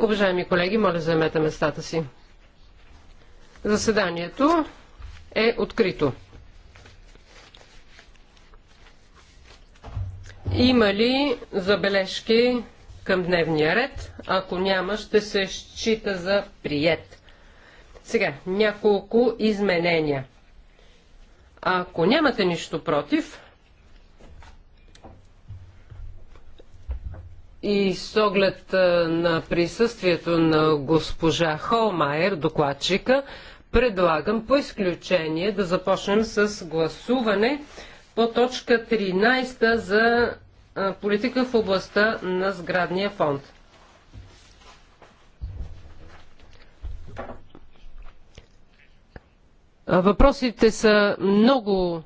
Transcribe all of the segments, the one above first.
Уважаеми колеги, моля заемете местата си. Заседанието е открито. Има ли забележки към дневния ред? Ако няма, ще се счита за прият. Сега, няколко изменения. Ако нямате нищо против, И с оглед на присъствието на госпожа Холмайер, докладчика, предлагам по изключение да започнем с гласуване по точка 13 за политика в областта на сградния фонд. Въпросите са много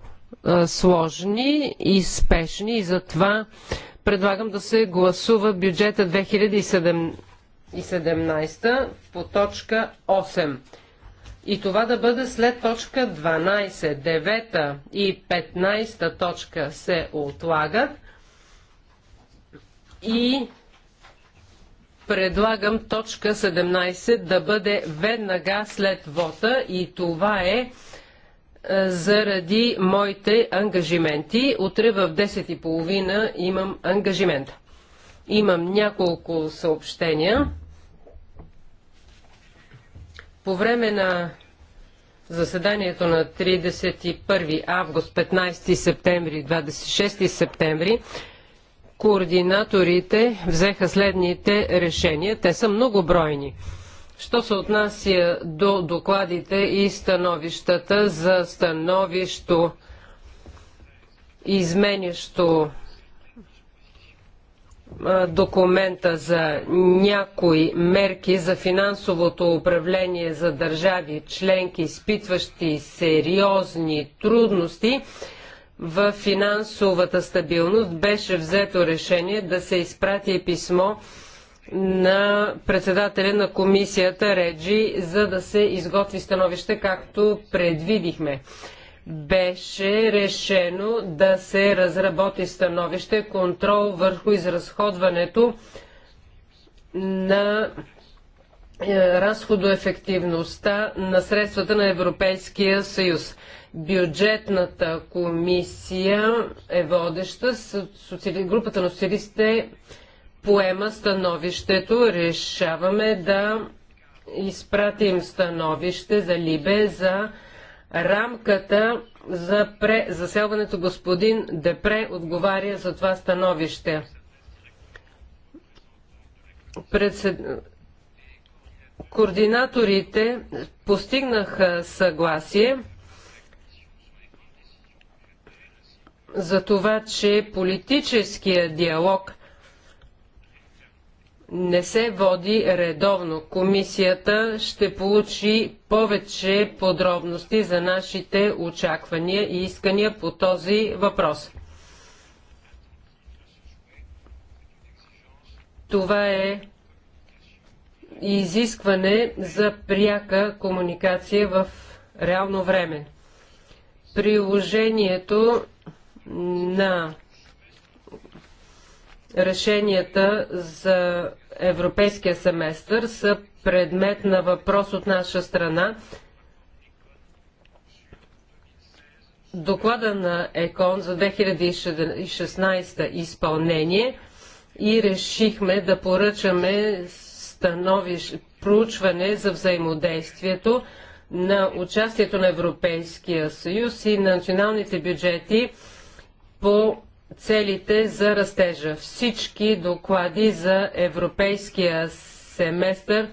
сложни и спешни и затова Предлагам да се гласува бюджета 2017 по точка 8. И това да бъде след точка 12, 9 и 15 точка се отлагат. И предлагам точка 17 да бъде веднага след вота и това е заради моите ангажименти. Утре в 10.30 имам ангажимент. Имам няколко съобщения. По време на заседанието на 31 август, 15 септември, 26 септември, координаторите взеха следните решения. Те са многобройни. бройни Що се отнася до докладите и становищата за становищо изменящо документа за някои мерки за финансовото управление за държави членки, изпитващи сериозни трудности в финансовата стабилност, беше взето решение да се изпрати писмо на председателя на комисията Реджи, за да се изготви становище, както предвидихме. Беше решено да се разработи становище контрол върху изразходването на е, разходоефективността на средствата на Европейския съюз. Бюджетната комисия е водеща, групата на социалистите поема становището. Решаваме да изпратим становище за Либе за рамката за пре... заселването. Господин Депре отговаря за това становище. Председ... Координаторите постигнаха съгласие за това, че политическия диалог не се води редовно. Комисията ще получи повече подробности за нашите очаквания и искания по този въпрос. Това е изискване за пряка комуникация в реално време. Приложението на Решенията за европейския семестър са предмет на въпрос от наша страна. Доклада на ЕКОН за 2016 изпълнение и решихме да поръчаме становиш, проучване за взаимодействието на участието на Европейския съюз и на националните бюджети по целите за растежа. Всички доклади за европейския семестър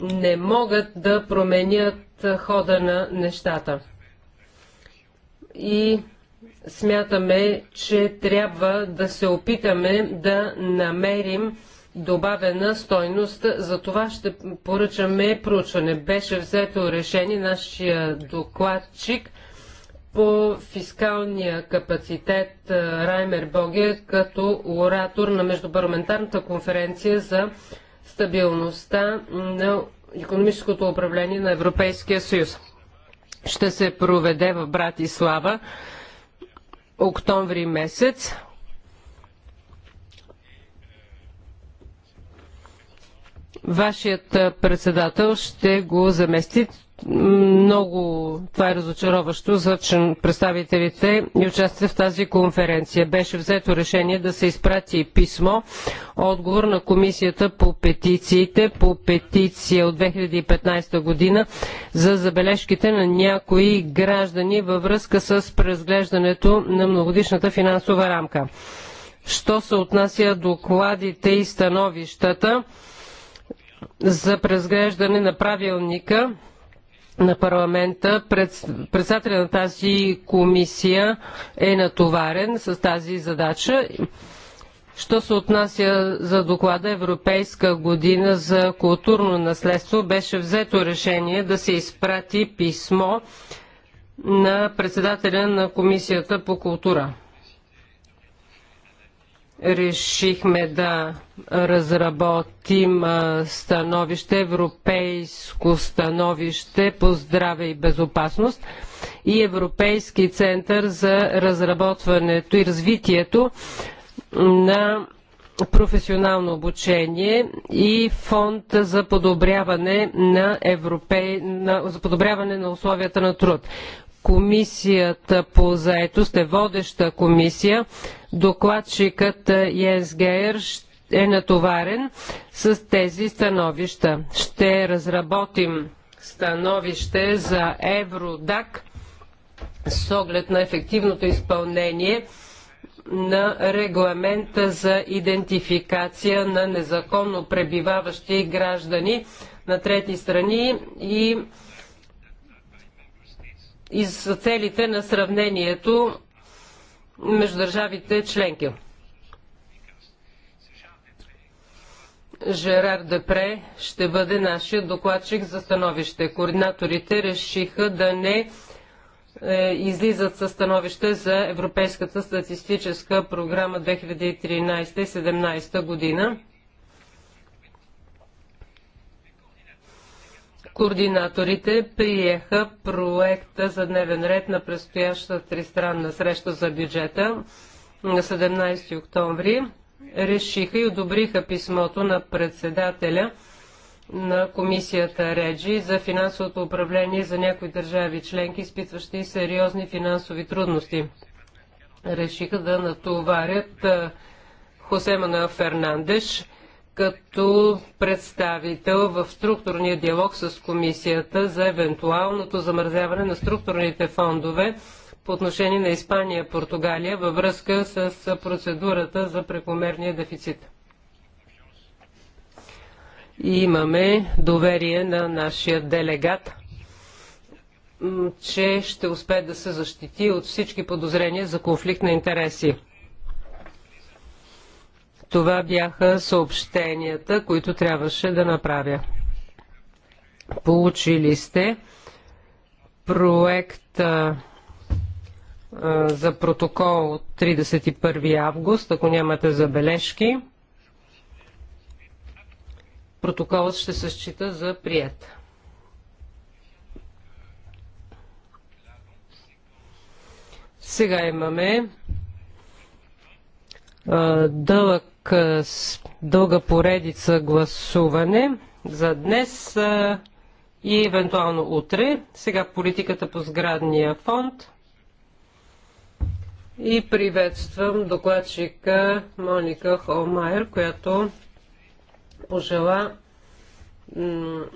не могат да променят хода на нещата. И смятаме, че трябва да се опитаме да намерим добавена стойност. За това ще поръчаме проучване. Беше взето решение нашия докладчик по фискалния капацитет Раймер Боге като оратор на Междупарламентарната конференция за стабилността на економическото управление на Европейския съюз. Ще се проведе в Братислава октомври месец. Вашият председател ще го замести много това е разочароващо за представителите и участие в тази конференция. Беше взето решение да се изпрати писмо отговор на комисията по петициите по петиция от 2015 година за забележките на някои граждани във връзка с преразглеждането на многодишната финансова рамка. Що се отнася докладите и становищата за преразглеждане на правилника, на парламента, председателя на тази комисия е натоварен с тази задача. Що се отнася за доклада Европейска година за културно наследство, беше взето решение да се изпрати писмо на председателя на Комисията по култура решихме да разработим становище, европейско становище по здраве и безопасност и Европейски център за разработването и развитието на професионално обучение и фонд за подобряване на, европе... на... за подобряване на условията на труд. Комисията по заетост е водеща комисия докладчикът е, Гейер е натоварен с тези становища. Ще разработим становище за Евродак с оглед на ефективното изпълнение на регламента за идентификация на незаконно пребиваващи граждани на трети страни и, и за целите на сравнението между държавите членки. Жерар Депре ще бъде нашия докладчик за становище. Координаторите решиха да не е, излизат със становище за Европейската статистическа програма 2013-2017 година. Координаторите приеха проекта за дневен ред на предстояща тристранна среща за бюджета на 17 октомври. Решиха и одобриха писмото на председателя на комисията Реджи за финансовото управление за някои държави членки, изпитващи сериозни финансови трудности. Решиха да натоварят Хосемана Фернандеш като представител в структурния диалог с комисията за евентуалното замразяване на структурните фондове по отношение на Испания и Португалия във връзка с процедурата за прекомерния дефицит. И имаме доверие на нашия делегат, че ще успее да се защити от всички подозрения за конфликт на интереси. Това бяха съобщенията, които трябваше да направя. Получили сте проекта за протокол от 31 август, ако нямате забележки. Протоколът ще се счита за прият. Сега имаме дълъг с дълга поредица гласуване за днес и евентуално утре. Сега политиката по сградния фонд. И приветствам докладчика Моника Холмайер, която пожела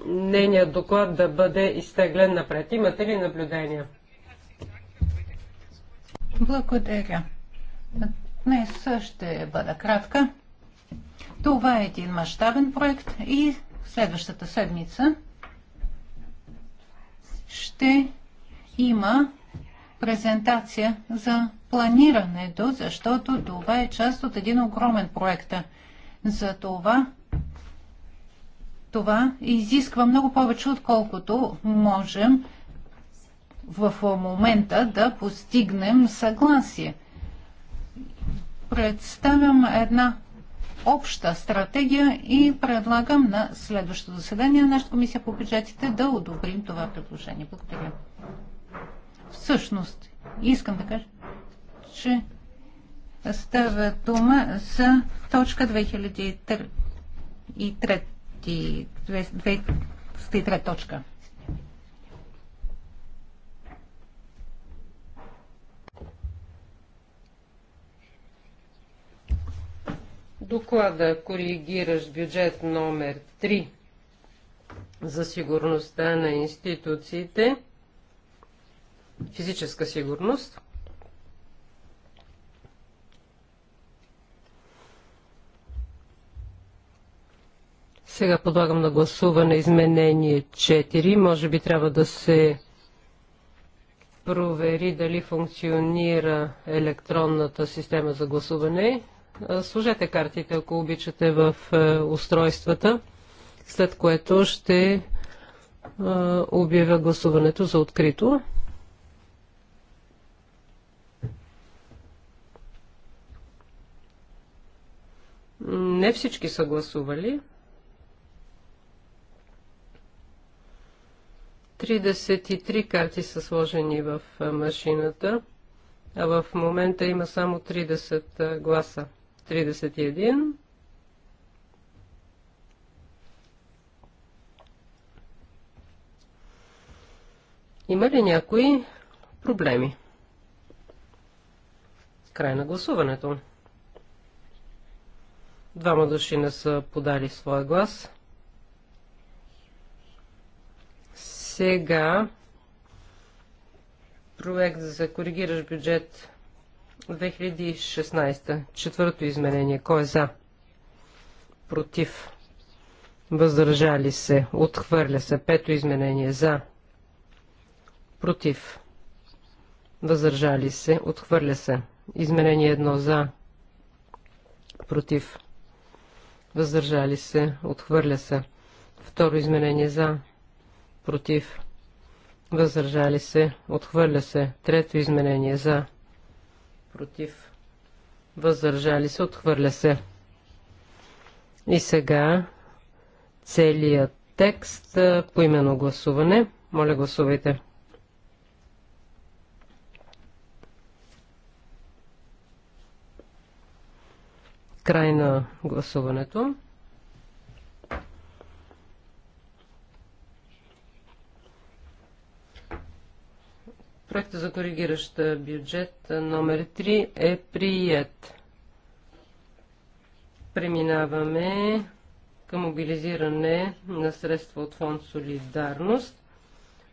нейният доклад да бъде изтеглен напред. Имате ли наблюдения? Благодаря. Днес ще бъда кратка. Това е един мащабен проект и следващата седмица ще има презентация за планирането, защото това е част от един огромен проект. За това това изисква много повече, отколкото можем в момента да постигнем съгласие. Представям една обща стратегия и предлагам на следващото заседание на нашата комисия по бюджетите да одобрим това предложение. Благодаря. Всъщност, искам да кажа, че става дума за точка 2003, 2003 точка. Доклада коригираш бюджет номер 3 за сигурността на институциите, физическа сигурност. Сега подлагам на гласуване изменение 4. Може би трябва да се провери дали функционира електронната система за гласуване. Е, сложете картите, ако обичате, в е, устройствата, след което ще е, обявя гласуването за открито. Не всички са гласували. 33 карти са сложени в машината, а в момента има само 30 гласа. 31. Има ли някои проблеми? Край на гласуването. Двама души не са подали своя глас. Сега проект за коригираш бюджет 2016. Четвърто изменение. Кой е за? Против. Въздържали се. Отхвърля се. Пето изменение. За. Против. Въздържали се. Отхвърля се. Изменение едно. За. Против. Въздържали се. Отхвърля се. Второ изменение. За. Против. Въздържали се. Отхвърля се. Трето изменение. За против, въздържали се, отхвърля се. И сега целият текст по именно гласуване. Моля, гласувайте. Край на гласуването. Проектът за коригиращ бюджет номер 3 е прият. Преминаваме към мобилизиране на средства от фонд Солидарност.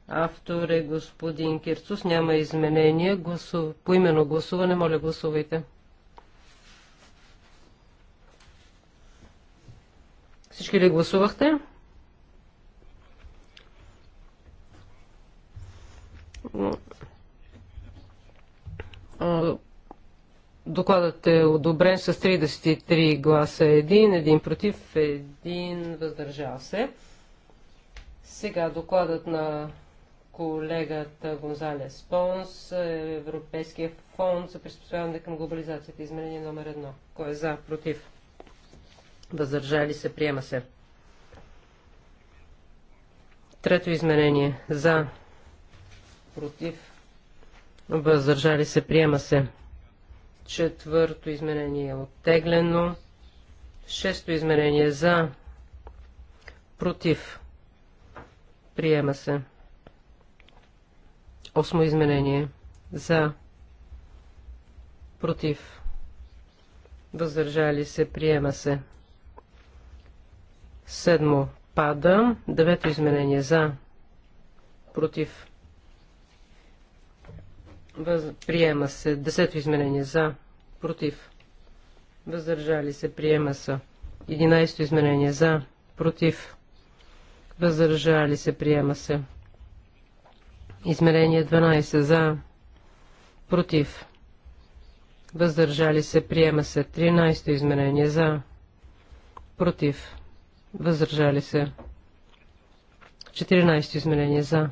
Автор е господин Кирцус. Няма изменения. Гласу... По именно гласуване, моля гласувайте. Всички ли гласувахте? Докладът е одобрен с 33 гласа 1, един против, един въздържал се. Сега докладът на колегата Гонзалес Понс, Европейския фонд за приспособяване към глобализацията, изменение номер едно. Кой е за, против? Въздържали се, приема се. Трето изменение. За, против, въздържали се, приема се. Четвърто измерение е оттеглено. Шесто измерение е за, против, приема се. Осмо измерение. за, против, въздържали се, приема се. Седмо пада. Девето измерение е за, против, Приема се. Десето изменение за. Против. Въздържали се. Приема се. Единайсто изменение за. Против. Въздържали се. Приема се. Измерение 12 за. Против. Въздържали се. Приема се. 13 изменение за. Против. Въздържали се. 14 изменение за.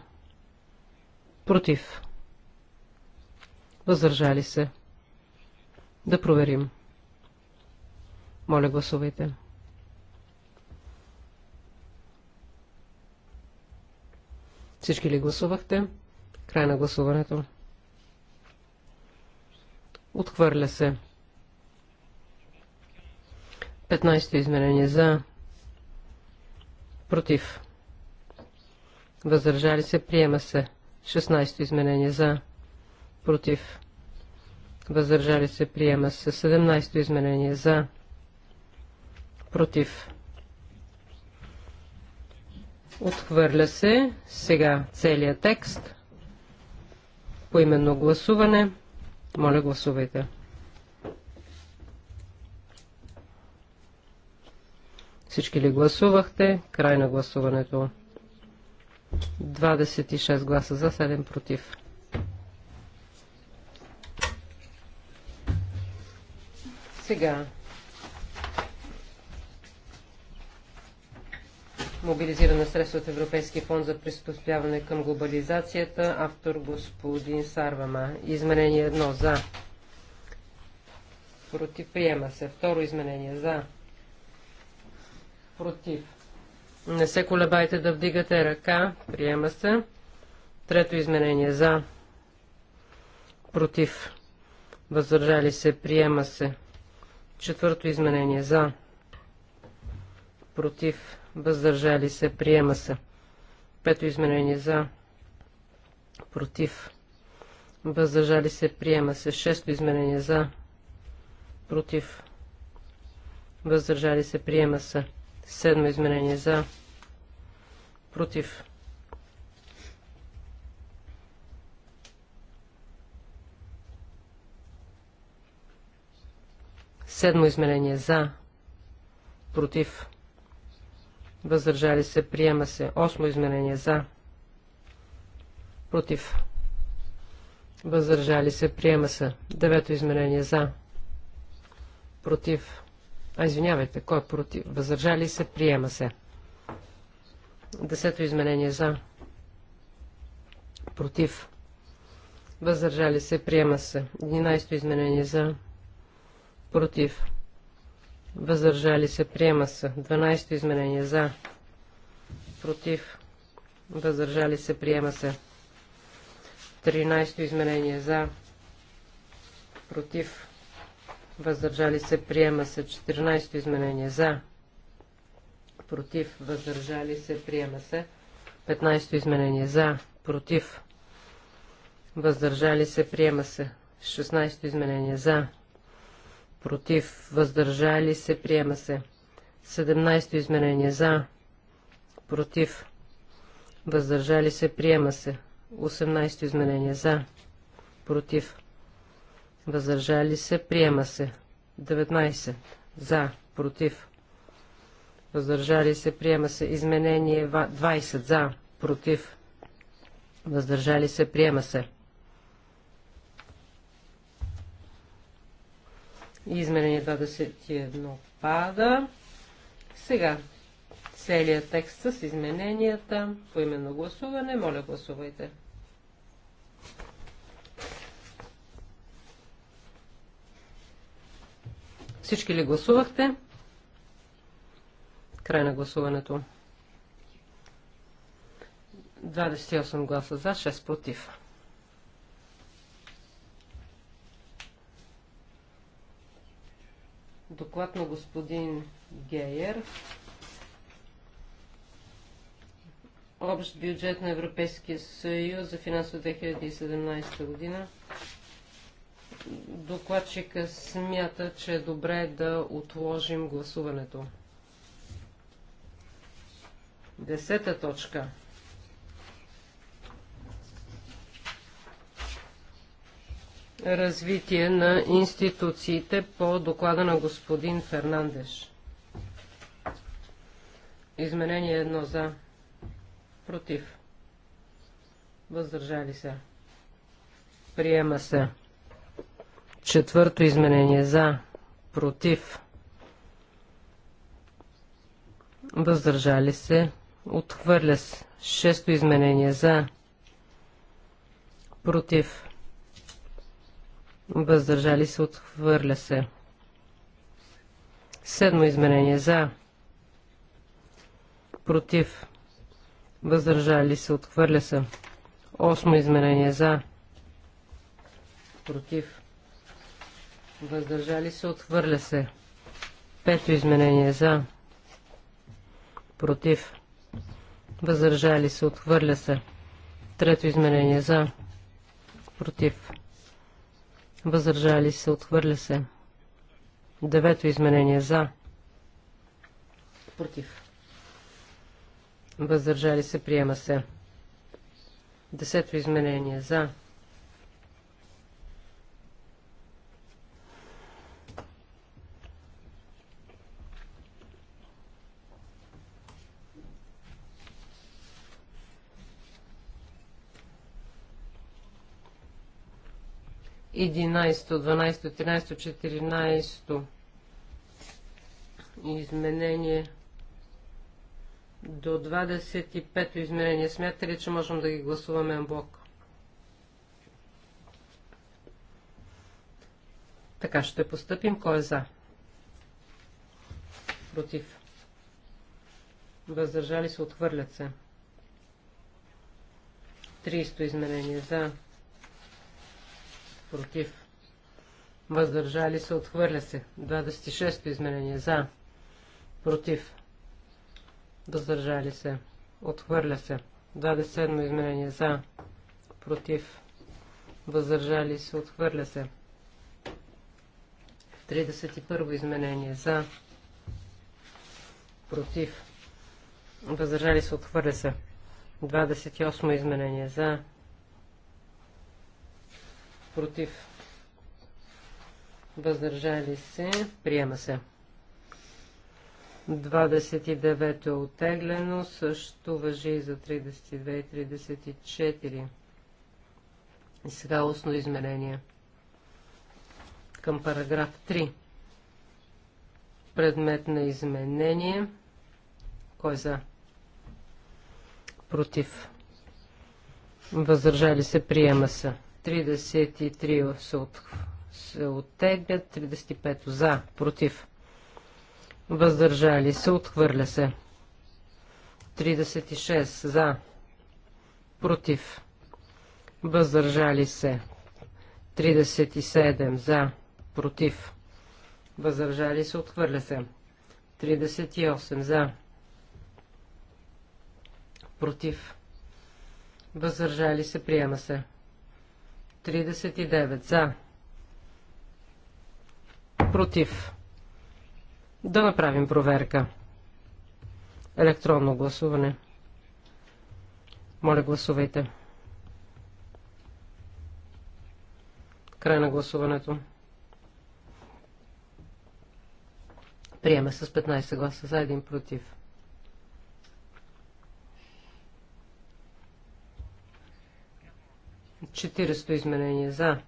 Против. Въздържали се. Да проверим. Моля, гласувайте. Всички ли гласувахте? Край на гласуването. Отхвърля се. 15-то изменение за. Против. Въздържали се. Приема се. 16-то изменение за против, въздържали се, приема се. 17-то изменение за, против, отхвърля се. Сега целият текст, По именно гласуване, моля гласувайте. Всички ли гласувахте? Край на гласуването. 26 гласа за, 7 против. Сега мобилизиране средства от Европейския фонд за приспособяване към глобализацията. Автор господин Сарвама. Изменение едно за. Против приема се. Второ изменение за. Против. Не се колебайте да вдигате ръка. Приема се. Трето изменение за. Против. Въздържали се. Приема се. Четвърто изменение за. Против. Въздържали се. Приема се. Пето изменение за. Против. Въздържали се. Приема се. Шесто изменение за. Против. Въздържали се. Приема се. Седмо изменение за. Против. Седмо измерение за, против, въздържали се, приема се. Осмо измерение за, против, въздържали се, приема се. Девето измерение за, против, а извинявайте, кой е против, въздържали се, приема се. Десето изменение за, против, въздържали се, приема се. Единайсто изменение за, против, Против. Въздържали се. Приема се. 12 изменение. За. Против. Въздържали се. Приема се. 13 изменение. За. Против. Въздържали се. Приема се. 14 изменение. За. Против. Въздържали се. Приема се. 15 изменение. За. Против. Въздържали се. Приема се. 16 изменение. За против, въздържали се, приема се. 17 изменение за, против, въздържали се, приема се. 18 изменение за, против, въздържали се, приема се. 19 за, против, въздържали се, приема се. Изменение 20 за, против, въздържали се, приема се. Изменение 21 пада. Сега целият текст с измененията по именно гласуване. Моля, гласувайте. Всички ли гласувахте? Край на гласуването. 28 гласа за, 6 против. доклад на господин Гейер. Общ бюджет на Европейския съюз за финансово 2017 година. Докладчика смята, че е добре да отложим гласуването. Десета точка – развитие на институциите по доклада на господин Фернандеш. Изменение едно за. Против. Въздържали се. Приема се. Четвърто изменение за. Против. Въздържали се. Отхвърля се. Шесто изменение за. Против въздържали се, отхвърля се. Седмо изменение за, против, въздържали се, отхвърля се. Осмо изменение за, против, въздържали се, отхвърля се. Пето изменение за, против, въздържали се, отхвърля се. Трето изменение за, против, Въздържали се. Отхвърля се. Девето изменение. За. Против. Въздържали се. Приема се. Десето изменение. За. 11, 12, 13, 14 изменение до 25 то изменение. Смятате ли, че можем да ги гласуваме на блок? Така ще поступим. Кой е за? Против. Въздържали се, отхвърлят се. 30 изменение за против, въздържали се, отхвърля се. 26-то изменение за, против, въздържали се, отхвърля се. 27-то изменение за, против, въздържали се, отхвърля се. 31 то изменение за, против, въздържали се, отхвърля се. 28-то изменение за, против, въздържали се, приема се. 29 е отеглено, също въжи и за 32 и 34. И сега устно измерение към параграф 3. Предмет на изменение. Кой е за? Против. Въздържали се, приема се. 33 се, от, се оттеглят, 35 за, против. Въздържали се, отхвърля се. 36 за, против. Въздържали се. 37 за, против. Въздържали се, отхвърля се. 38 за, против. Въздържали се, приема се. 39 за. Против. Да направим проверка. Електронно гласуване. Моля, гласувайте. Край на гласуването. Приема с 15 гласа за, един против. 40-то изменение за.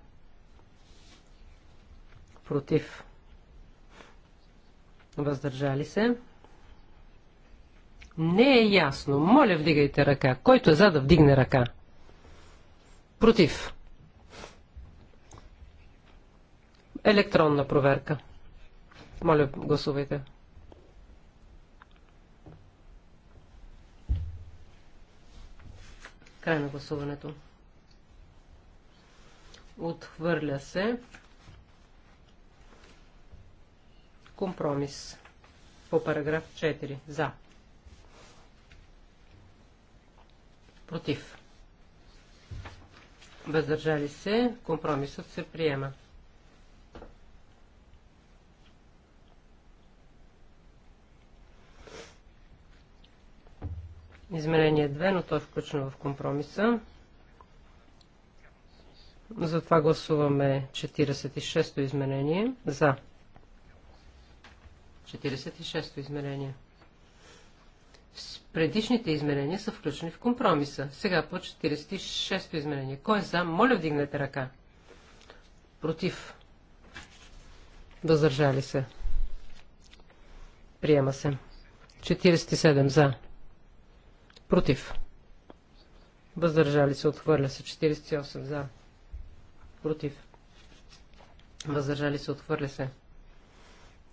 Против. Въздържали се. Не е ясно. Моля, вдигайте ръка. Който е за да вдигне ръка. Против. Електронна проверка. Моля, гласувайте. Край на гласуването. Отхвърля се. Компромис. По параграф 4. За. Против. Въздържали се. Компромисът се приема. Измерение 2, но то е включено в компромиса. Затова гласуваме 46-то изменение. За. 46-то изменение. Предишните изменения са включени в компромиса. Сега по 46-то изменение. Кой е за? Моля вдигнете ръка. Против. Въздържали се. Приема се. 47 за. Против. Въздържали се. Отхвърля се. 48 за. Против. Въздържали се. Отхвърля се.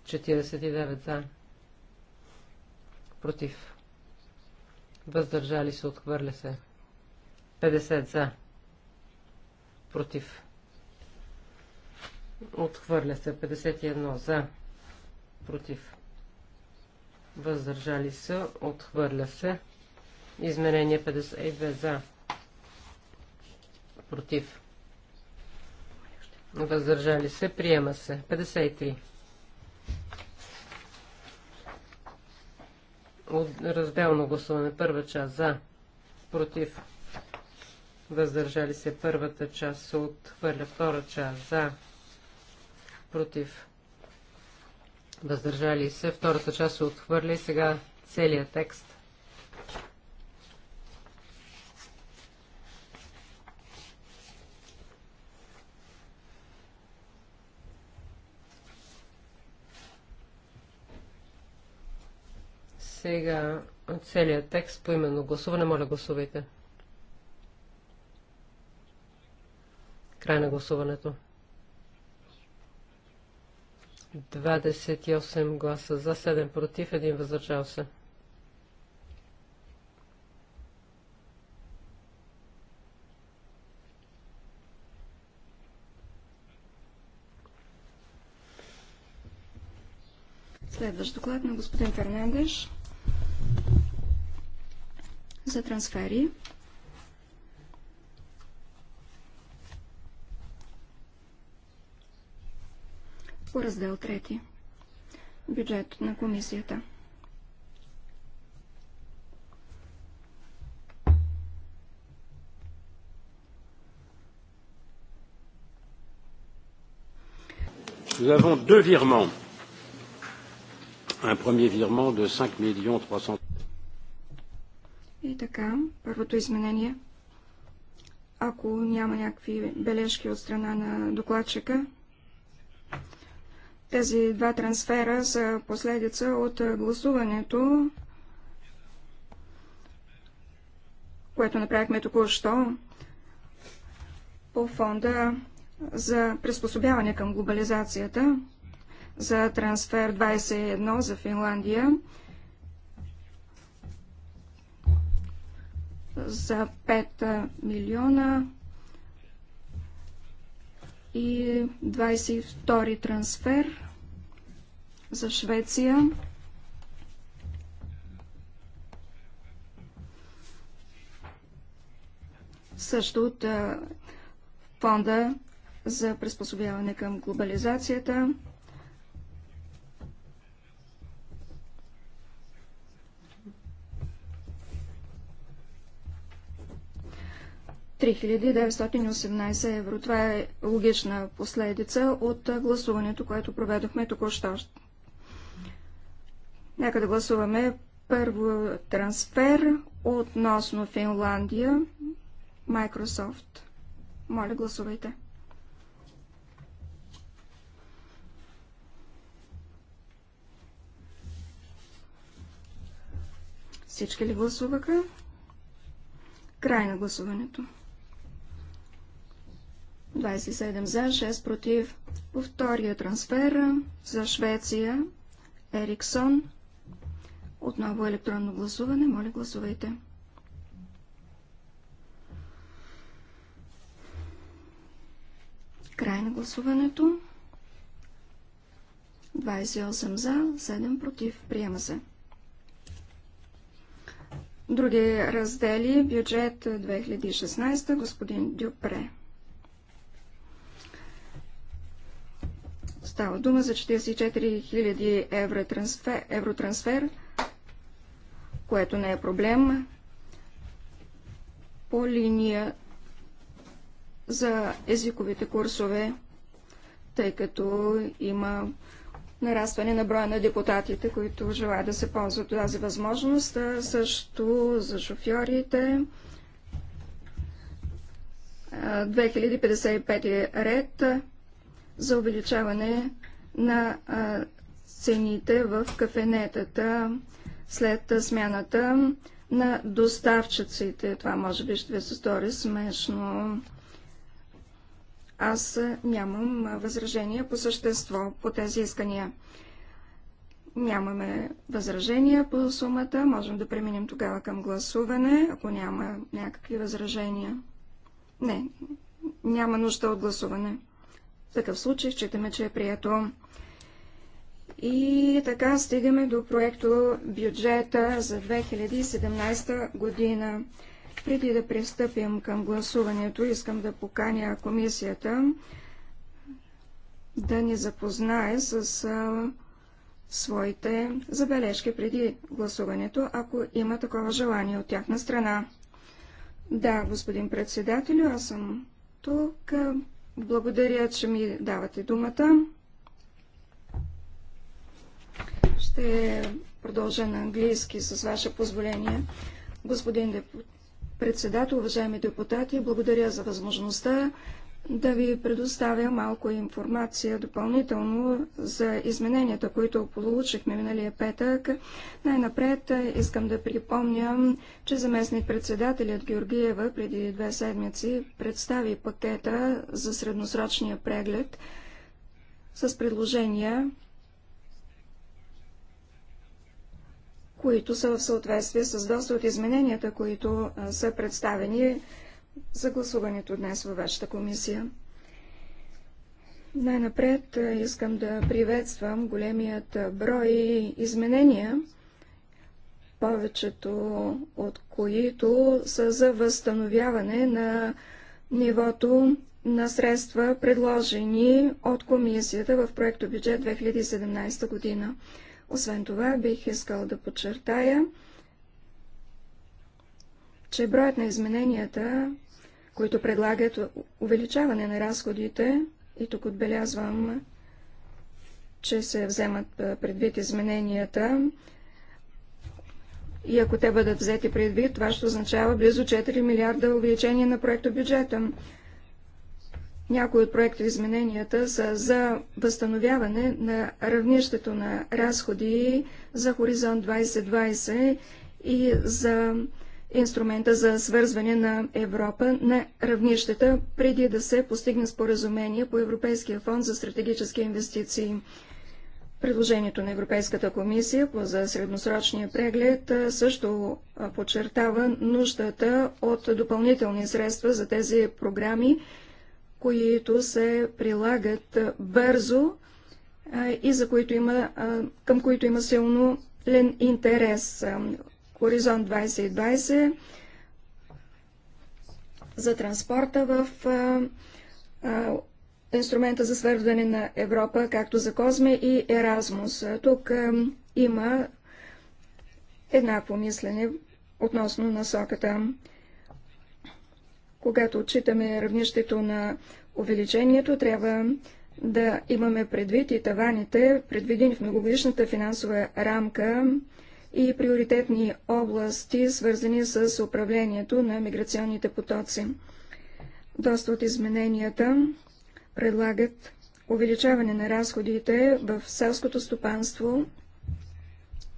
49 за. Против. Въздържали се. Отхвърля се. 50 за. Против. Отхвърля се. 51 за. Против. Въздържали се. Отхвърля се. Изменение 52 за. Против въздържали се, приема се. 53. От разделно гласуване. Първа част за, против, въздържали се. Първата част се отхвърля. Втора част за, против, въздържали се. Втората част се отхвърля и сега целият текст Сега целият текст по именно гласуване. Моля, гласувайте. Край на гласуването. 28 гласа за, 7 против, 1 въздържал се. Следващ доклад на господин Фернандеш за трансфери. По раздел 3. Бюджет на комисията. Nous avons deux virements. Un premier virement de 5 300 000. И така, първото изменение. Ако няма някакви бележки от страна на докладчика, тези два трансфера са последица от гласуването, което направихме току-що по фонда за приспособяване към глобализацията за трансфер 21 за Финландия за 5 милиона и 22 трансфер за Швеция. Също от фонда за приспособяване към глобализацията 3918 евро. Това е логична последица от гласуването, което проведохме току-що. Нека да гласуваме първо трансфер относно Финландия, Microsoft. Моля, гласувайте. Всички ли гласуваха? Край на гласуването. 27 за, 6 против. По втория трансфер за Швеция Ериксон. Отново електронно гласуване. Моля, гласувайте. Край на гласуването. 28 за, 7 против. Приема се. Други раздели. Бюджет 2016. Господин Дюпре. Става дума за 44 000 евротрансфер, трансфер което не е проблем. По линия за езиковите курсове, тъй като има нарастване на броя на депутатите, които желаят да се ползват тази възможност, а също за шофьорите. 2055 ред за увеличаване на цените в кафенетата след смяната на доставчиците. Това може би ще ви се стори смешно. Аз нямам възражения по същество по тези искания. Нямаме възражения по сумата. Можем да преминем тогава към гласуване, ако няма някакви възражения. Не, няма нужда от гласуване такъв случай считаме, че е прието. И така стигаме до проекто бюджета за 2017 година. Преди да пристъпим към гласуването, искам да поканя комисията да ни запознае с а, своите забележки преди гласуването, ако има такова желание от тяхна страна. Да, господин председател, аз съм тук. Благодаря, че ми давате думата. Ще продължа на английски с ваше позволение. Господин депутат, председател, уважаеми депутати, благодаря за възможността да ви предоставя малко информация допълнително за измененията, които получихме миналия петък. Най-напред е, искам да припомня, че заместник-председателят Георгиева преди две седмици представи пакета за средносрочния преглед с предложения, които са в съответствие с доста от измененията, които са представени за гласуването днес във вашата комисия. Най-напред искам да приветствам големият брой изменения, повечето от които са за възстановяване на нивото на средства, предложени от комисията в проекто бюджет 2017 година. Освен това, бих искал да подчертая, че броят на измененията които предлагат увеличаване на разходите. И тук отбелязвам, че се вземат предвид измененията. И ако те бъдат взети предвид, това ще означава близо 4 милиарда увеличение на проекто бюджета. Някои от проекта измененията са за възстановяване на равнището на разходи за Хоризонт 2020 и за инструмента за свързване на Европа на равнищата, преди да се постигне споразумение по Европейския фонд за стратегически инвестиции. Предложението на Европейската комисия за средносрочния преглед също подчертава нуждата от допълнителни средства за тези програми, които се прилагат бързо и за които има, към които има силно интерес. Хоризонт 2020 за транспорта в инструмента за свързване на Европа, както за Козме и Еразмус. Тук има еднакво мислене относно насоката. Когато отчитаме равнището на увеличението, трябва да имаме предвид и таваните, предвидени в многогодишната финансова рамка, и приоритетни области, свързани с управлението на миграционните потоци. Доста от измененията предлагат увеличаване на разходите в селското стопанство.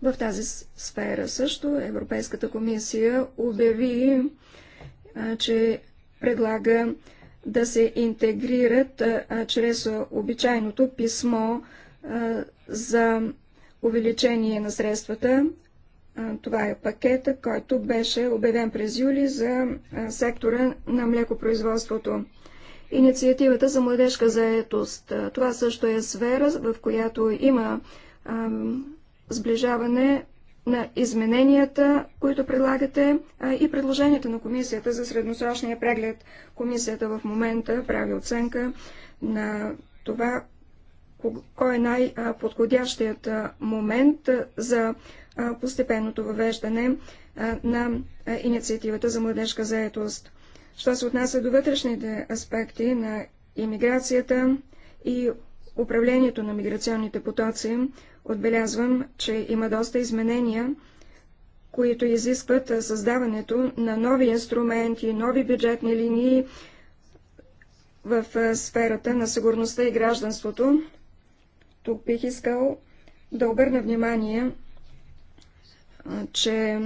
В тази сфера също Европейската комисия обяви, че предлага да се интегрират чрез обичайното писмо за увеличение на средствата. Това е пакета, който беше обявен през юли за сектора на млекопроизводството. Инициативата за младежка заетост. Това също е сфера, в която има сближаване на измененията, които предлагате и предложенията на комисията за средносрочния преглед. Комисията в момента прави оценка на това, кой е най-подходящият момент за постепенното въвеждане на инициативата за младежка заетост. Що се отнася до вътрешните аспекти на иммиграцията и управлението на миграционните потоци, отбелязвам, че има доста изменения, които изискват създаването на нови инструменти, нови бюджетни линии в сферата на сигурността и гражданството, тук бих искал да обърна внимание, че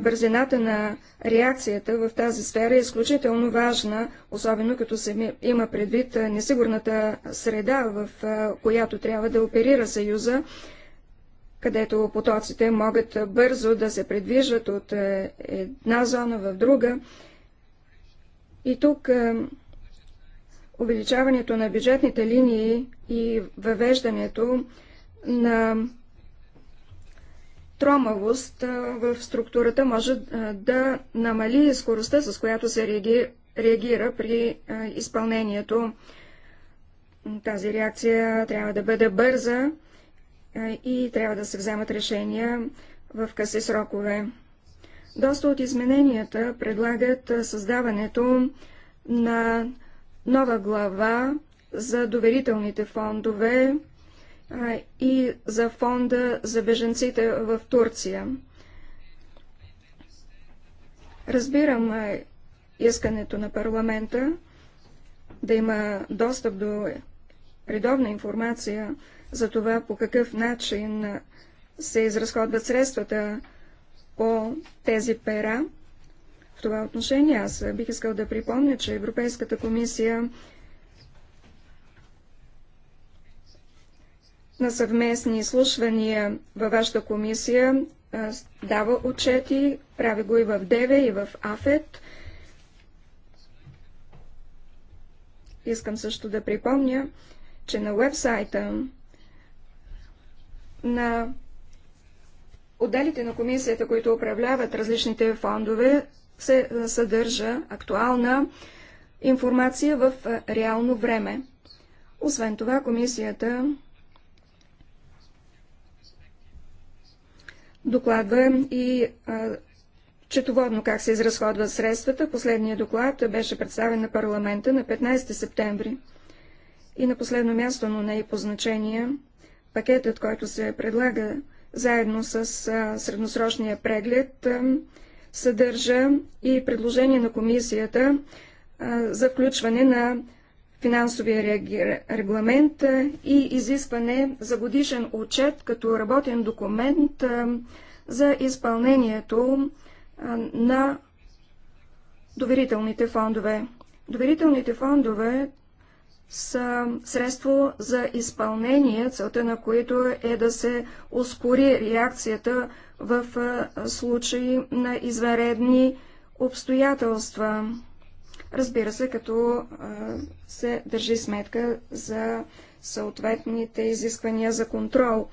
бързината на реакцията в тази сфера е изключително важна, особено като се има предвид несигурната среда, в която трябва да оперира Съюза, където потоците могат бързо да се предвижат от една зона в друга. И тук увеличаването на бюджетните линии и въвеждането на тромавост в структурата може да намали скоростта, с която се реагира при изпълнението. Тази реакция трябва да бъде бърза и трябва да се вземат решения в къси срокове. Доста от измененията предлагат създаването на нова глава за доверителните фондове и за фонда за беженците в Турция. Разбирам искането на парламента да има достъп до редовна информация за това по какъв начин се изразходват средствата по тези пера, в това отношение аз бих искал да припомня, че Европейската комисия на съвместни изслушвания във вашата комисия дава отчети, прави го и в ДЕВЕ, и в АФЕТ. Искам също да припомня, че на вебсайта на отделите на комисията, които управляват различните фондове, се е, съдържа актуална информация в е, реално време. Освен това, комисията докладва и е, четоводно как се изразходват средствата. Последният доклад беше представен на парламента на 15 септември. И на последно място, но не и по значение, пакетът, който се предлага заедно с средносрочния преглед, съдържа и предложение на комисията за включване на финансовия регламент и изискване за годишен отчет като работен документ за изпълнението на доверителните фондове. Доверителните фондове са средство за изпълнение, целта на които е да се ускори реакцията в случаи на изваредни обстоятелства. Разбира се, като се държи сметка за съответните изисквания за контрол.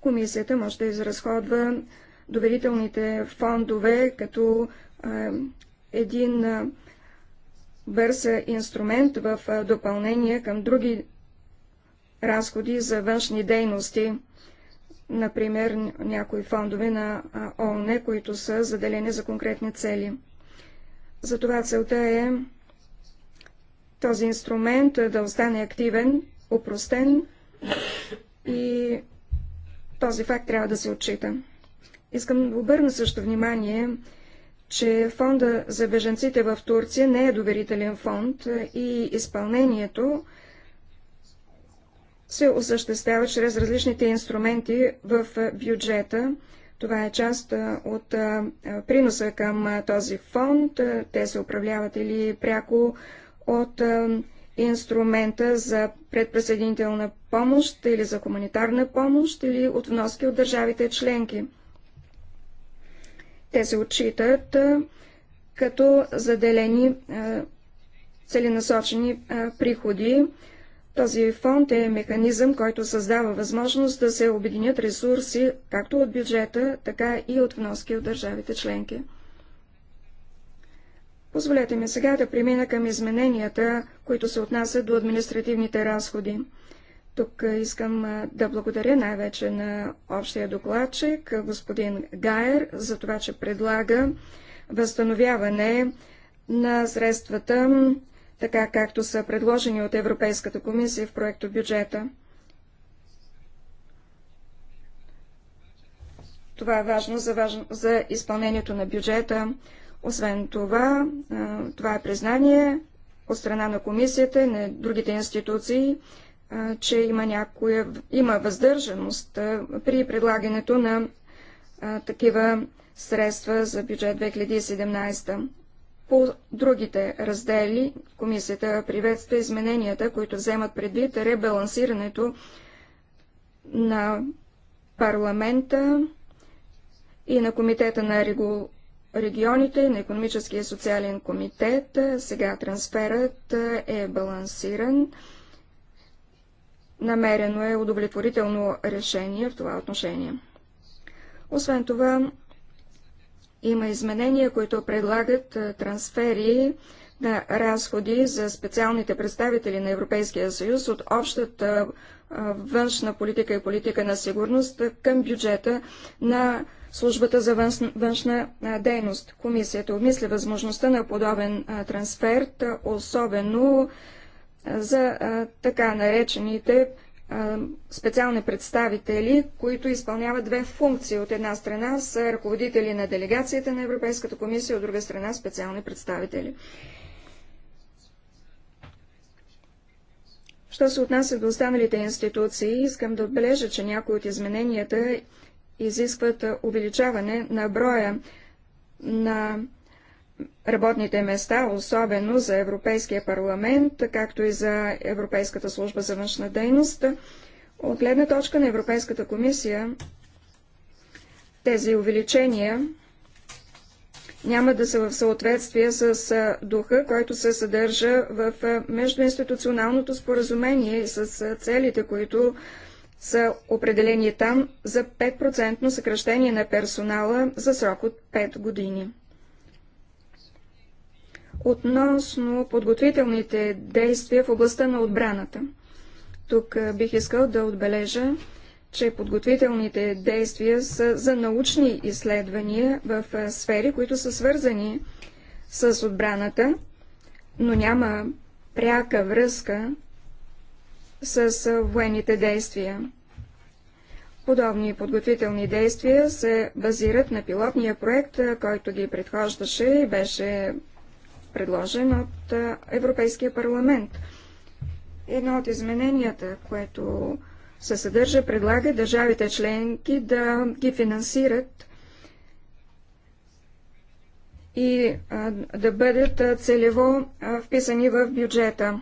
Комисията може да изразходва доверителните фондове като един бърз инструмент в допълнение към други разходи за външни дейности, например някои фондове на ООН, които са заделени за конкретни цели. Затова целта е този инструмент да остане активен, упростен и този факт трябва да се отчита. Искам да обърна също внимание, че фонда за беженците в Турция не е доверителен фонд е, и изпълнението се осъществява чрез различните инструменти в е, бюджета. Това е част е, от приноса към този фонд. Те се управляват или пряко от инструмента за предпресъединителна помощ или за хуманитарна помощ или от вноски от държавите членки. Те се отчитат като заделени целенасочени приходи. Този фонд е механизъм, който създава възможност да се обединят ресурси както от бюджета, така и от вноски от държавите членки. Позволете ми сега да премина към измененията, които се отнасят до административните разходи. Тук искам да благодаря най-вече на общия докладчик, господин Гайер, за това, че предлага възстановяване на средствата, така както са предложени от Европейската комисия в проекто бюджета. Това е важно за, важно за изпълнението на бюджета. Освен това, това е признание от страна на комисията и на другите институции, че има, някоя, има въздържаност при предлагането на такива средства за бюджет 2017. По другите раздели комисията приветства измененията, които вземат предвид ребалансирането на парламента и на комитета на регионите, на економическия и социален комитет. Сега трансферът е балансиран намерено е удовлетворително решение в това отношение. Освен това, има изменения, които предлагат трансфери на разходи за специалните представители на Европейския съюз от общата външна политика и политика на сигурност към бюджета на службата за външна дейност. Комисията обмисля възможността на подобен трансфер, особено за така наречените специални представители, които изпълняват две функции. От една страна са ръководители на делегацията на Европейската комисия, от друга страна специални представители. Що се отнася до останалите институции, искам да отбележа, че някои от измененията изискват увеличаване на броя на работните места, особено за Европейския парламент, както и за Европейската служба за външна дейност. От гледна точка на Европейската комисия, тези увеличения няма да са в съответствие с духа, който се съдържа в междуинституционалното споразумение и с целите, които са определени там за 5% съкръщение на персонала за срок от 5 години. Относно подготвителните действия в областта на отбраната. Тук бих искал да отбележа, че подготвителните действия са за научни изследвания в сфери, които са свързани с отбраната, но няма пряка връзка с военните действия. Подобни подготвителни действия се базират на пилотния проект, който ги предхождаше и беше предложен от Европейския парламент. Едно от измененията, което се съдържа, предлага държавите членки да ги финансират и да бъдат целево вписани в бюджета.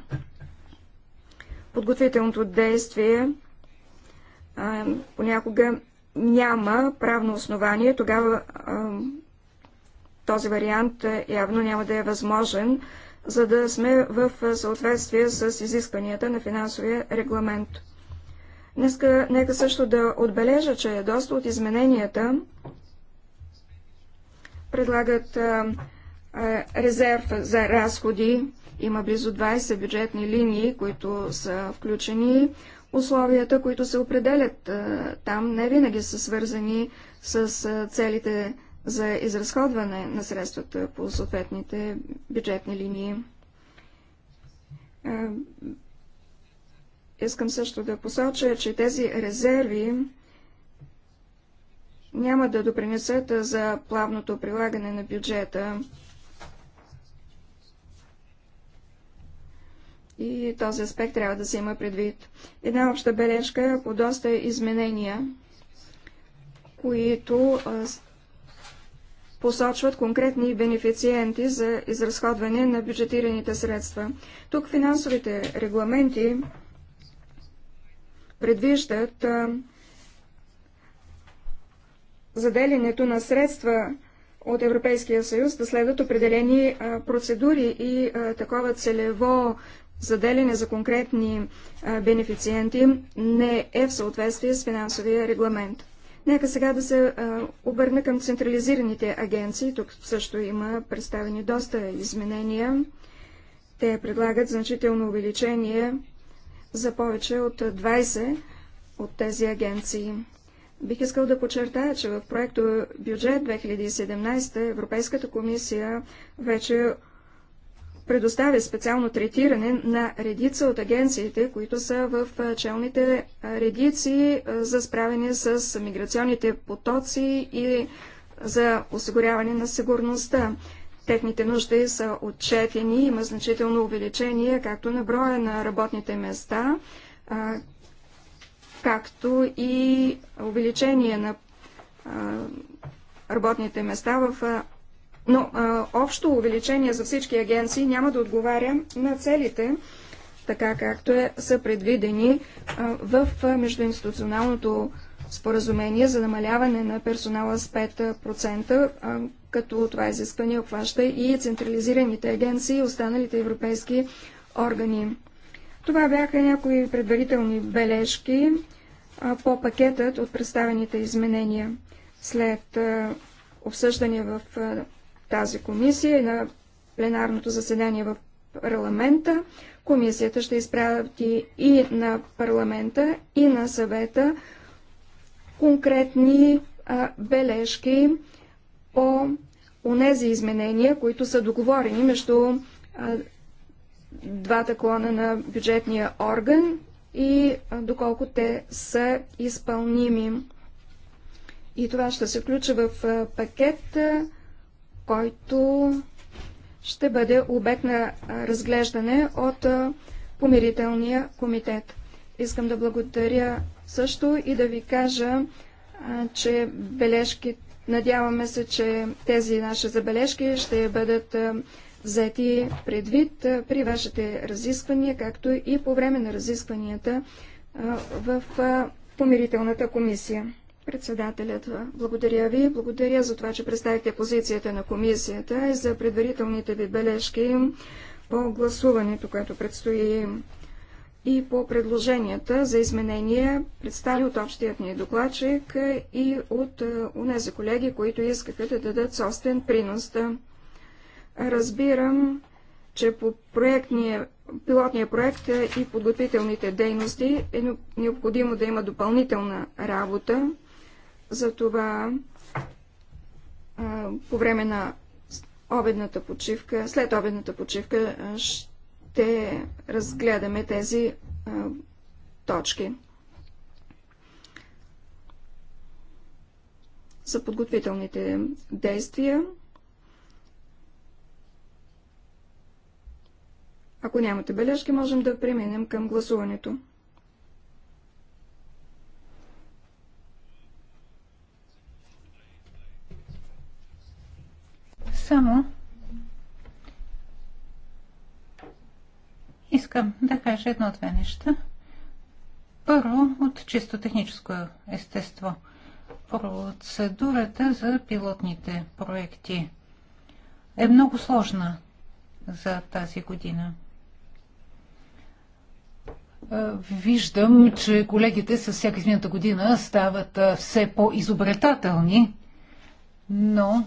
Подготвителното действие понякога няма правно основание, тогава този вариант явно няма да е възможен, за да сме в съответствие с изискванията на финансовия регламент. Днеска, нека също да отбележа, че доста от измененията предлагат а, а, резерв за разходи. Има близо 20 бюджетни линии, които са включени. Условията, които се определят а, там, не винаги са свързани с целите за изразходване на средствата по съответните бюджетни линии. Е, искам също да посоча, че тези резерви няма да допринесат за плавното прилагане на бюджета. И този аспект трябва да се има предвид. Една обща бележка по доста изменения, които посочват конкретни бенефициенти за изразходване на бюджетираните средства. Тук финансовите регламенти предвиждат а, заделянето на средства от Европейския съюз да следват определени а, процедури и а, такова целево заделяне за конкретни бенефициенти не е в съответствие с финансовия регламент. Нека сега да се обърна към централизираните агенции. Тук също има представени доста изменения. Те предлагат значително увеличение за повече от 20 от тези агенции. Бих искал да подчертая, че в проекто бюджет 2017 Европейската комисия вече предоставя специално третиране на редица от агенциите, които са в челните редици за справяне с миграционните потоци и за осигуряване на сигурността. Техните нужди са отчетени, има значително увеличение както на броя на работните места, както и увеличение на работните места в но а, общо увеличение за всички агенции няма да отговаря на целите, така както е, са предвидени а, в междуинституционалното споразумение за намаляване на персонала с 5%, а, като това изискване обхваща и централизираните агенции и останалите европейски органи. Това бяха някои предварителни бележки а, по пакетът от представените изменения. След а, обсъждане в тази комисия и на пленарното заседание в парламента. Комисията ще изправи и на парламента, и на съвета конкретни а, бележки по онези изменения, които са договорени между а, двата клона на бюджетния орган и а, доколко те са изпълними. И това ще се включи в пакет който ще бъде обект на разглеждане от помирителния комитет. Искам да благодаря също и да ви кажа, че бележки, надяваме се, че тези наши забележки ще бъдат взети предвид при вашите разисквания, както и по време на разискванията в помирителната комисия. Председателят, благодаря ви. Благодаря за това, че представихте позицията на комисията и за предварителните ви бележки по гласуването, което предстои и по предложенията за изменения, представи от общият ни докладчик и от унези е, колеги, които искаха да дадат собствен принос. Разбирам, че по проектния, пилотния проект и подготвителните дейности е необходимо да има допълнителна работа. Затова по време на обедната почивка, след обедната почивка ще разгледаме тези точки. За подготвителните действия. Ако нямате бележки, можем да преминем към гласуването. Само искам да кажа едно-две неща. Първо, от чисто техническо естество. Процедурата за пилотните проекти е много сложна за тази година. Виждам, че колегите с всяка измината година стават все по-изобретателни, но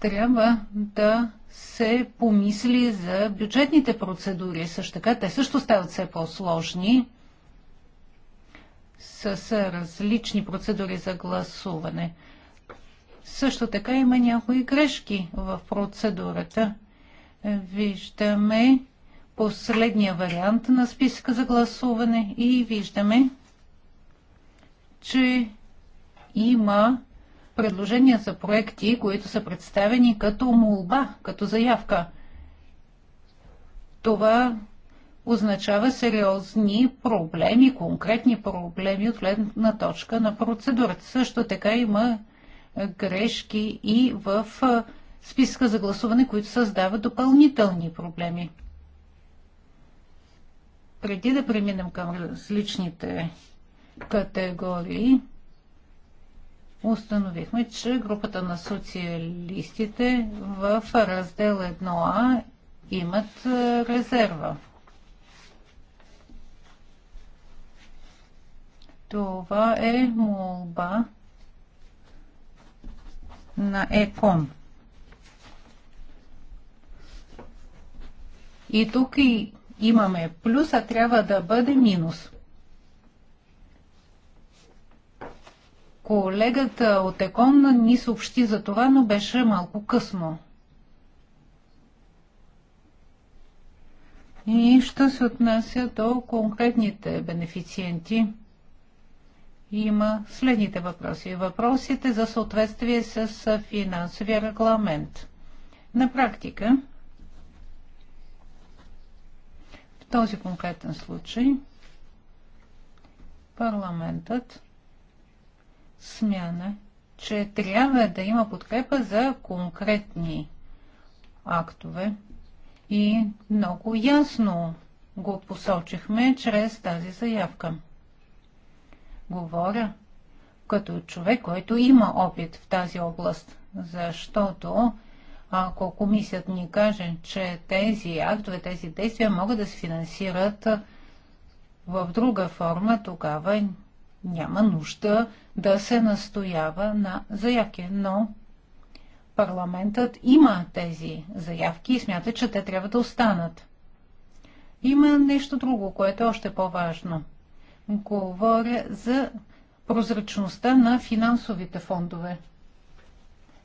трябва да се помисли за бюджетните процедури. Също така, те също стават все по-сложни с различни процедури за гласуване. Също така има някои грешки в процедурата. Виждаме последния вариант на списка за гласуване и виждаме, че има предложения за проекти, които са представени като молба, като заявка. Това означава сериозни проблеми, конкретни проблеми от гледна точка на процедурата. Също така има грешки и в списка за гласуване, които създават допълнителни проблеми. Преди да преминем към различните категории, установихме, че групата на социалистите в раздел 1А имат е, резерва. Това е молба на ЕКОМ. И тук и имаме плюс, а трябва да бъде минус. Колегата от Екон ни съобщи за това, но беше малко късно. И ще се отнася до конкретните бенефициенти, има следните въпроси. Въпросите за съответствие с финансовия регламент. На практика, в този конкретен случай, парламентът смяна, че трябва да има подкрепа за конкретни актове и много ясно го посочихме чрез тази заявка. Говоря като човек, който има опит в тази област, защото ако комисията ни каже, че тези актове, тези действия могат да се финансират в друга форма, тогава няма нужда да се настоява на заявки, но парламентът има тези заявки и смята, че те трябва да останат. Има нещо друго, което е още по-важно. Говоря за прозрачността на финансовите фондове.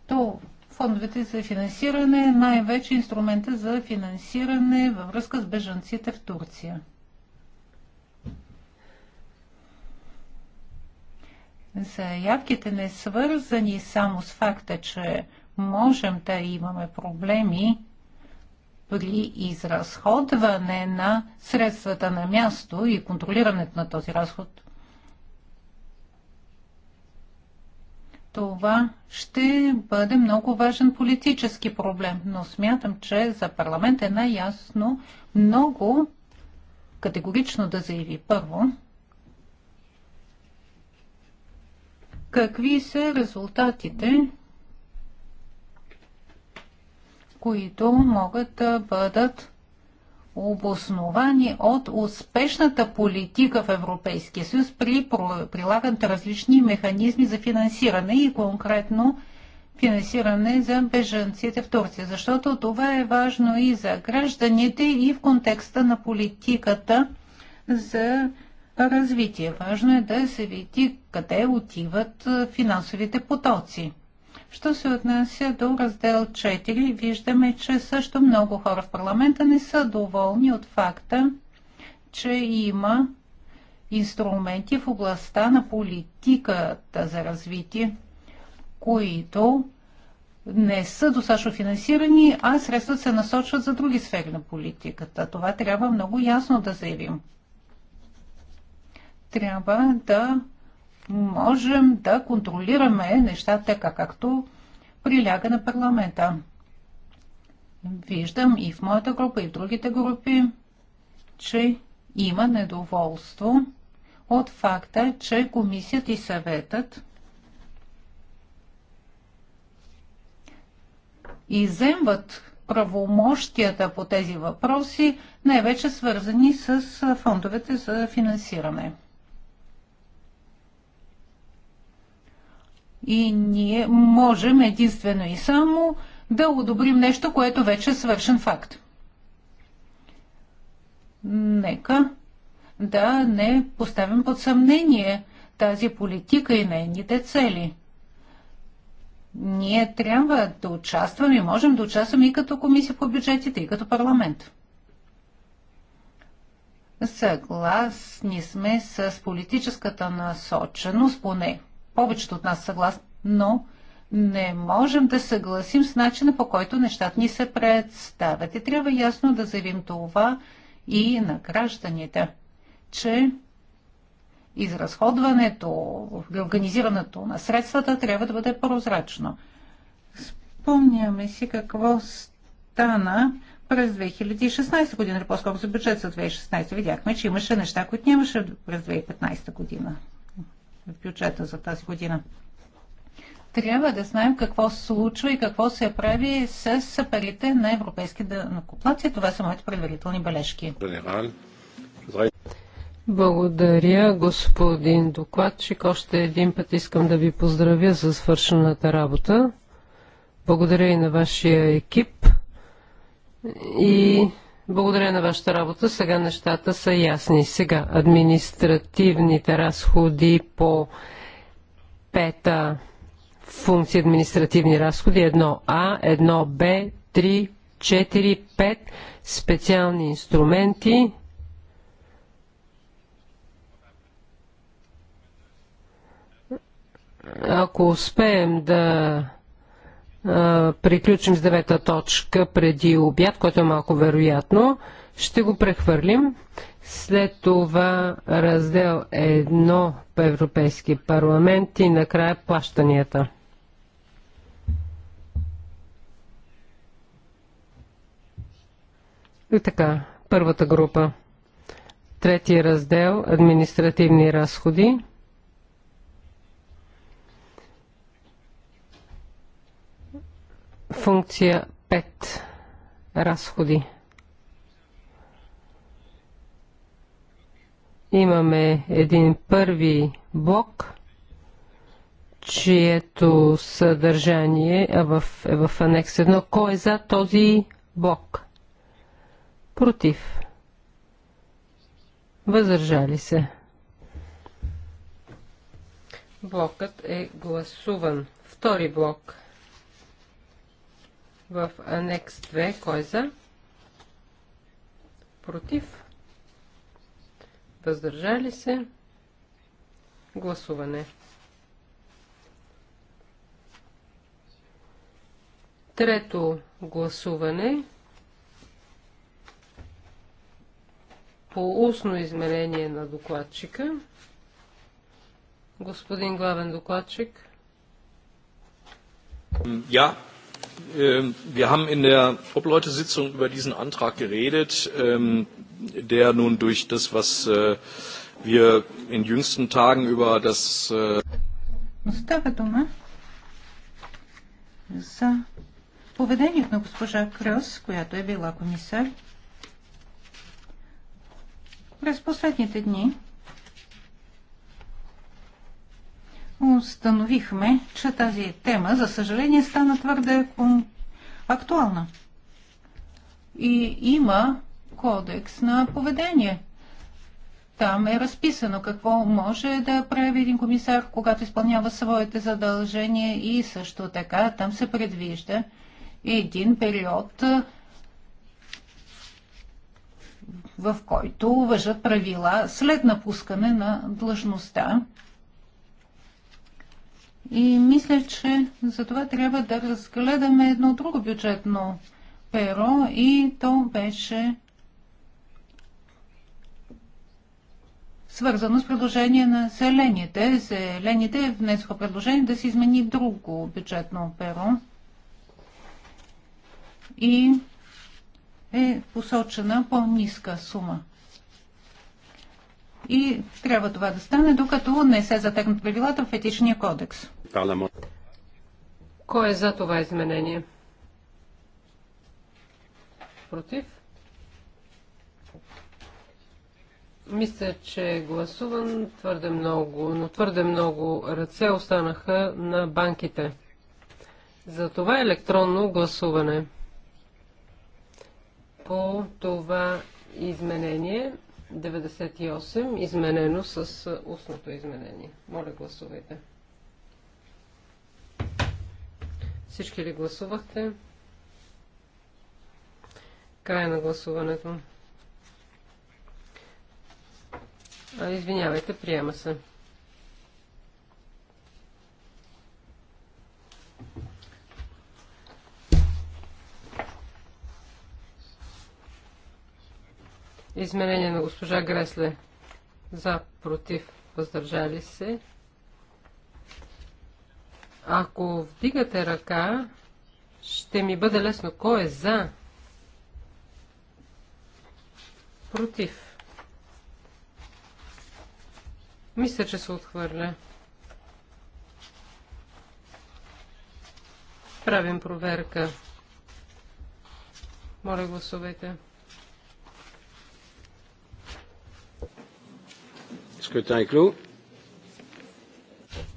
То фондовете за финансиране, е най-вече инструмента за финансиране във връзка с бежанците в Турция. заявките не свързани само с факта, че можем да имаме проблеми при изразходване на средствата на място и контролирането на този разход. Това ще бъде много важен политически проблем, но смятам, че за парламент е най-ясно много категорично да заяви първо, какви са резултатите, които могат да бъдат обосновани от успешната политика в Европейския съюз при прилагат различни механизми за финансиране и конкретно финансиране за бежанците в Турция, защото това е важно и за гражданите и в контекста на политиката за развитие. Важно е да се види къде отиват финансовите потоци. Що се отнася до раздел 4, виждаме, че също много хора в парламента не са доволни от факта, че има инструменти в областта на политиката за развитие, които не са достатъчно финансирани, а средствата се насочват за други сфери на политиката. Това трябва много ясно да заявим трябва да можем да контролираме нещата така, както приляга на парламента. Виждам и в моята група, и в другите групи, че има недоволство от факта, че комисията и съветът иземват правомощията по тези въпроси, най-вече свързани с фондовете за финансиране. И ние можем единствено и само да одобрим нещо, което вече е свършен факт. Нека да не поставим под съмнение тази политика и нейните цели. Ние трябва да участваме и можем да участваме и като комисия по бюджетите, и като парламент. Съгласни сме с политическата насоченост, поне повечето от нас съгласни, но не можем да съгласим с начина по който нещата ни се представят. И трябва ясно да заявим това и на гражданите, че изразходването, организирането на средствата трябва да бъде прозрачно. Спомняме си какво стана през 2016 година, или по-скоро за бюджет за 2016 видяхме, че имаше неща, които нямаше през 2015 година в бюджета за тази година. Трябва да знаем какво се случва и какво се прави с парите на европейски данокоплаци. Това са моите предварителни бележки. Благодаря, господин докладчик. Още един път искам да ви поздравя за свършената работа. Благодаря и на вашия екип. И благодаря на вашата работа. Сега нещата са ясни. Сега административните разходи по пета функция, административни разходи 1А, 1Б, 3, 4, 5 специални инструменти. Ако успеем да приключим с девета точка преди обяд, което е малко вероятно. Ще го прехвърлим. След това раздел едно по Европейски парламент и накрая плащанията. И така, първата група. Трети раздел – административни разходи. Функция 5. Разходи. Имаме един първи блок, чието съдържание е в, е в анекс 1. Кой е за този блок? Против. Въздържали се. Блокът е гласуван. Втори блок в анекс 2. Кой е за? Против? Въздържали се? Гласуване. Трето гласуване по устно измерение на докладчика. Господин главен докладчик. Yeah. Wir haben in der Obleute-Sitzung über diesen Antrag geredet, der nun durch das, was wir in jüngsten Tagen über das. за поведението на госпожа Кръс, която е била комисар. През последните дни установихме, че тази тема, за съжаление, стана твърде актуална. И има кодекс на поведение. Там е разписано какво може да прави един комисар, когато изпълнява своите задължения и също така там се предвижда един период, в който въжат правила след напускане на длъжността. И мисля, че за това трябва да разгледаме едно друго бюджетно перо и то беше свързано с предложение на зелените. Зелените внесоха предложение да се измени друго бюджетно перо и е посочена по-ниска сума и трябва това да стане, докато не се затегнат правилата в етичния кодекс. Кой е за това изменение? Против? Мисля, че е гласуван твърде много, но твърде много ръце останаха на банките. За това електронно гласуване. По това изменение 98, изменено с устното изменение. Моля, гласувайте. Всички ли гласувахте? Край на гласуването. А, извинявайте, приема се. Изменение на госпожа Гресле. За, против, въздържали се. Ако вдигате ръка, ще ми бъде лесно. Кой е за? Против. Мисля, че се отхвърля. Правим проверка. Моля, гласувайте. е клю.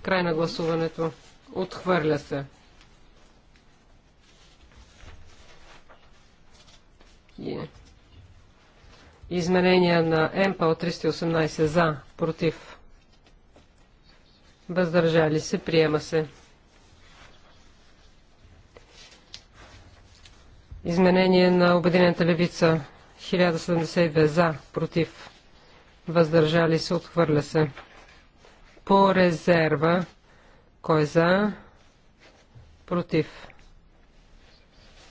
Край на гласуването. Отхвърля се. Yeah. Изменения на МПА от 318 за, против. Въздържали се, приема се. Изменение на Обединената левица 1072 за, против въздържали се, отхвърля се. По резерва, кой е за, против,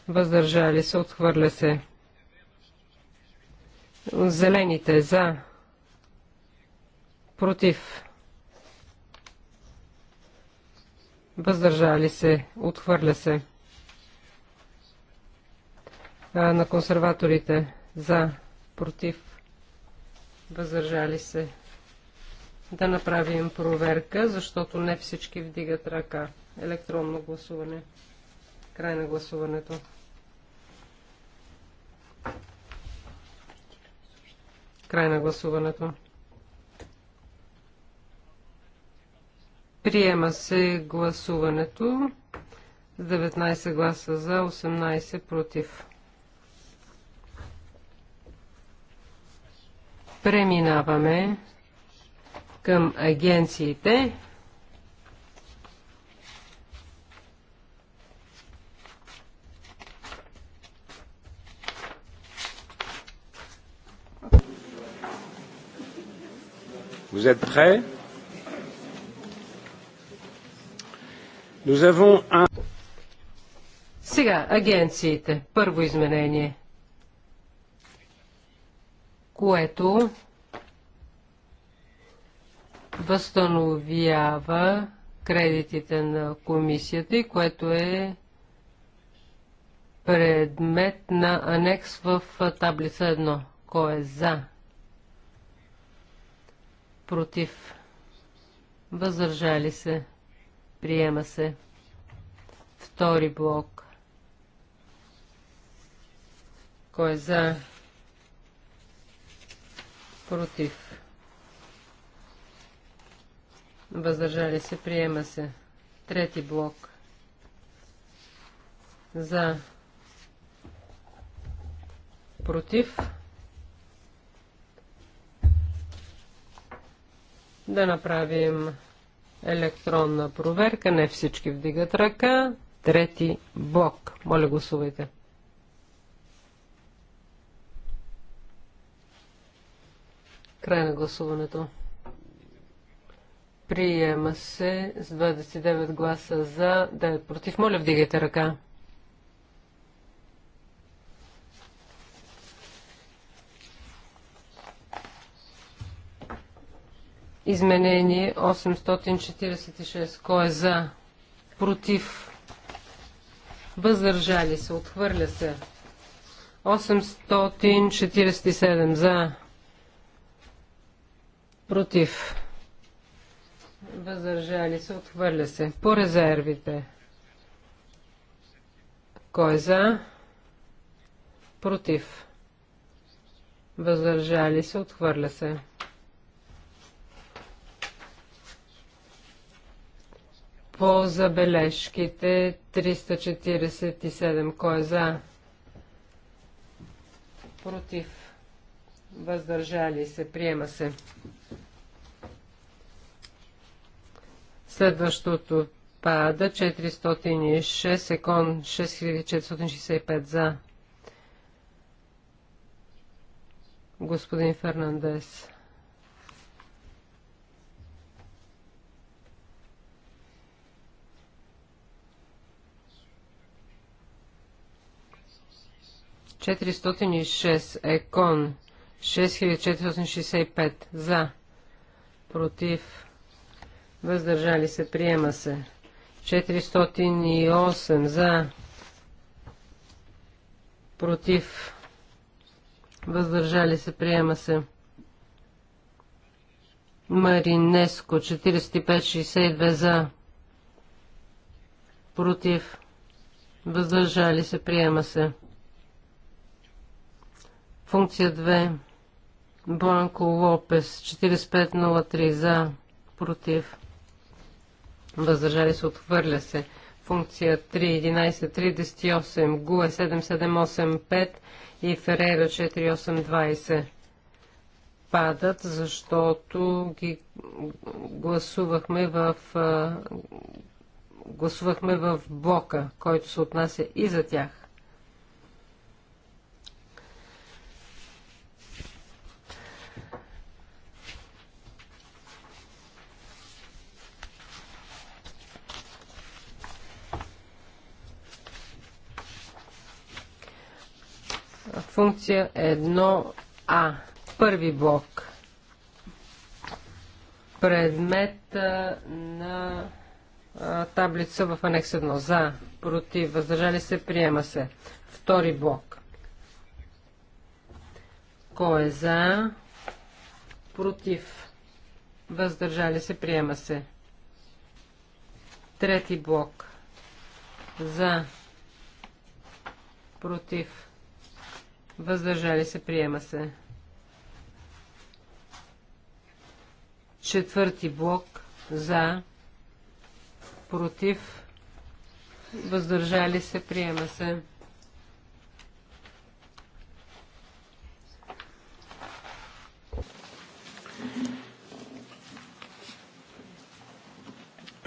въздържали се, отхвърля се. Зелените е за, против, въздържали се, отхвърля се. А, на консерваторите за, против, Въздържали се. Да направим проверка, защото не всички вдигат ръка. Електронно гласуване. Край на гласуването. Край на гласуването. Приема се гласуването. 19 гласа за, 18 против. Преминаваме към агенциите. Vous êtes prêts Nous avons un... Сега агенциите. Първо изменение което възстановява кредитите на комисията и което е предмет на анекс в таблица 1. Кой е за? Против? Въздържали се? Приема се. Втори блок. Кой е за? против, въздържали се, приема се. Трети блок за против. Да направим електронна проверка. Не всички вдигат ръка. Трети блок. Моля, гласувайте. Край на гласуването. Приема се с 29 гласа за, 9 против. Моля, вдигайте ръка. Изменение 846. Кой е за? Против? Въздържали се? Отхвърля се. 847 за Против. Въздържали се. Отхвърля се. По резервите. Кой е за? Против. Въздържали се. Отхвърля се. По забележките 347. Кой е за? Против въздържали се, приема се. Следващото пада 406, секон 6465 за господин Фернандес. Четиристотин и шест Екон шест 6465 за, против, въздържали се, приема се. 408 за, против, въздържали се, приема се. Маринеско 4562 за, против, въздържали се, приема се. Функция 2 Бланко Лопес 4503 за против въздържали се отхвърля се функция 3.11.38, ГУЕ 7.7.8.5 и Ферера 4.8.20 падат, защото ги гласувахме в гласувахме в блока, който се отнася и за тях. функция 1А. Първи блок. Предмет на таблица в анекс 1. За, против, въздържали се, приема се. Втори блок. Кой е за? Против. Въздържали се, приема се. Трети блок. За. Против. Въздържали се, приема се. Четвърти блок за, против, въздържали се, приема се.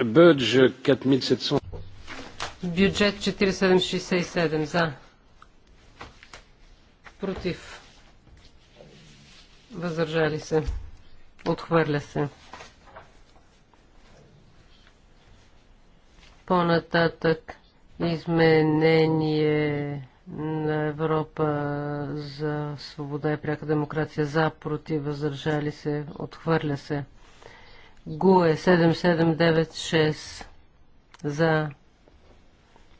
Бюджет 4767 за. Против. Въздържали се. Отхвърля се. По-нататък изменение на Европа за свобода и пряка демокрация за, против, въздържали се, отхвърля се. ГУЕ 7796 за,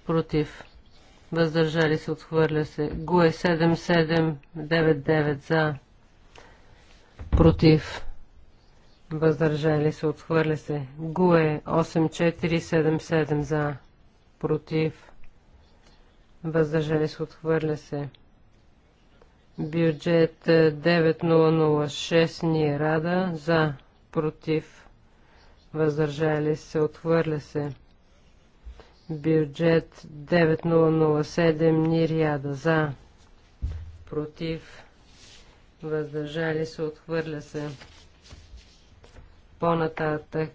против, въздържали се, отхвърля се. ГУЕ 7799 за, против, въздържали се, отхвърля се. ГУЕ 8477 за, против, въздържали се, отхвърля се. Бюджет 9006 ни рада за, против, въздържали се, отхвърля се. Бюджет 9007 Ниряда за. Против. Въздържали се. Отхвърля се. По-нататък.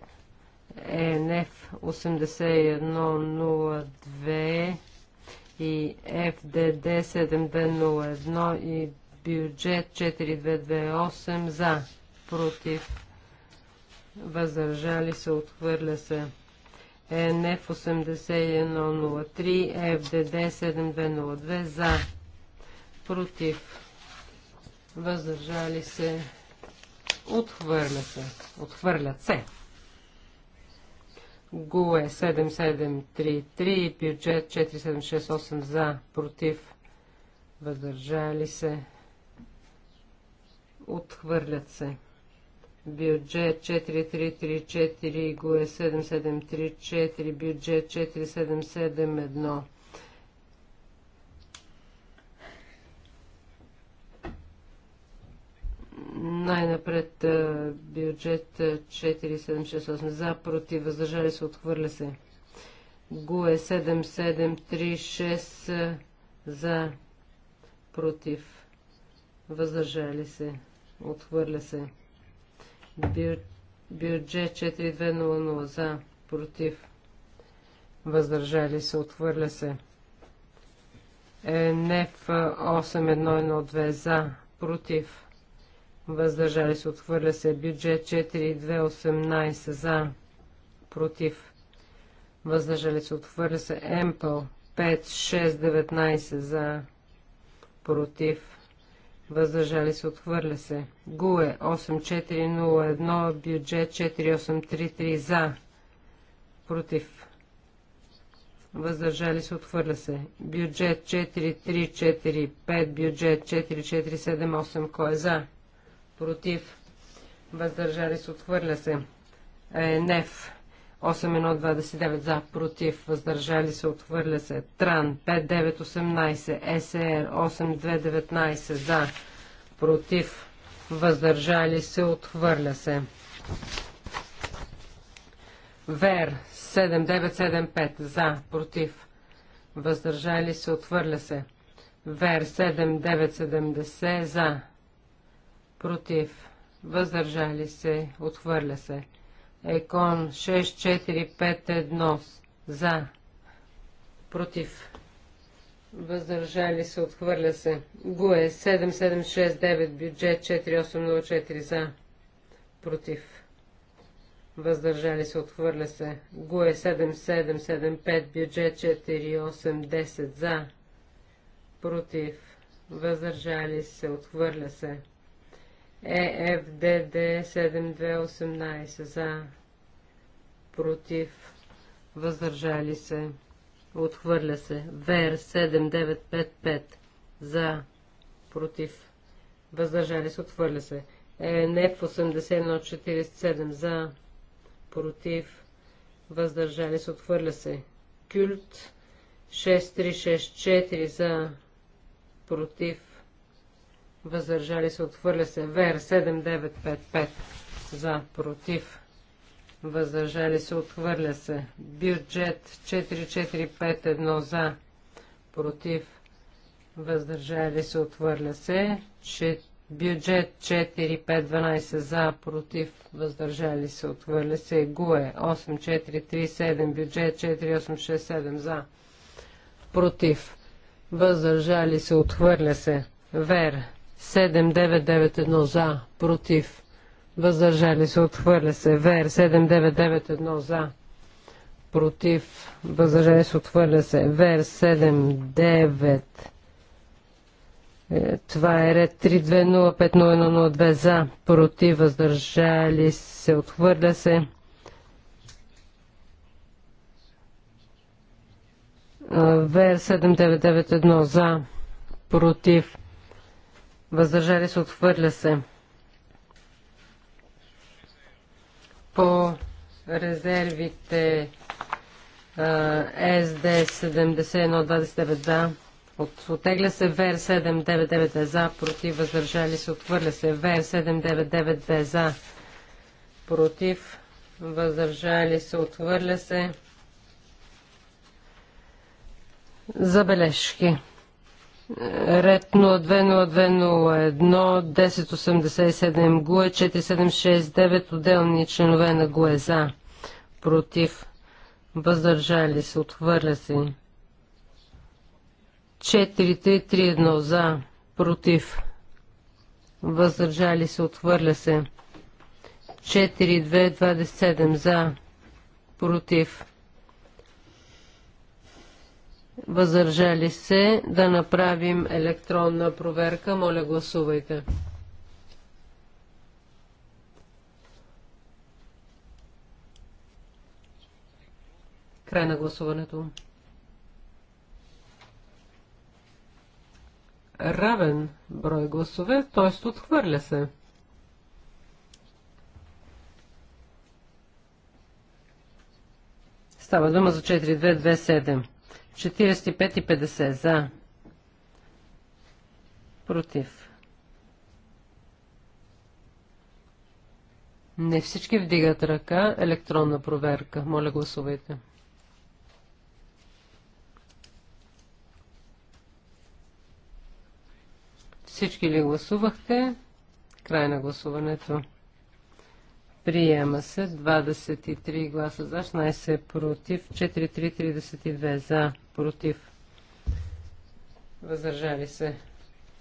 ЕНФ 8102 и ФДД 7201 и бюджет 4228 за. Против. Въздържали се. Отхвърля се. ЕНФ 8103, ФДД 7202 за, против, въздържали се, отхвърля се, отхвърлят се. ГУЕ 7733 и бюджет 4768 за, против, въздържали се, отхвърлят се бюджет 4334 ГУЕ 7734, бюджет 4771. Най-напред бюджет 4768 за, против, въздържали се, отхвърля се. ГУЕ 7736 за, против, въздържали се, отхвърля се. Бюджет 4200 за, против, въздържали се, отвърля се. Е, НФ 8112 за, против, въздържали се, отвърля се. Бюджет 4218 за, против, въздържали се, отвърля се. МПЛ 5619 за, против, въздържали се, отхвърля се. ГУЕ 8401, бюджет 4833 за, против, въздържали се, отхвърля се. Бюджет 4345, бюджет 4478, кой е за, против, въздържали се, отхвърля се. ЕНФ 8129 за, против, въздържали се, отхвърля се. Тран 5918, СР 8219 за, против, въздържали се, отхвърля се. ВЕР 7975 за, против, въздържали се, отхвърля се. ВЕР 7970 за, против, въздържали се, отхвърля се. Екон 6451 за. Против. Въздържали се. Отхвърля се. ГУЕ 7769 бюджет 4804 за. Против. Въздържали се. Отхвърля се. ГУЕ 7775 бюджет 4810 за. Против. Въздържали се. Отхвърля се. ЕФДД 7218 за, против, въздържали се, отхвърля се. ВЕР 7955 за, против, въздържали се, отхвърля се. ЕНФ 8147 за, против, въздържали се, отхвърля се. КЮЛТ 6364 за, против, въздържали се, отхвърля се. ВР 7955 за, против, въздържали се, отхвърля се. Бюджет 4451 за, против, въздържали се, отхвърля се. бюджет 4512 за, против, въздържали се, отхвърля се. ГУЕ 8437, бюджет 4867 за, против, въздържали се, отхвърля се. ВЕР 7991 за, против, въздържали се, отхвърля се. ВР 7991 за, против, въздържали се, отхвърля се. ВР 79 е, това е ред 3205102 за, против, въздържали се, отхвърля се. Е, ВР 7991 за, против, въздържали се, отхвърля се. По резервите СД 7129 да. От, отегля се ВР 799 е за, против, въздържали се, отхвърля се. ВР 799 е за, против, въздържали се, отхвърля се. Забележки. Ред 02021 1087 ГУЕ 4769 отделни членове на ГУЕ за против въздържали се отхвърля се 4331 за против въздържали се отхвърля се 4227 за против Въздържали се да направим електронна проверка. Моля, гласувайте. Край на гласуването. Равен брой гласове, т.е. отхвърля се. Става дума за 4227. 45 и 50 за. Против. Не всички вдигат ръка. Електронна проверка. Моля гласувайте. Всички ли гласувахте? Край на гласуването. Приема се 23 гласа за, 16 против, 4332 за против, въздържали се,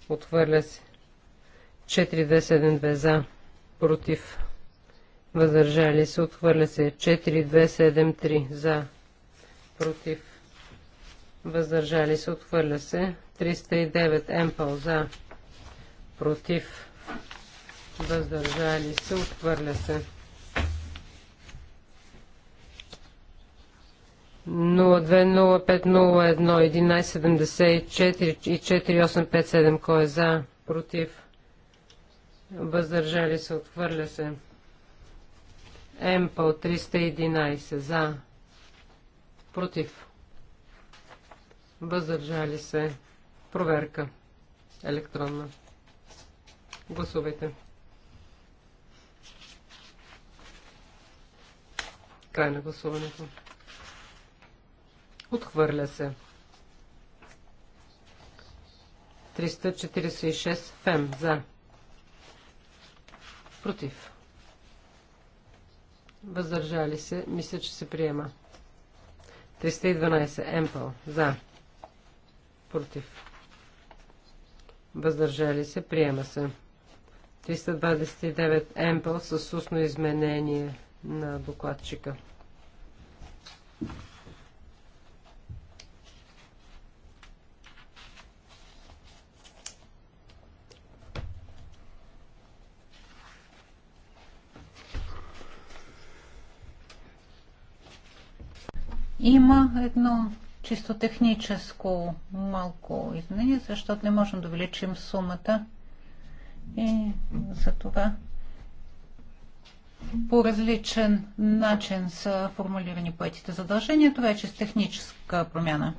отхвърля се. 4272 за, против, въздържали се, отхвърля се. 4273 за, против, въздържали се, отхвърля се. 309 емпъл за, против, въздържали се, отхвърля се. 1174 и 4857. Кой е за? Против? Въздържали се? Отхвърля се. МПО 311. За? Против? Въздържали се? Проверка. Електронна. Гласувайте. Край на гласуването. Отхвърля се. 346 фем за. Против. Въздържали се. Мисля, че се приема. 312 емпъл за. Против. Въздържали се. Приема се. 329 емпъл с устно изменение на докладчика. Има едно чисто техническо малко изменение, защото не можем да увеличим сумата и за това по различен начин са формулирани поетите задължения. Това е чисто техническа промяна.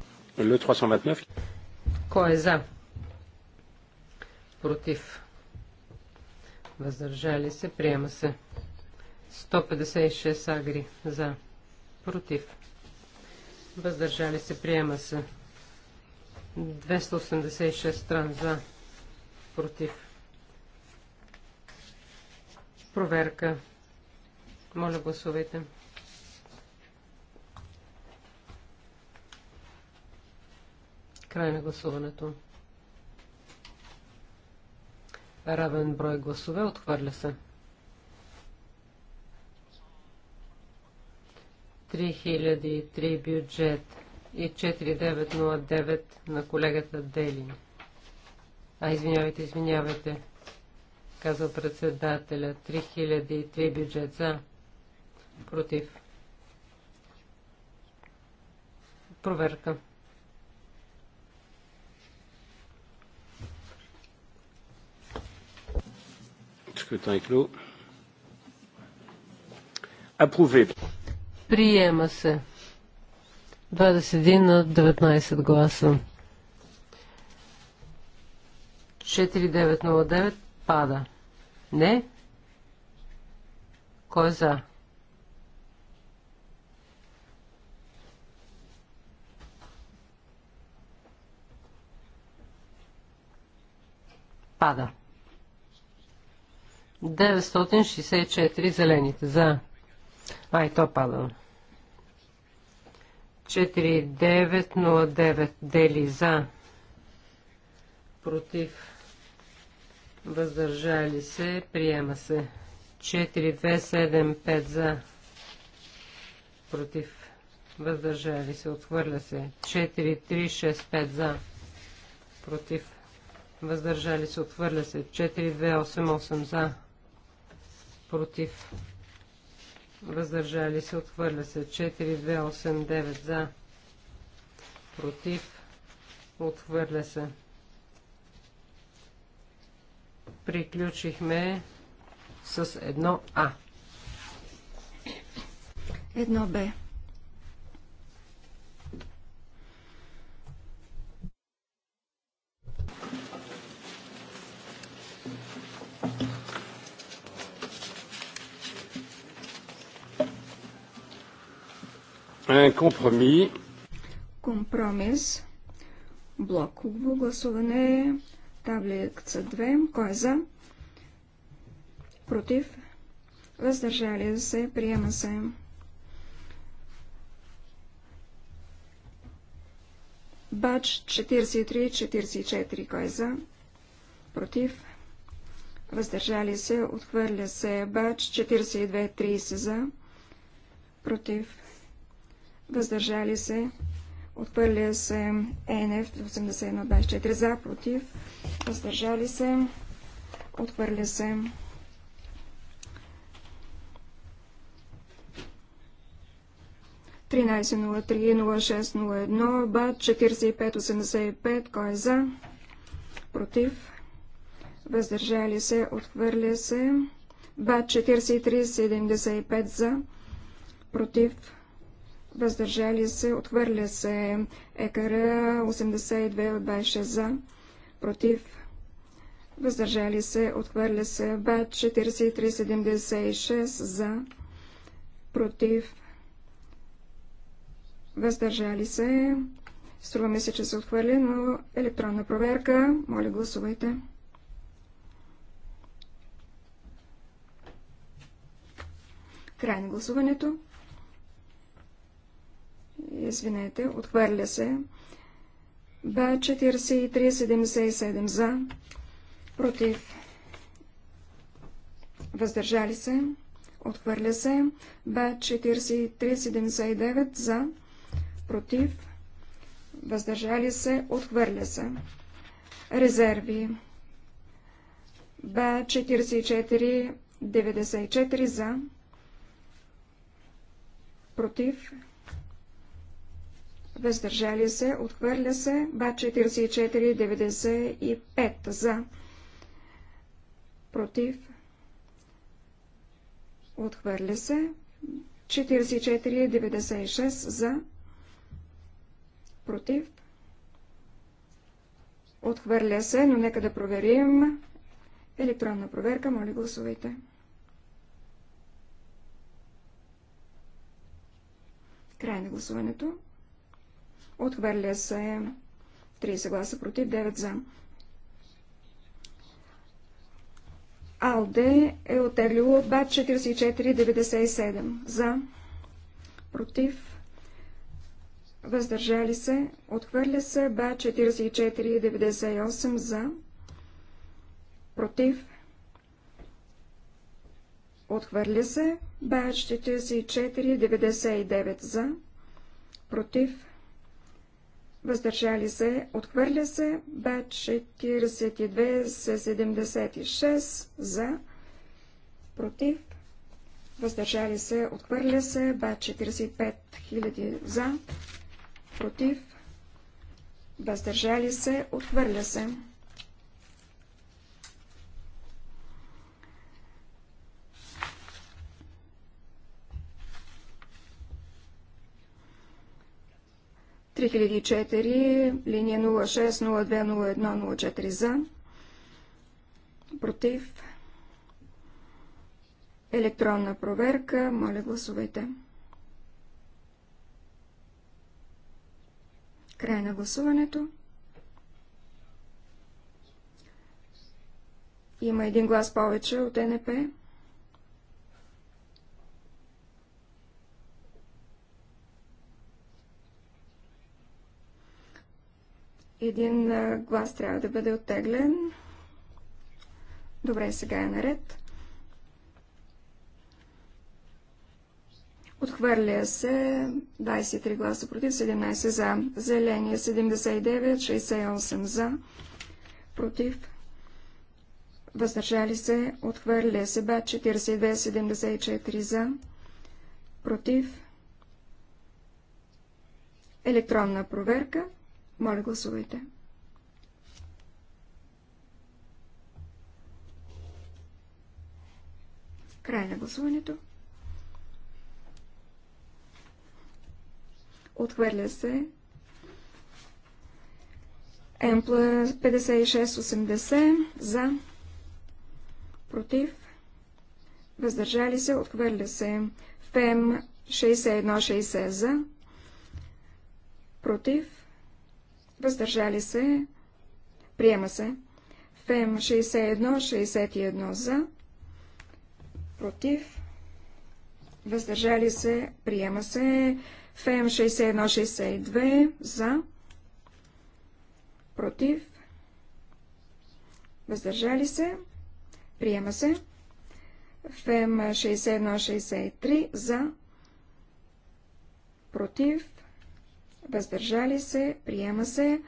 Кой е за? Против? Въздържали се? Приема се. 156 агри за. Против? Въздържали се. Приема се. 286 стран за. Против. Проверка. Моля, гласувайте. Край на гласуването. Равен брой гласове. Отхвърля се. 3003 бюджет и 4909 на колегата Делин. А, извинявайте, извинявайте, казва председателя. 3003 бюджет за. Против. Проверка. Scrutin clos. Approuvé. Приема се. 21 на 19 гласа. 4909 пада. Не? Кой е за? Пада. 964 зелените. За. А, и то пада. 4909 дели за. Против. Въздържали се. Приема се. 4275 за. Против. Въздържали се. Отхвърля се. 4365 за. Против. Въздържали се. Отхвърля се. 4288 за. Против въздържали се, отхвърля се 4, 2, 8, 9 за, против, отхвърля се. Приключихме с едно А. Едно Б. Компромис. Компромис. Блоково гласуване. Таблица 2. Кой е за? Против. Въздържали се. Приема се. Бач 43-44. Кой е за? Против. Въздържали се. Отхвърля се. Бач 42-30 за. Против въздържали се, отхвърлили се ЕНФ 81-24 за, против, въздържали се, отхвърлили се БАД 4585, кой е за, против, въздържали се, отхвърля се, БАТ 4375 за, против, въздържали се, въздържали се, отхвърля се ЕКР 82 от 26 за, против, въздържали се, отхвърля се БАД 4376 за, против, въздържали се, струва ми се, че се отхвърли, но електронна проверка, моля гласувайте. Край на гласуването. Извинете, отхвърля се. Б 4377 за, против, въздържали се, отхвърля се. Б 4379 за, против, въздържали се, отхвърля се. Резерви. Б 4494 за, против, въздържали се, отхвърля се, ба 44,95 за, против, отхвърля се, 44,96 за, против, отхвърля се, но нека да проверим. Електронна проверка, моля гласувайте. Край на гласуването. Отхвърля се 30 гласа против, 9 за. Алде е отеглило от БАТ 4497 за. Против. Въздържали се. Отхвърля се БА 4498 за. Против. Отхвърля се БА 4499 за. Против въздържали се, отхвърля се, Б 42 76 за, против, въздържали се, отхвърля се, Б 45 000 за, против, въздържали се, отхвърля се. 3004, линия 06, 04 за, против, електронна проверка, моля гласувайте. Край на гласуването. Има един глас повече от НП. Един глас трябва да бъде оттеглен. Добре, сега е наред. Отхвърля се 23 гласа против, 17 за. Зеления 79, 68 за. Против. Въздържали се. Отхвърля се бат 42, 74 за. Против. Електронна проверка. Моля, гласувайте. Край на гласуването. Отхвърля се. Емпла 5680 за. Против. Въздържали се. Отхвърля се. ФЕМ 6160 за. Против въздържали се, приема се. ФЕМ 61, 61 за, против, въздържали се, приема се. ФЕМ 61, 62 за, против, въздържали се, приема се. ФЕМ 61, 63 за, против, въздържали се, приема се.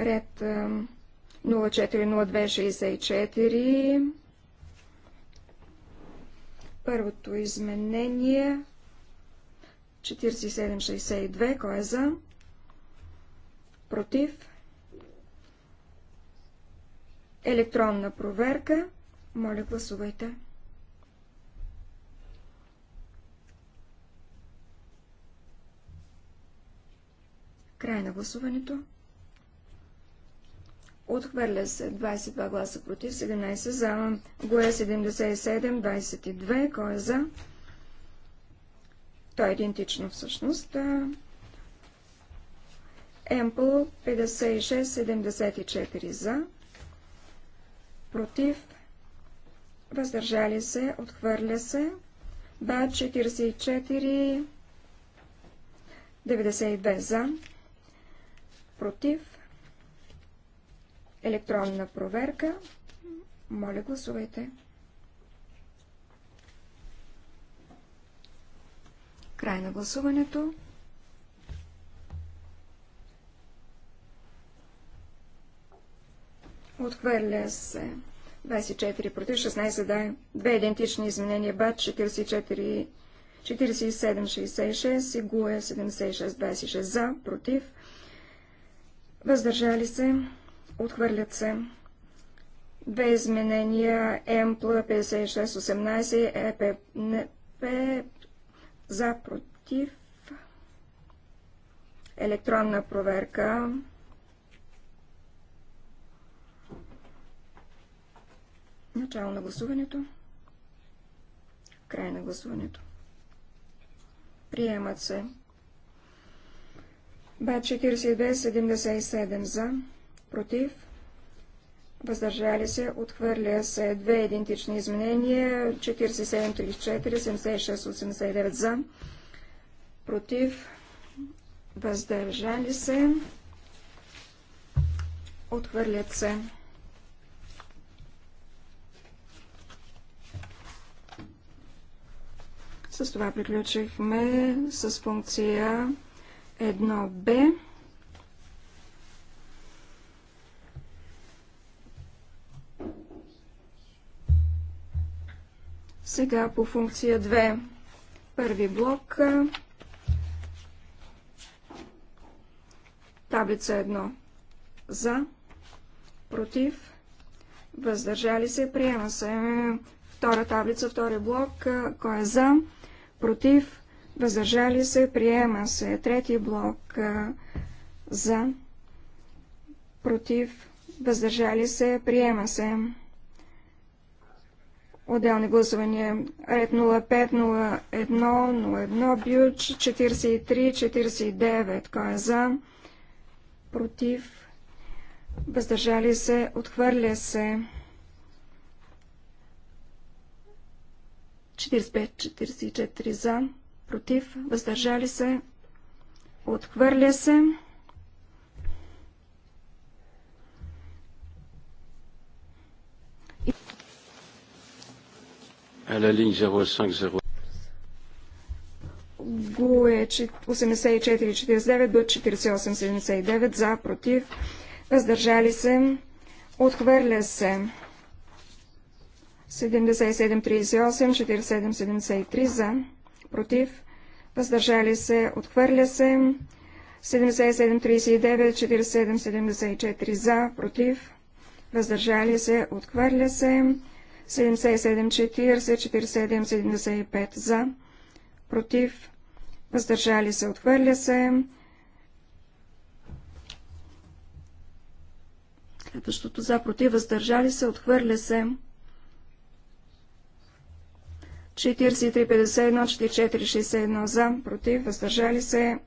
Ред 040264. Първото изменение 4762. Кой е за? Против? Електронна проверка. Моля, гласувайте. Край на гласуването. Отхвърля се 22 гласа против, 17 за. Гое 77, 22. Кой е за? То е идентично всъщност. Емпл 56, 74 за. Против. Въздържали се. Отхвърля се. Ба 44, 92 за против, електронна проверка. Моля, гласувайте. Край на гласуването. Отхвърля се 24 против 16 да. Две идентични изменения БАТ 44 47-66 и ГУЕ 76-26 за, против, въздържали се, отхвърлят се. Две изменения МПЛ 5618 ЕПНП за против електронна проверка. Начало на гласуването. Край на гласуването. Приемат се Б4277 за, против, въздържали се, отхвърля се две идентични изменения, 4734, 7689 за, против, въздържали се, отхвърлят се. С това приключихме с функция едно б Сега по функция 2. Първи блок. Таблица 1. За. Против. Въздържали се. Приема се. Втора таблица, втори блок. Кой е за? Против въздържали се, приема се. Трети блок за, против, въздържали се, приема се. Отделни гласувания. Ред 05, 01, 01, бюч 43, 49. Кой е за? Против. Въздържали се. Отхвърля се. 45, 44 за против, въздържали се, отхвърля се. À е 84-49 до 48-79 за, против, въздържали се, отхвърля се 77-38, 47-73 за против, въздържали се, отхвърля се. 7739, 4774 за, против, въздържали се, отхвърля се. 7740, 4775 за, против, въздържали се, отхвърля се. Следващото за, против, въздържали се, отхвърля се. 4351, 4461 за, против, въздържали се,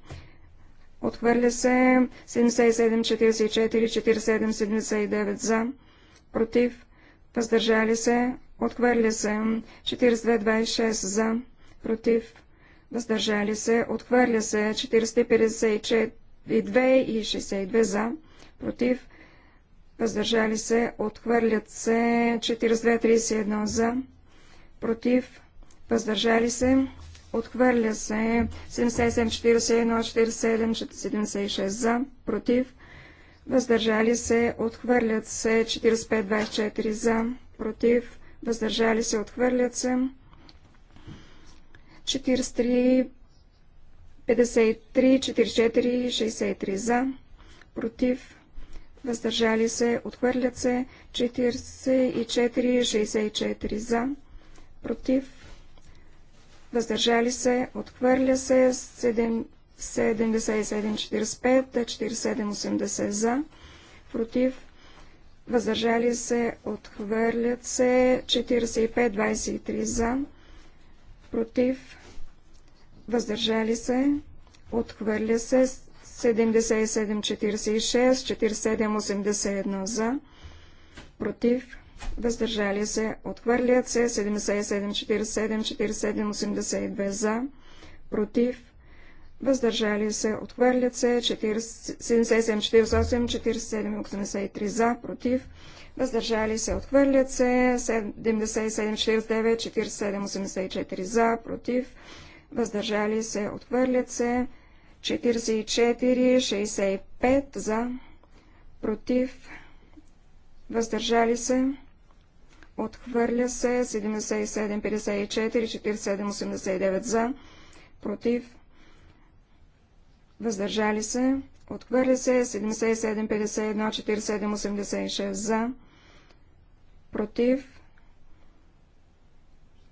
отхвърля се 7744, 4779 за, против, въздържали се, отхвърля се 4226 за, против, въздържали се, отхвърля се 452 и 62 за, против, въздържали се, отхвърлят се 4231 за, против, въздържали се, отхвърля се 77, 41, 47, 76 за, против, въздържали се, отхвърлят се 45, 24 за, против, въздържали се, отхвърлят се 43, 53, 44, 63 за, против, въздържали се, отхвърлят се 44, 64 за, против, въздържали се, отхвърля се 77-45, 47-80 за, против, въздържали се, отхвърлят се 45-23 за, против, въздържали се, отхвърля се 77-46, 47-81 за, против, въздържали се, отхвърлят се 77, 47, 47, 82 за, против, въздържали се, отхвърлят се 77 48, 47, 83 за, против, въздържали се, отхвърлят се 77, 49, 47, 84 за, против, въздържали се, отхвърлят се 44, 65 за, против, въздържали се, Отхвърля се 77, 54, 47, 89 за, против, въздържали се. Отхвърля се 77, 51, 47, 86 за, против,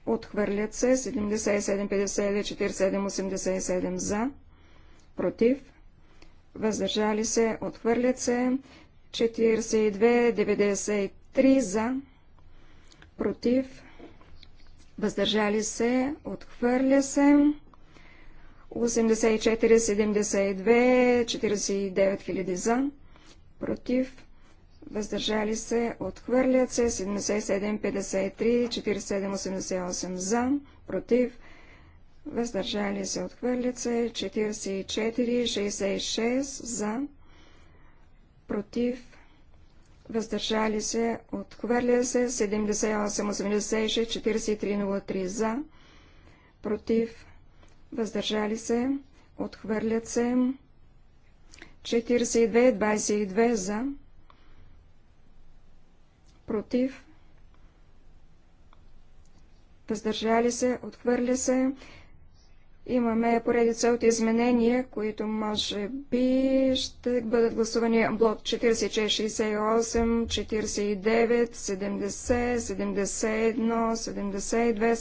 отхвърлят се 77, 50, 47, 87 за, против, въздържали се, отхвърлят се 42, 93 за, против, въздържали се, отхвърля се. 84, 72, 49 хиляди за, против, въздържали се, отхвърлят се, 77, 53, 47, 88 за, против, въздържали се, отхвърлят се, 44, 66 за, против, въздържали се, отхвърля се 78, 86, 4303 за, против, въздържали се, отхвърлят се 42, 22 за, против, въздържали се, отхвърля се Имаме поредица от изменения, които може би ще бъдат гласувани блок 46, 68, 49, 70, 71, 72,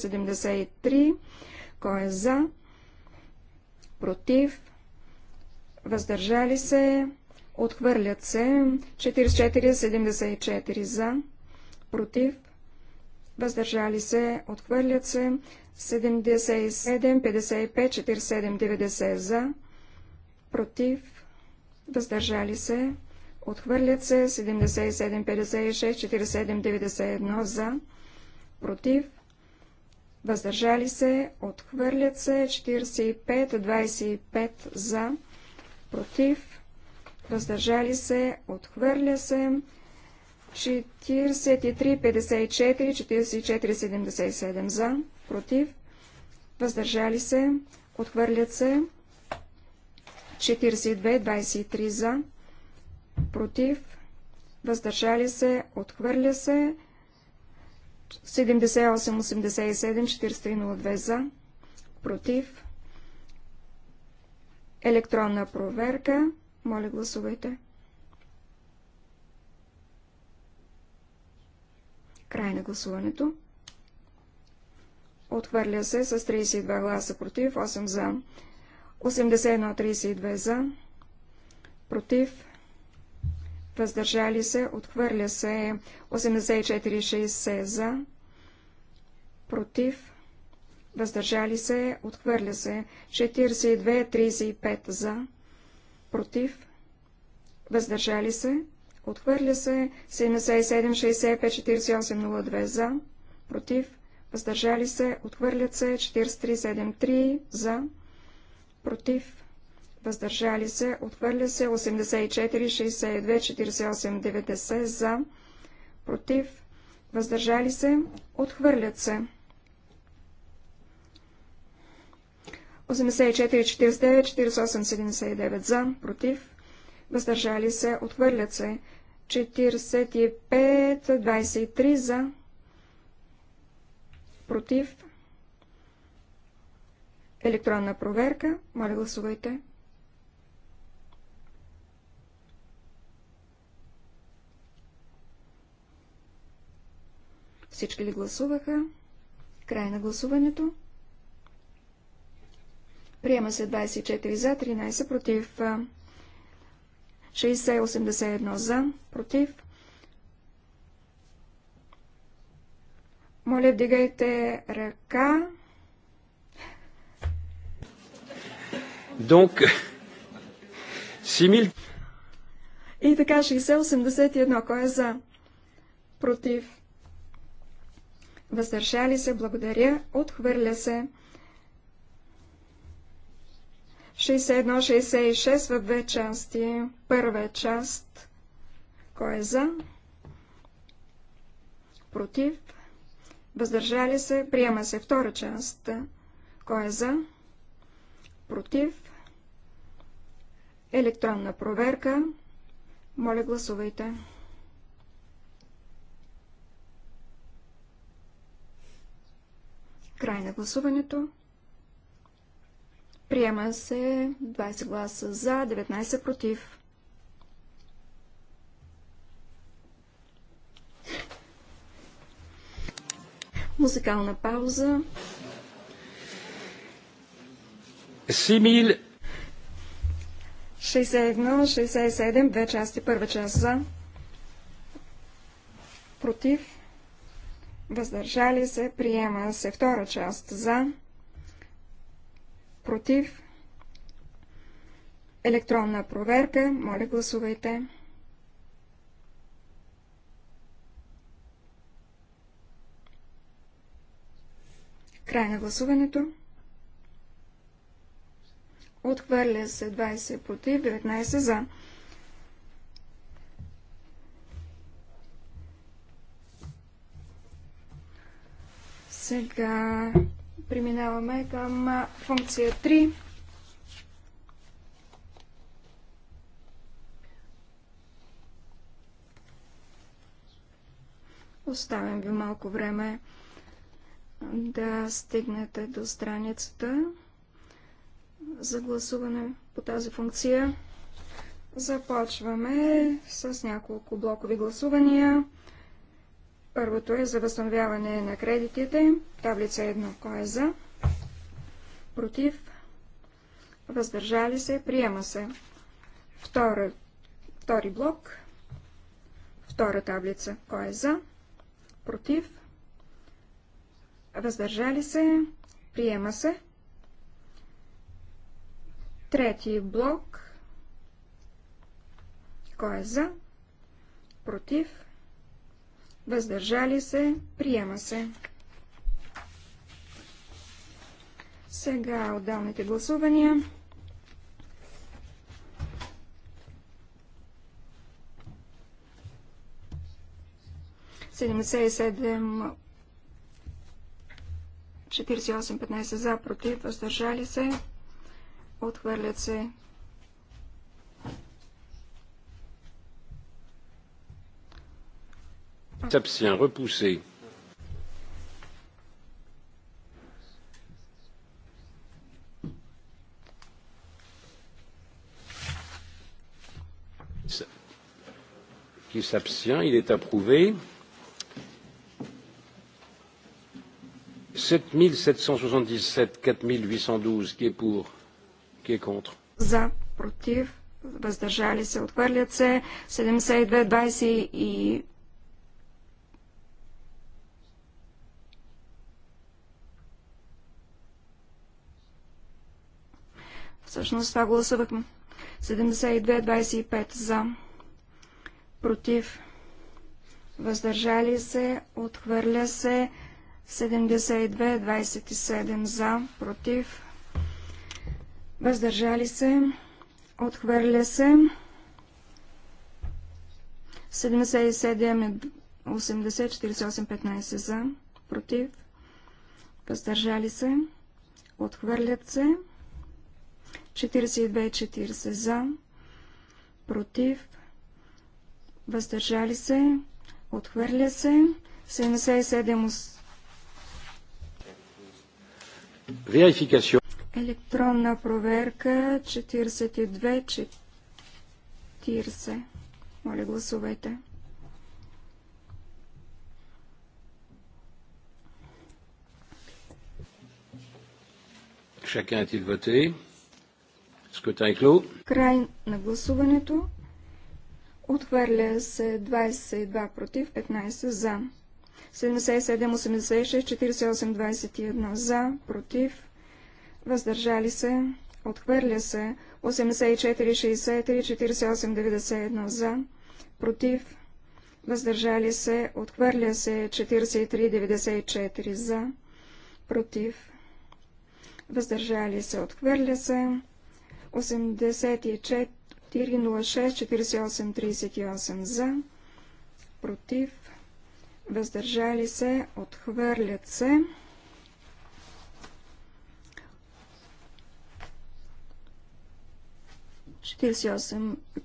73. Кой е за? Против? Въздържали се? Отхвърлят се 44, 74 за, против, въздържали се, отхвърлят се 77, 55, 47, 90 за, против, въздържали се, отхвърлят се 77, 56, 47, 91 за, против, въздържали се, отхвърлят се 45, 25 за, против, въздържали се, отхвърля се 43, 54, 44, 77 за, против, въздържали се, отхвърлят се, 42, 23 за, против, въздържали се, отхвърля се, 78, 87, 43, 02 за, против, електронна проверка, моля гласувайте. Край на гласуването. Отхвърля се с 32 гласа против, 8 за. 81-32 за. Против. Въздържали се. Отхвърля се 84-60 за. Против. Въздържали се. Отхвърля се 42-35 за. Против. Въздържали се. Отхвърля се 77, 65, за, против, въздържали се, отхвърлят се 4373 за, против, въздържали се, отхвърля се 84, 62, 48, 90 за, против, въздържали се, отхвърлят се. 84, 49, 48, 79 за, против, въздържали се, отхвърлят се. 45-23 за, против, електронна проверка. Моля, гласувайте. Всички ли гласуваха? Край на гласуването. Приема се 24 за, 13 против. 6081 за, против. Моля, вдигайте ръка. Donc, 6000... И така, 6081, кой е за? Против. Въздържали се, благодаря, отхвърля се. 61-66 в две части. Първа част. Кой е за? Против? Въздържали се? Приема се втора част. Кой е за? Против? Електронна проверка. Моля, гласувайте. Край на гласуването. Приема се 20 гласа за, 19 против. Музикална пауза. Симил. 61-67, две части, първа част за, против, въздържали се, приема се втора част за, против, електронна проверка. Моля, гласувайте. Край на гласуването. Отхвърля се 20 против, 19 за. Сега Преминаваме към функция 3. Оставям ви малко време да стигнете до страницата за гласуване по тази функция. Започваме с няколко блокови гласувания. Първото е за възстановяване на кредитите. Таблица 1. Кой е за? Против? Въздържали се? Приема се. Втора, втори блок. Втора таблица. Кой е за? Против? Въздържали се? Приема се. Трети блок. Кой е за? Против? въздържали се, приема се. Сега отдалните гласувания. Седемдесет и седем 48-15 за, против, въздържали се, отхвърлят се S'abstient, repoussé. Qui s'abstient, il est approuvé. 7777, 4812, qui est pour, qui est contre За, против, въздържали се, отхвърлят се. 72, 20 и всъщност това гласувахме. 72-25 за. Против. Въздържали се. Отхвърля се. 72-27 за. Против. Въздържали се. Отхвърля се. 77 80 48 15 за. Против. Въздържали се. Отхвърлят се. 42 40 за, против, въздържали се, отхвърля се, 77 Верификация. Електронна проверка 42 40. Моля, гласувайте. Chacun е t il Край на гласуването. Отхвърля се 22 против, 15 за. 77, 86, 48, 21 за, против, въздържали се, отхвърля се 84, 63, 48, 91 за, против, въздържали се, отхвърля се 43, 94 за, против, въздържали се, отхвърля се 84-06-48-38 за, против, въздържали се, отхвърлят се. Четиридесет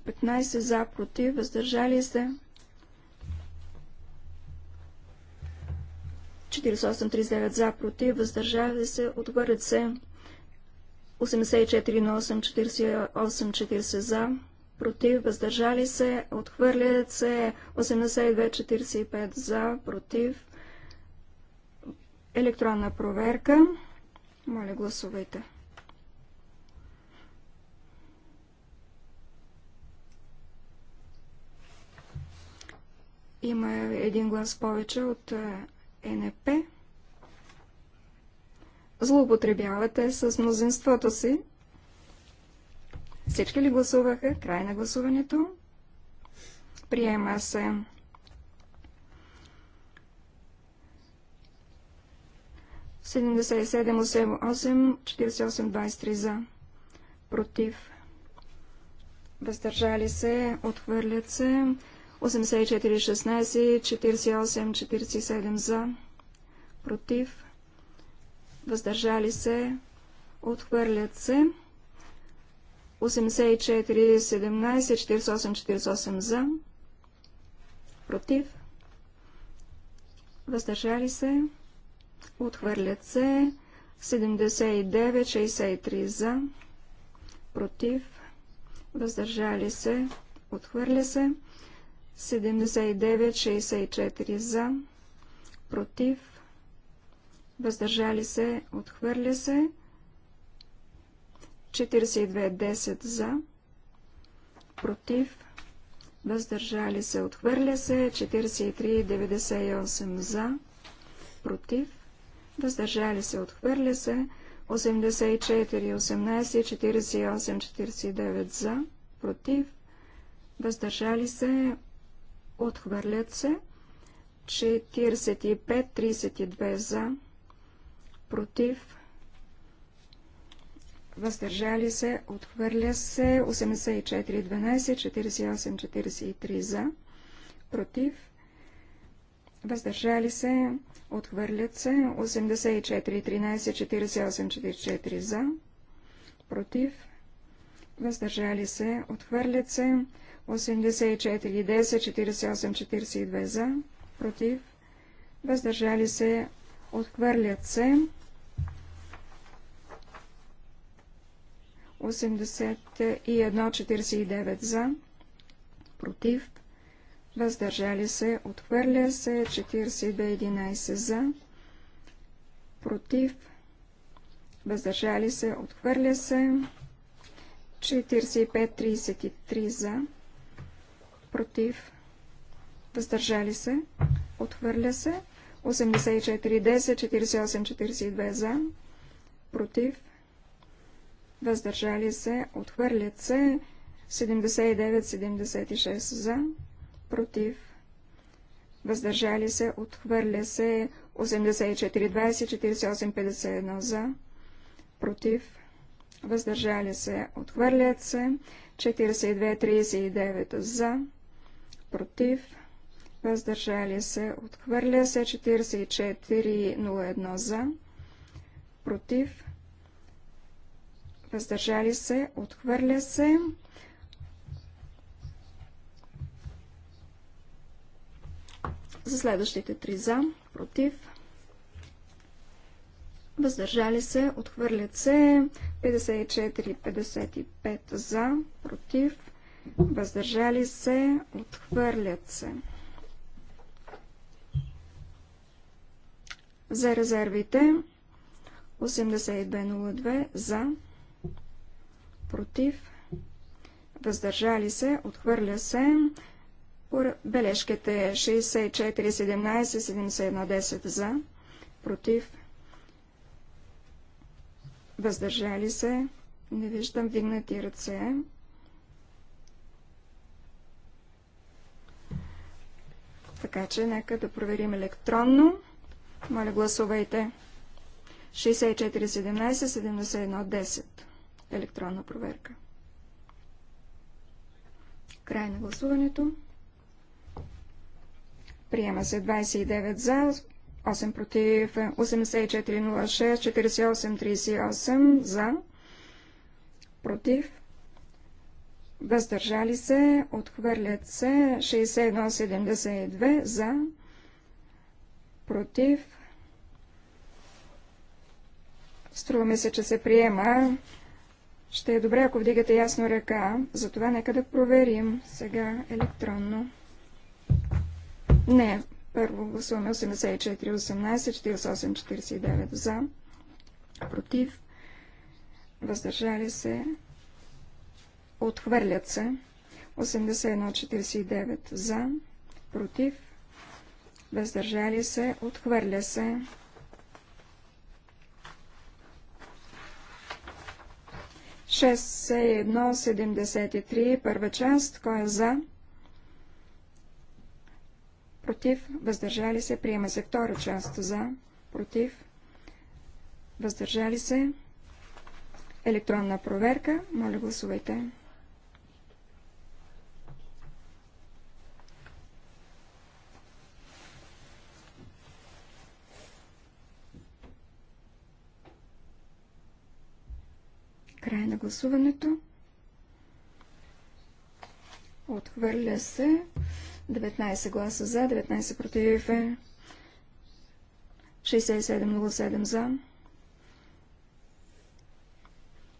15 за, против, въздържали се. 48-39 за, против, въздържали се, отхвърлят се. 84 8, 48, 40 за, против, въздържали се, отхвърлят се 82, 45 за, против. Електронна проверка. Моля, гласувайте. Има един глас повече от е, НП злоупотребявате с мнозинството си. Всички ли гласуваха? Край на гласуването. Приема се. Седемдесет и за. Против. Въздържали се, отхвърлят се. 84, 16, 48, 47 за. Против въздържали се, отхвърлят се. 84, 17, 48, 48 за, против, въздържали се, отхвърлят се. 79, 63 за, против, въздържали се, отхвърля се. 79, 64 за, против, въздържали се, отхвърля се, 42, 10 за, против, въздържали се, отхвърля се, 43, 98 за, против, въздържали се, отхвърля се, 84, 18, 48, 49 за, против, въздържали се, отхвърлят се, 45, 32 за, против, въздържали се, отхвърля се 84, 12, 48, 43 за, против, въздържали се, отхвърлят се 84, 13, 48, 44 за, против, въздържали се, отхвърлят се 84, 10, 48, 42 за, против, въздържали се, отхвърлят се 81-49 за, против, въздържали се, отхвърля се, 42-11 за, против, въздържали се, отхвърля се, 45-33 за, против, въздържали се, отхвърля се, 84-10, 48-42 за, против, въздържали се, отхвърлят се 79-76 за, против, въздържали се, отхвърля се 84-20-48-51 за, против, въздържали се, отхвърлят се 42-39 за, против, въздържали се, отхвърля се 44-01 за, против, въздържали се, отхвърля се. За следващите три за, против, въздържали се, отхвърлят се, 54-55 за, против, въздържали се, отхвърлят се. За резервите 8202 за, против, въздържали се, отхвърля се. Бележките 64, 17, 71, 10 за, против, въздържали се, не виждам вигнати ръце. Така че нека да проверим електронно. Моля гласувайте. 64, 17, 71, 10 електронна проверка. Край на гласуването. Приема се 29 за, 8 против, 8406, 38 за, против, въздържали се, отхвърлят се 6172 за, против. Струваме се, че се приема ще е добре, ако вдигате ясно ръка, затова нека да проверим сега електронно. Не, първо гласуваме 84, 18, 48, 49 за, против, въздържали се, отхвърлят се, 81, 49 за, против, въздържали се, отхвърля се, 6173, първа част, кой е за? Против, въздържали се, приема се втора част за, против, въздържали се. Електронна проверка, моля гласувайте. Край на гласуването. Отхвърля се. 19 гласа за, 19 против, 67,07 за,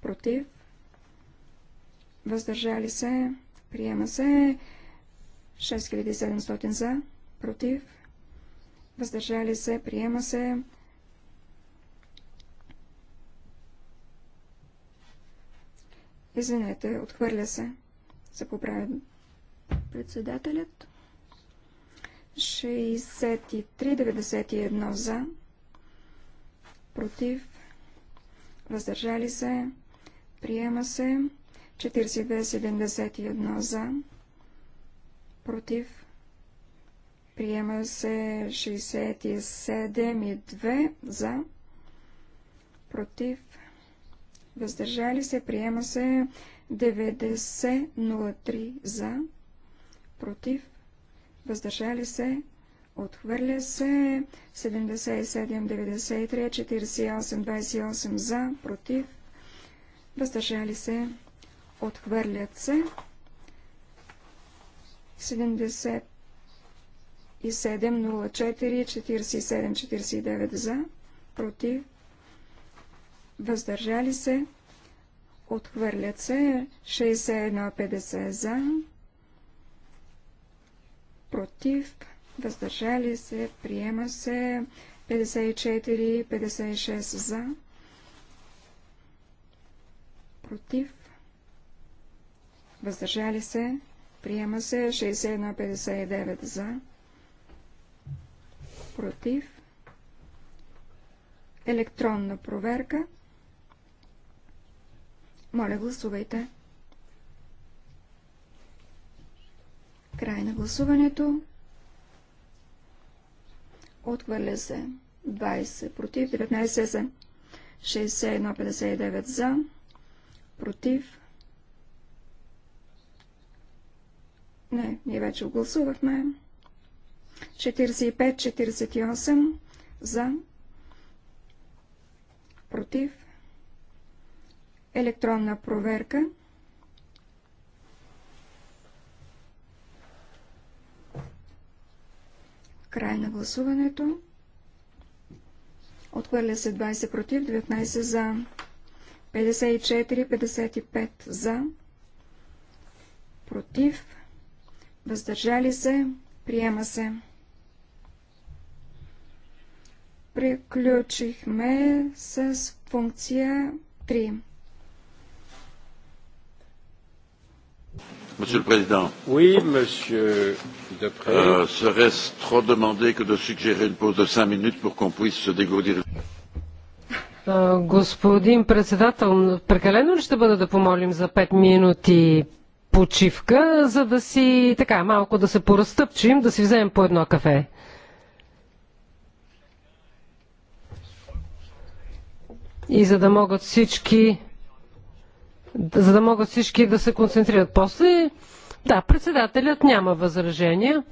против, въздържали се, приема се, 6700 за, против, въздържали се, приема се, Извинете, отхвърля се. Се поправя председателят. 63-91 за. Против. Въздържали се. Приема се. 42,71 за. Против. Приема се 672 за. Против въздържали се, приема се 9003 за, против, въздържали се, отхвърля се 77, 93, 48, 28 за, против, въздържали се, отхвърлят се 77, 04, 47, 49 за, против, въздържали се, отхвърлят се 61,50 за, против, въздържали се, приема се 54,56 за, против, въздържали се, приема се 61,59 за, против, електронна проверка моля, гласувайте. Край на гласуването. Отхвърля се 20 против, 19 за, 61,59 за, против. Не, ние вече огласувахме. 45-48 за, против електронна проверка. Край на гласуването. Отхвърля се 20 против, 19 за, 54, 55 за, против, въздържали се, приема се. Приключихме с функция 3. Monsieur le Président, oui, monsieur Depré. Euh, serait-ce trop demandé que de suggérer une pause de cinq minutes pour qu'on puisse se dégourdir euh, Господин председател, прекалено ли ще бъде да помолим за 5 минути почивка, за да си така малко да се поразтъпчим, да си вземем по едно кафе? И за да могат всички за да могат всички да се концентрират. После, да, председателят няма възражения.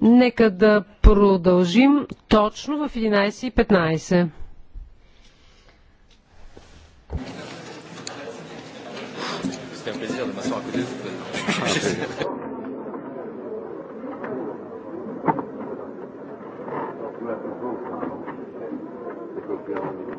Нека да продължим точно в 11.15. Thank you.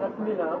That's me now.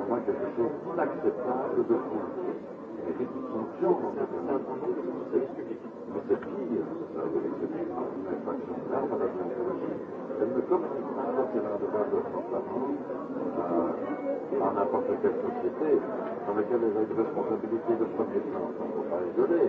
pour moi quelque chose d'acceptable de fond. Les petites fonctions en fait Mais c'est pire, ça veut dire que une infraction grave à la déontologie. Elle ne communique pas quand elle a un devoir de transparence euh, dans n'importe quelle société dans laquelle elle a une responsabilité de premier plan. On ne peut pas rigoler.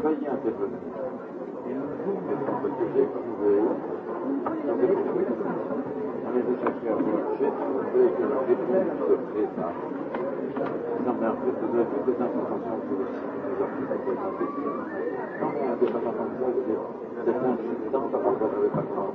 pas bien cette bonne Parce que j'ai trouvé, on est cherché à voir, j'ai trouvé que la réponse de Présa, non mais en fait, ça doit être très important pour les artistes présentés. Quand il y a des femmes comme ça, c'est consistant par rapport à l'épargnement de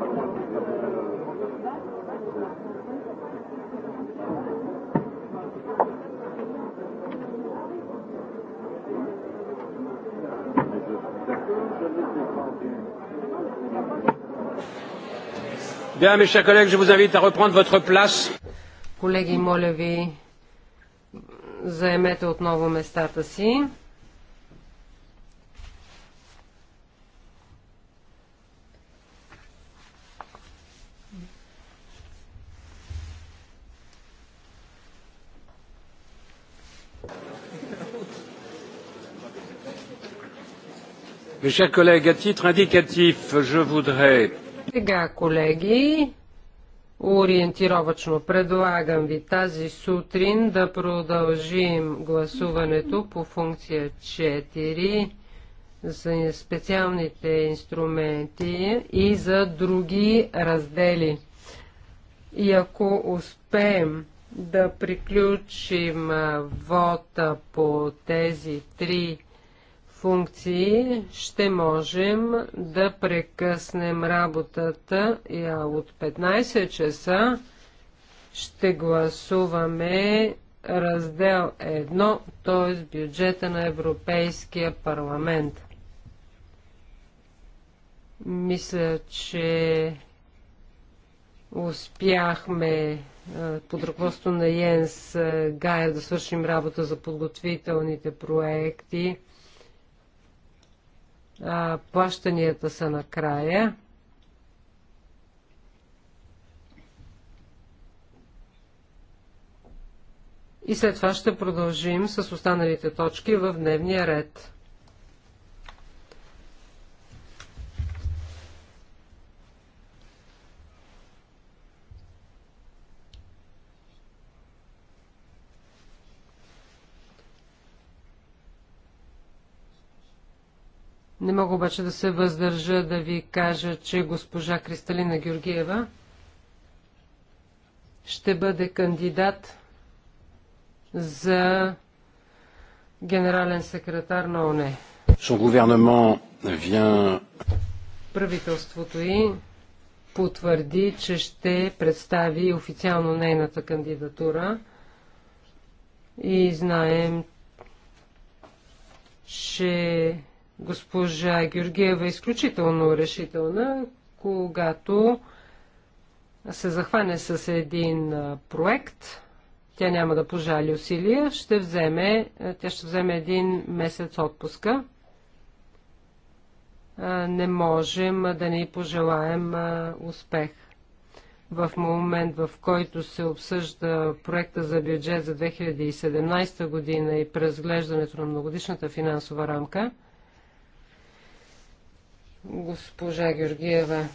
Bien, mes chers collègues, je vous invite à reprendre votre place. Колеги, моля ви, заемете отново местата си. Mes chers collègues, à titre indicatif, je voudrais сега, колеги, ориентировачно предлагам ви тази сутрин да продължим гласуването по функция 4 за специалните инструменти и за други раздели. И ако успеем да приключим вота по тези три функции ще можем да прекъснем работата и от 15 часа. Ще гласуваме раздел 1, т.е. бюджета на Европейския парламент. Мисля, че успяхме е, под ръководство на Йенс е, Гайер да свършим работа за подготвителните проекти а, плащанията са накрая. И след това ще продължим с останалите точки в дневния ред. Не мога обаче да се въздържа да ви кажа, че госпожа Кристалина Георгиева ще бъде кандидат за генерален секретар на ОНЕ. Vient... Правителството и потвърди, че ще представи официално нейната кандидатура и знаем, че Госпожа Георгиева е изключително решителна, когато се захване с един проект, тя няма да пожали усилия, ще вземе, тя ще вземе един месец отпуска. Не можем да ни пожелаем успех. В момент, в който се обсъжда проекта за бюджет за 2017 година и преразглеждането на многодишната финансова рамка, госпожа Георгиева,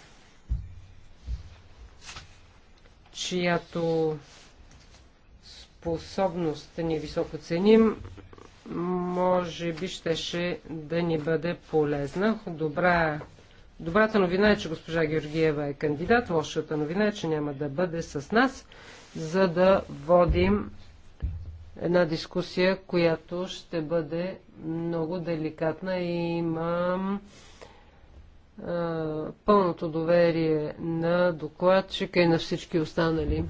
чиято способност да ни високо ценим, може би щеше да ни бъде полезна. Добра, добрата новина е, че госпожа Георгиева е кандидат. Лошата новина е, че няма да бъде с нас, за да водим една дискусия, която ще бъде много деликатна и имам пълното доверие на докладчика и на всички останали.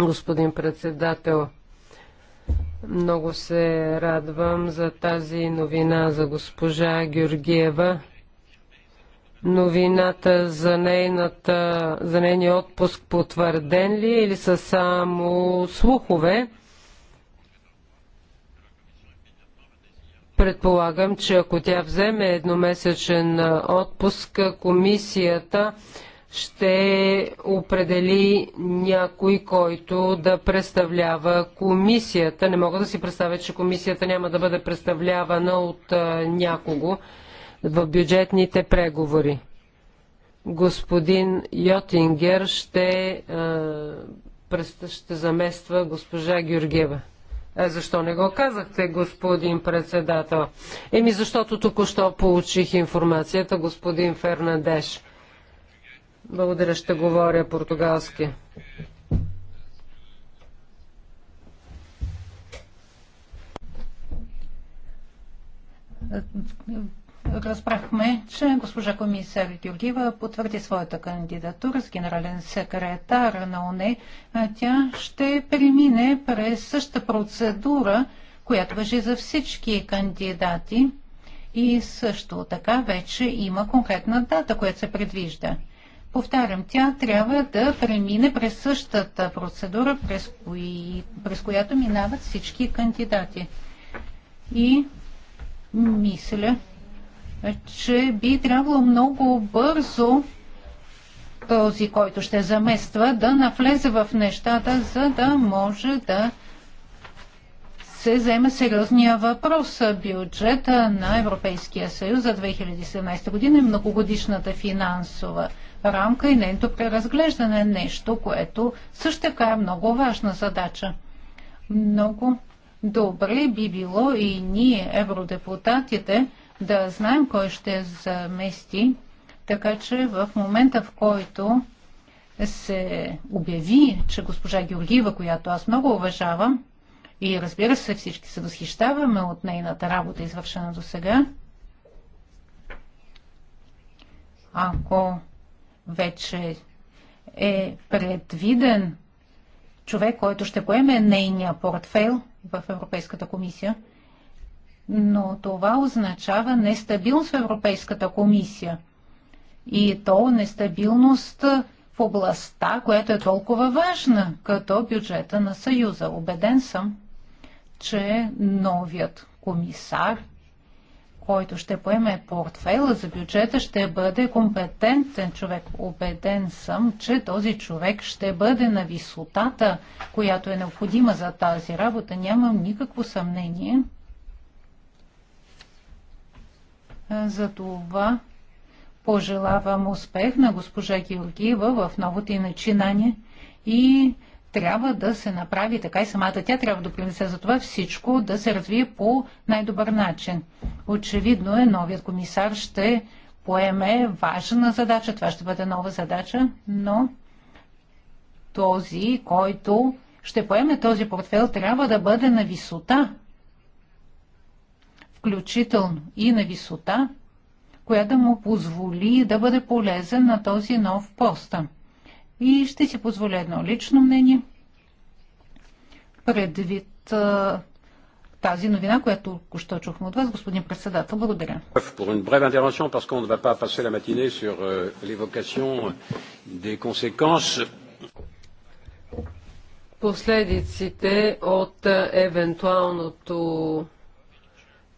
Господин председател, много се радвам за тази новина за госпожа Георгиева. Новината за, нейната, за нейния отпуск потвърден ли е или са само слухове? Предполагам, че ако тя вземе едномесечен отпуск, комисията ще определи някой, който да представлява комисията. Не мога да си представя, че комисията няма да бъде представлявана от някого в бюджетните преговори. Господин Йотингер ще, ще замества госпожа Георгиева. А е, Защо не го казахте, господин председател? Еми, защото току-що получих информацията, господин Фернандеш. Благодаря, ще говоря португалски разбрахме, че госпожа комисар Георгиева потвърди своята кандидатура с генерален секретар на ОНЕ. Тя ще премине през същата процедура, която въжи за всички кандидати. И също така вече има конкретна дата, която се предвижда. Повтарям, тя трябва да премине през същата процедура, през, кои, през която минават всички кандидати. И мисля, че би трябвало много бързо този, който ще замества, да навлезе в нещата, за да може да се вземе сериозния въпрос. Бюджета на Европейския съюз за 2017 година и е многогодишната финансова рамка и нейното преразглеждане е нещо, което също така е много важна задача. Много добре би било и ние, евродепутатите, да знаем кой ще замести, така че в момента, в който се обяви, че госпожа Георгиева, която аз много уважавам, и разбира се, всички се възхищаваме от нейната работа, извършена до сега. Ако вече е предвиден човек, който ще поеме нейния портфейл в Европейската комисия, но това означава нестабилност в Европейската комисия. И то нестабилност в областта, която е толкова важна, като бюджета на Съюза. Обеден съм, че новият комисар, който ще поеме портфела за бюджета, ще бъде компетентен човек. Обеден съм, че този човек ще бъде на висотата, която е необходима за тази работа. Нямам никакво съмнение. За това пожелавам успех на госпожа Георгиева в новото и начинание и трябва да се направи така и самата тя трябва да принесе за това всичко да се развие по най-добър начин. Очевидно е, новият комисар ще поеме важна задача, това ще бъде нова задача, но този, който ще поеме този портфел, трябва да бъде на висота включително и на висота, която да му позволи да бъде полезен на този нов пост. И ще си позволя едно лично мнение предвид тази новина, която току-що чухме от вас, господин председател. Благодаря. Pour une brève intervention, parce qu'on ne va pas passer la matinée sur euh, l'évocation des conséquences. Последиците от евентуалното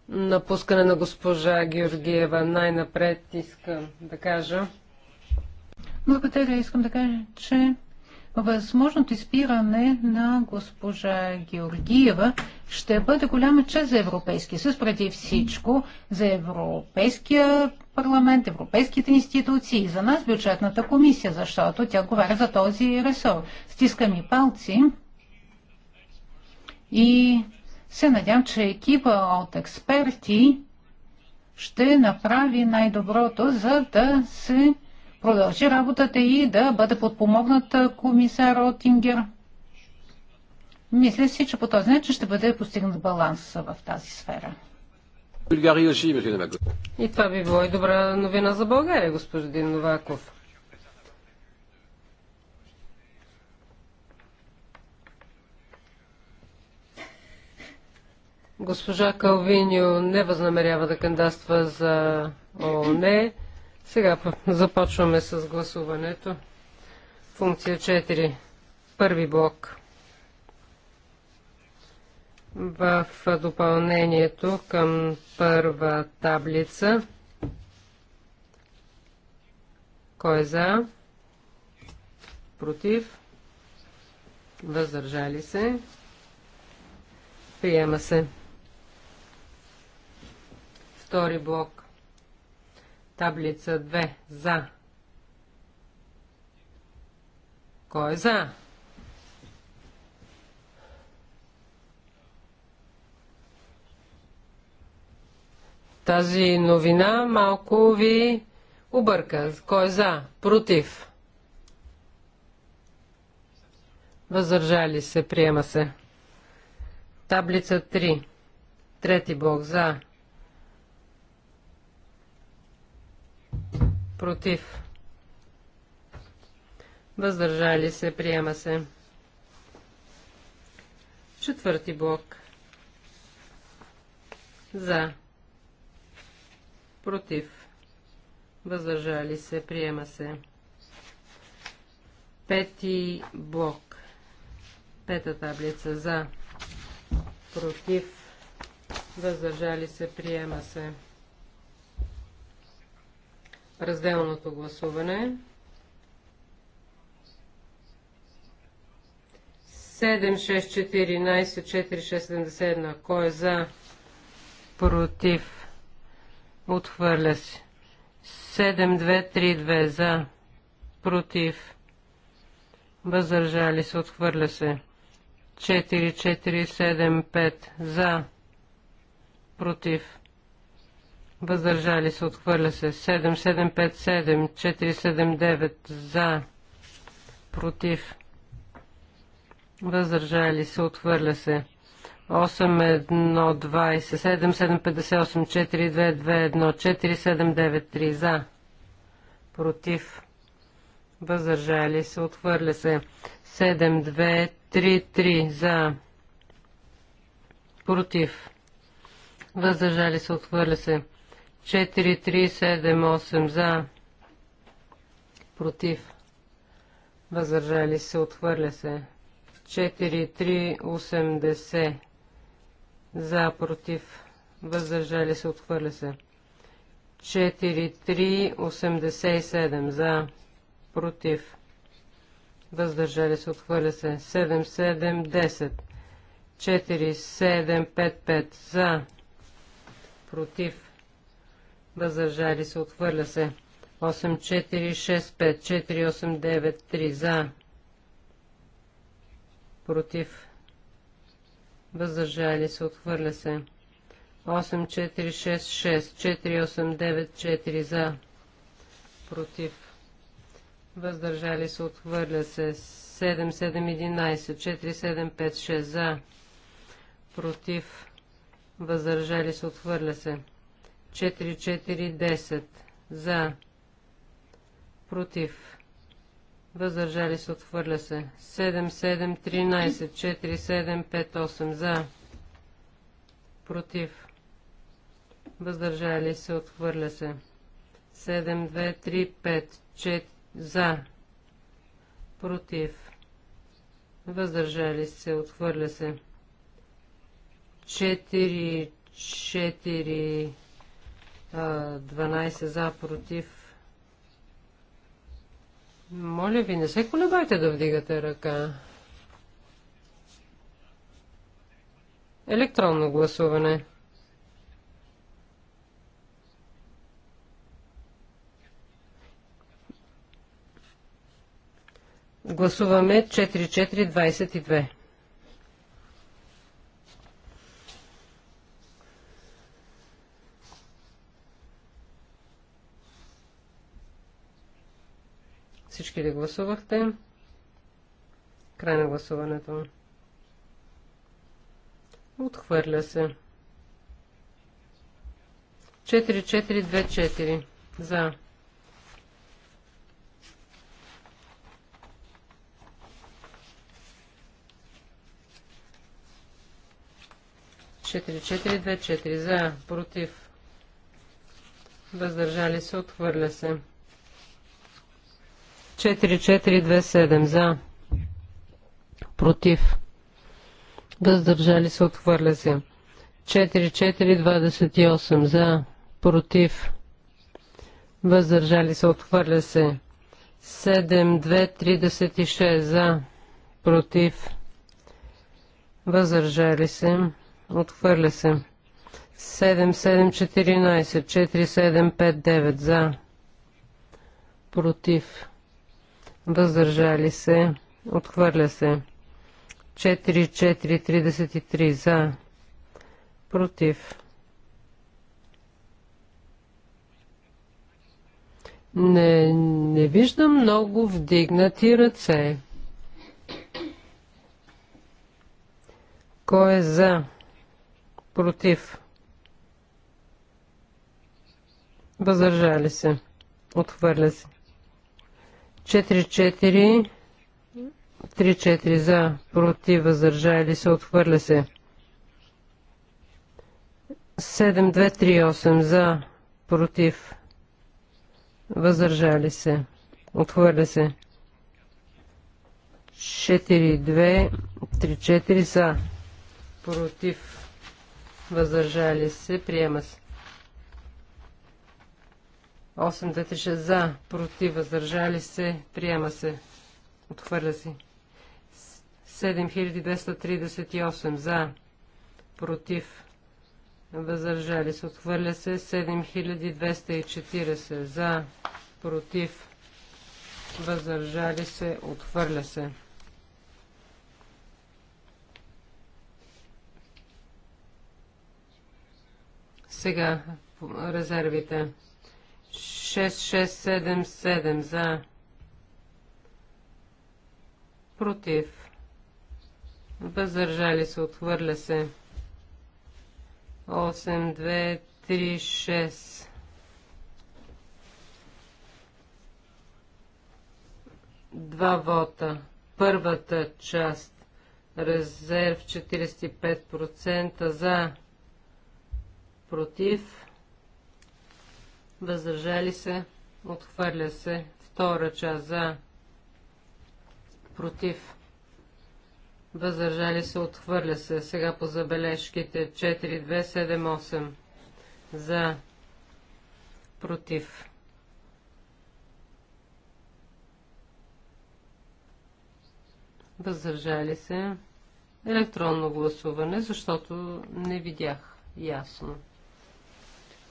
напускане на госпожа Георгиева. Най-напред искам да кажа. Благодаря. Искам да кажа, че възможното изпиране на госпожа Георгиева ще бъде голяма чест за Европейския съюз, преди всичко за Европейския парламент, европейските институции и за нас бюджетната комисия, защото тя говори за този ресор. Стискам и палци и се надявам, че екипа от експерти ще направи най-доброто, за да се продължи работата и да бъде подпомогната комисар Ротингер. Мисля си, че по този начин ще бъде постигнат баланс в тази сфера. И това би било и добра новина за България, господин Новаков. Госпожа Калвиньо не възнамерява да кандаства за ООН. Сега започваме с гласуването. Функция 4. Първи блок. В допълнението към първа таблица. Кой е за? Против? Въздържали се? Приема се. Втори блок. Таблица 2. За. Кой е за? Тази новина малко ви обърка. Кой е за? Против. Въздържали се. Приема се. Таблица 3. Трети блок за. Против. Въздържали се. Приема се. Четвърти блок. За. Против. Въздържали се. Приема се. Пети блок. Пета таблица. За. Против. Въздържали се. Приема се разделното гласуване. 7-6-14-4-6-71. Кой е за? Против. Отхвърля се. 7-2-3-2 за. Против. Въздържали се. Отхвърля се. 4-4-7-5 за. Против въздържали се, отхвърля се 7757, 479 за, против, въздържали се, отхвърля се 8120, 4793 за, против, въздържали се, отхвърля се 7233 за, против, въздържали се, отхвърля се 4378 за. Против. Въздържали се. Отхвърля се. 4380 за. Против. Въздържали се. Отхвърля се. 4387 за. Против. Въздържали се. Отхвърля се. 7710. 4755 за. Против въздържали се, отхвърля се. 8465 4893 за против въздържали се отхвърля се 8466 4894 за против въздържали се отхвърля се 7711 4756 за против въздържали се отхвърля се 4410 за против въздържали се отхвърля се 7713 4758 за против въздържали се отхвърля се 7235 4 за против въздържали се отхвърля се 4 4 12 за, против. Моля ви, не се колебайте да вдигате ръка. Електронно гласуване. Гласуваме 4422. Всички ли гласувахте? Край на гласуването. Отхвърля се. 4424 за. Четири, четири, две, четири. За, против. Въздържали се, отхвърля се. 4427 за. Против. Въздържали се. Отхвърля се. 4428 за. Против. Въздържали се. Отхвърля се. 7236 за. Против. Въздържали се. Отхвърля се. 7714 4759 за. Против въздържали се, отхвърля се. 4, 4, 33 за, против. Не, не виждам много вдигнати ръце. Кой е за? Против? Въздържали се. Отхвърля се. 4-4, 3-4 за, против, въздържали се, отхвърля се. 7-2-3-8 за, против, въздържали се, отхвърля се. 4-2-3-4 за, против, въздържали се, приема се. 826 за, против, въздържали се, приема се, отхвърля се. 7238 за, против, въздържали се, отхвърля се. 7240 за, против, въздържали се, отхвърля се. Сега резервите. 6677 за. Против. Въздържали се, отхвърля се. 8236. Два вота. Първата част. Резерв 45% за. Против 6677 въздържали се, отхвърля се. Втора част за, против, въздържали се, отхвърля се. Сега по забележките 4, 2, 7, за, против. Въздържали се. Електронно гласуване, защото не видях ясно.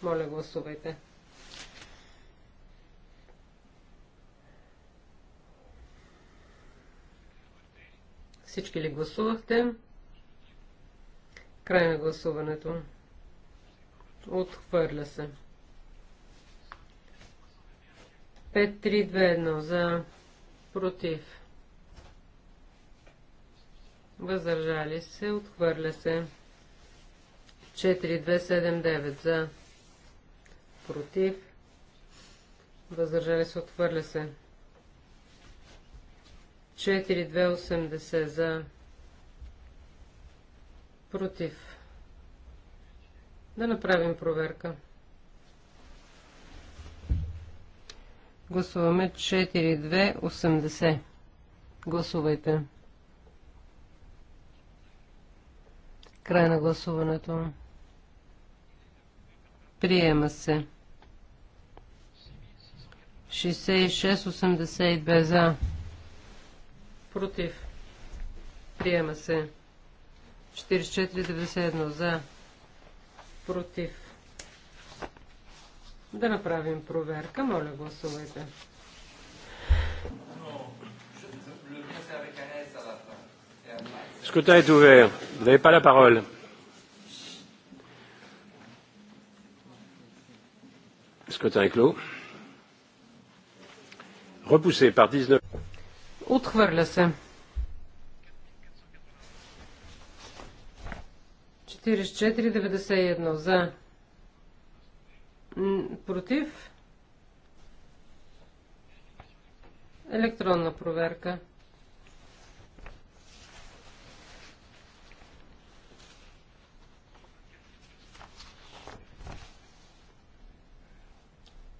Моля, гласувайте. Всички ли гласувахте? Край на гласуването. Отхвърля се. 5-3-2-1 за против. Въздържали се. Отхвърля се. 4-2-7-9 за против. Въздържали се. Отхвърля се. 4280 за против. Да направим проверка. Гласуваме 4280. Гласувайте. Край на гласуването. Приема се. 6682 за против. Приема се. 44,91 за. Против. Да направим проверка. Моля, гласувайте. Скутай е Дай па парол. Scotin е clos. Repoussé par 19. Отхвърля се. 44,91 за. Против. Електронна проверка.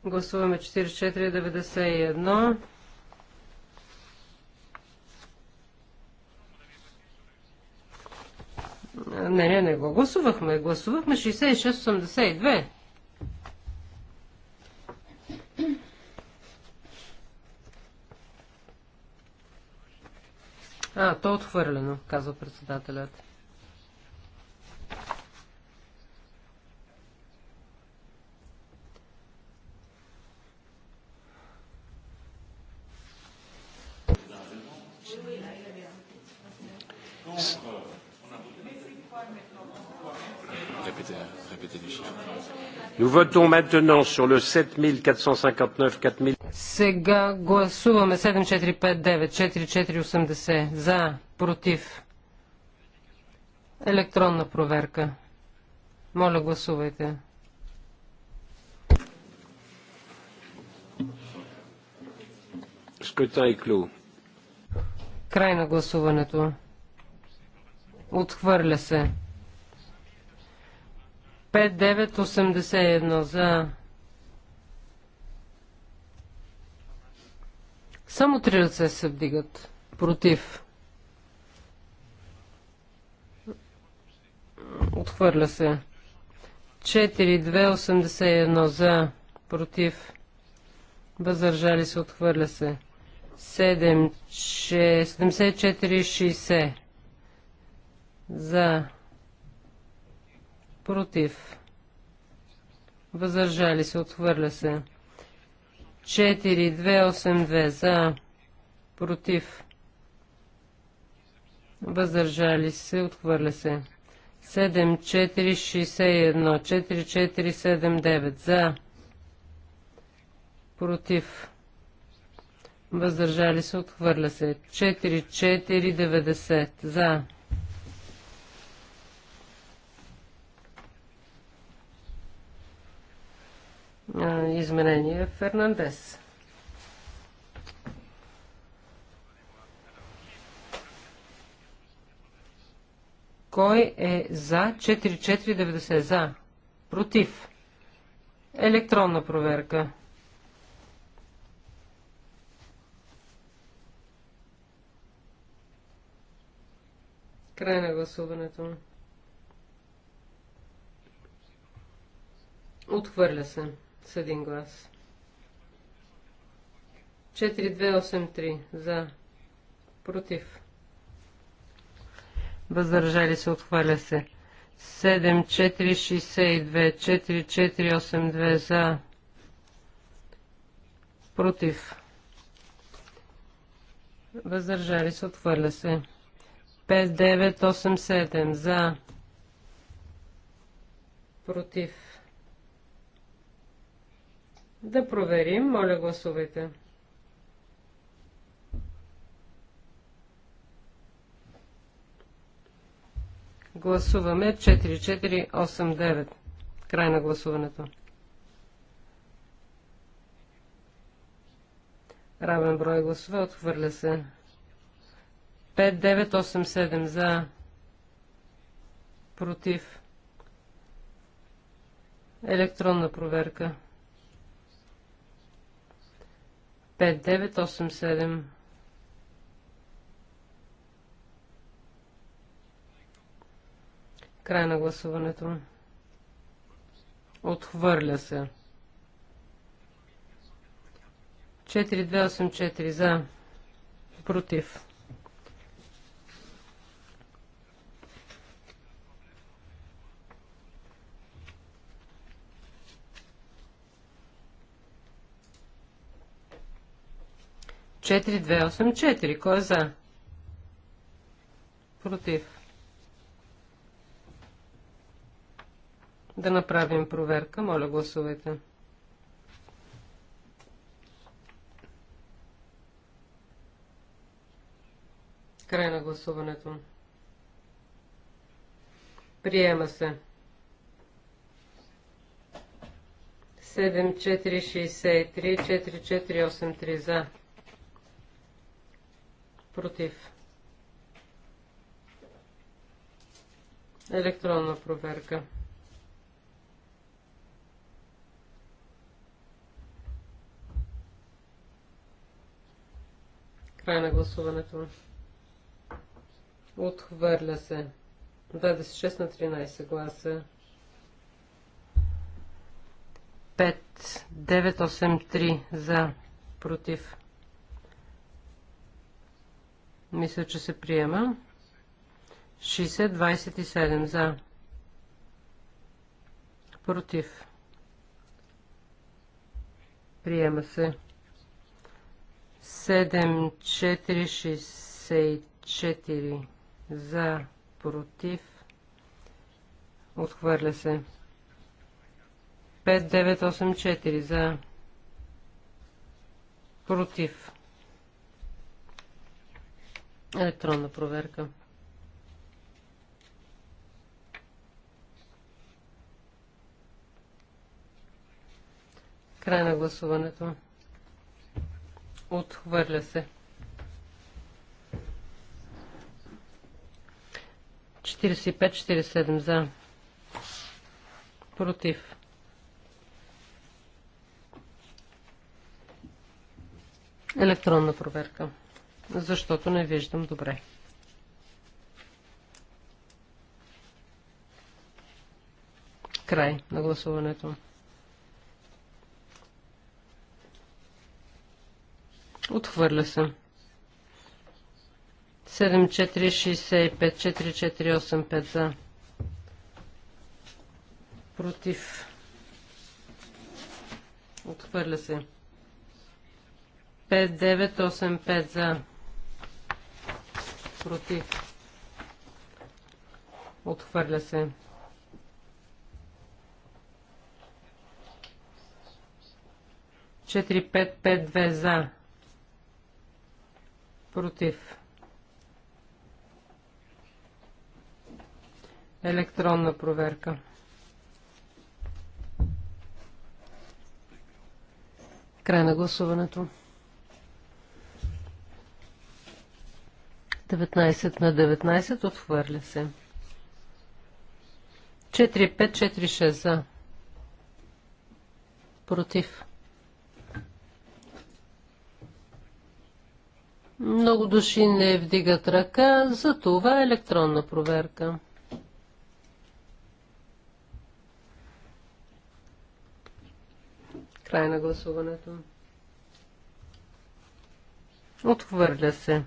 Гласуваме 44,91. Не, не, не го гласувахме. Гласувахме 66-82. А, то е отхвърлено, казва председателят. votons maintenant sur le 7459 4000. Сега гласуваме 7459 4480 за, против. Електронна проверка. Моля, гласувайте. клю. Край на гласуването. Отхвърля се. 5981 за. Само три ръце се вдигат. Против. Отхвърля се. 4281 за. Против. Въздържали се. Отхвърля се. 7, 6, 74, 60 за против, въздържали се, отвърля се. 4282 за, против, въздържали се, отвърля се. 7461 4479 за, против, въздържали се, отвърля се. 4490 за, изменение Фернандес. Кой е за 4490 за? Против. Електронна проверка. Край на гласуването. Отхвърля се с един глас. 4283 за. Против. Въздържали се, отхваля се. 7462 4482 за. Против. Въздържали се, отхвърля се. 5987 за. Против. Да проверим. Моля, гласувайте. Гласуваме 4489. Край на гласуването. Равен брой гласове. Отхвърля се. 5987 за. Против. Електронна проверка. 5987. Край на гласуването. Отхвърля се. 4284 за. Против. 4284. Кой е за? Против. Да направим проверка. Моля, гласувайте. Край на гласуването. Приема се. 7463-4483 за. Против. Електронна проверка. Край на гласуването. Отхвърля се. 26 на 13 гласа. 5, 9, 8, 3 за, против. Мисля, че се приема. 60-27 за. Против. Приема се. 7-4-64 за. Против. Отхвърля се. 5-9-8-4 за. Против. Електронна проверка. Край на гласуването. Отхвърля се. 45-47 за. Против. Електронна проверка защото не виждам добре. Край на гласуването. Отхвърля се. 7465 4485 за. Против. Отхвърля се. 5985 за против, отхвърля се. Четири, пет, пет, две за, против. Електронна проверка. Край на гласуването. 19 на 19 отхвърля се. 4-5-4-6 за. Против. Много души не вдигат ръка, за това е електронна проверка. Край на гласуването. Отхвърля се.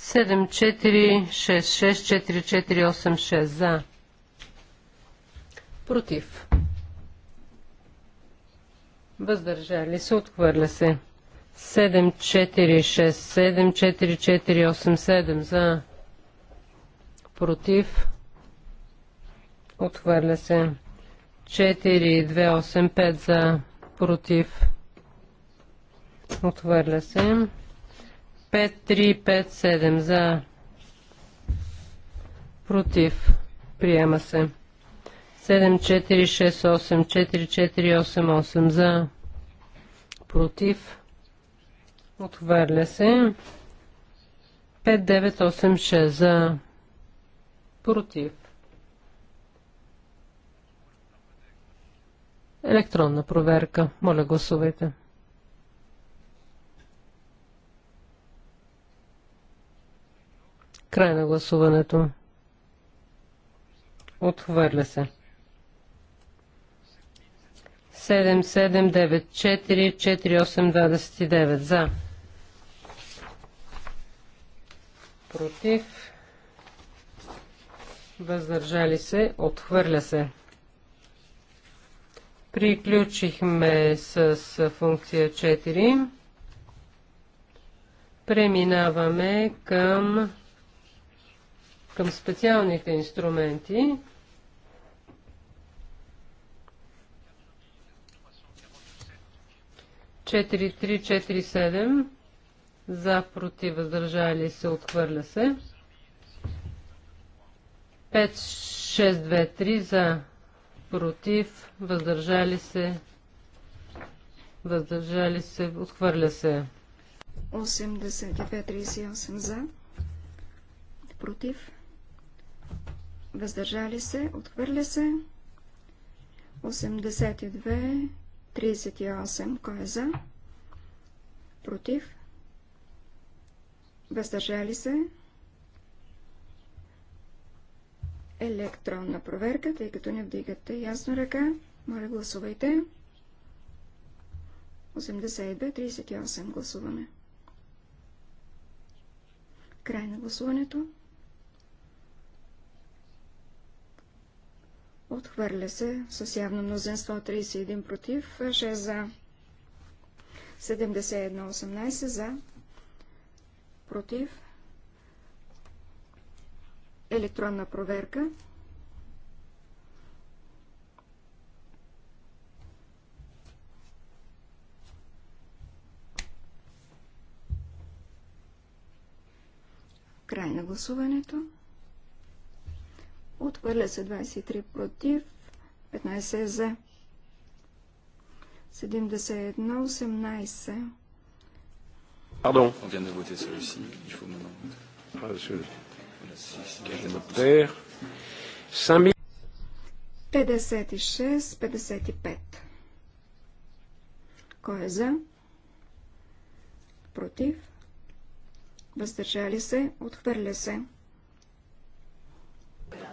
6 за. Против. Въздържали се, отхвърля се. 7 за. Против. Отхвърля се. 4285 за. Против. Отхвърля се. 5357 за. Против. Приема се. 7468 4488 за. Против. Отхвърля се. 5986 за. Против. Електронна проверка. Моля гласувайте. Край на гласуването. Отхвърля се. 7794-4829 за. Против. Въздържали се. Отхвърля се. Приключихме с функция 4. Преминаваме към към специалните инструменти. Четири, три, четири, седем. За, против, въздържали се, отхвърля се. 5-6-2-3 за, против, въздържали се, въздържали се, отхвърля се. 82-38 за, против, въздържали се, отхвърля се. 82, 38, кой е за, против, въздържали се. Електронна проверка, тъй като не вдигате ясно ръка. Моля, гласувайте. 82-38 гласуваме. Край на гласуването. Отхвърля се с явно мнозинство 31 против, 6 за, 71-18 за, против, електронна проверка. Край на гласуването. Отхвърля се 23 против, 15 за. 71, 18. Pardon, on vient de voter celui-ci. 56, 55. Кой е за? Против? Въздържали се? Отхвърля се?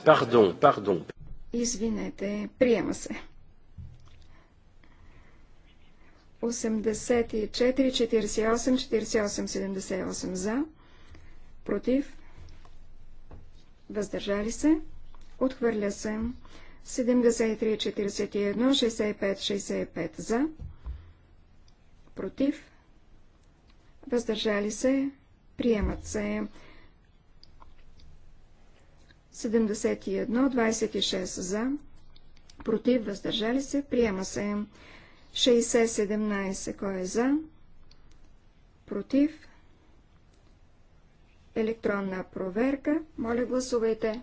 Пардон, пардон. Извинете, приема се. 84, 48, 48, 78 за, против, въздържали се, отхвърля се 73, 41, 65, 65 за, против, въздържали се, приемат се 71, 26 за, против, въздържали се, приема се. 60, 17, кой е за, против, електронна проверка. Моля, гласувайте.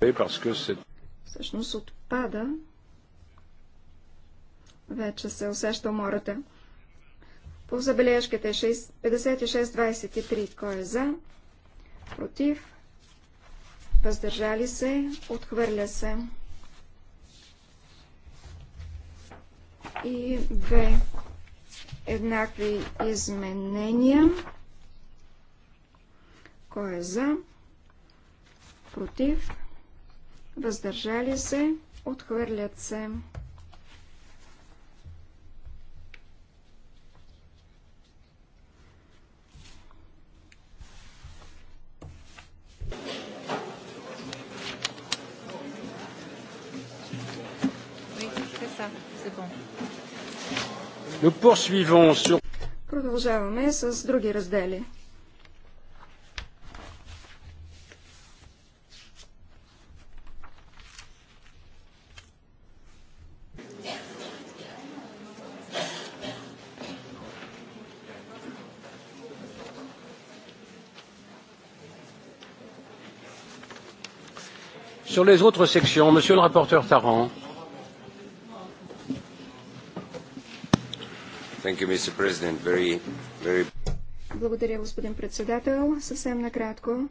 Е, Всъщност отпада. Вече се усеща умората. По забележките 56-23, кой е за, против, въздържали се, отхвърля се. И две еднакви изменения. Кой е за? Против, въздържали се, отхвърлят се. Продължаваме с други раздели. Sur les autres sections, Monsieur le rapporteur Tarrant. Благодаря, господин председател. Съвсем накратко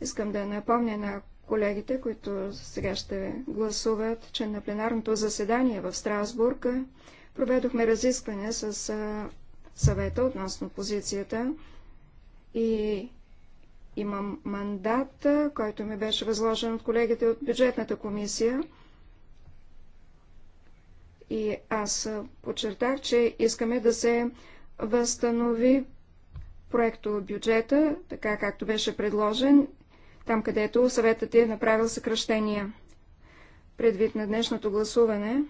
искам да напомня на колегите, които сега ще гласуват, че на пленарното заседание в Страсбург проведохме разискване с съвета относно позицията и имам мандат, който ми беше възложен от колегите от бюджетната комисия. И аз подчертах, че искаме да се възстанови проекто бюджета, така както беше предложен, там където съветът е направил съкръщения. Предвид на днешното гласуване,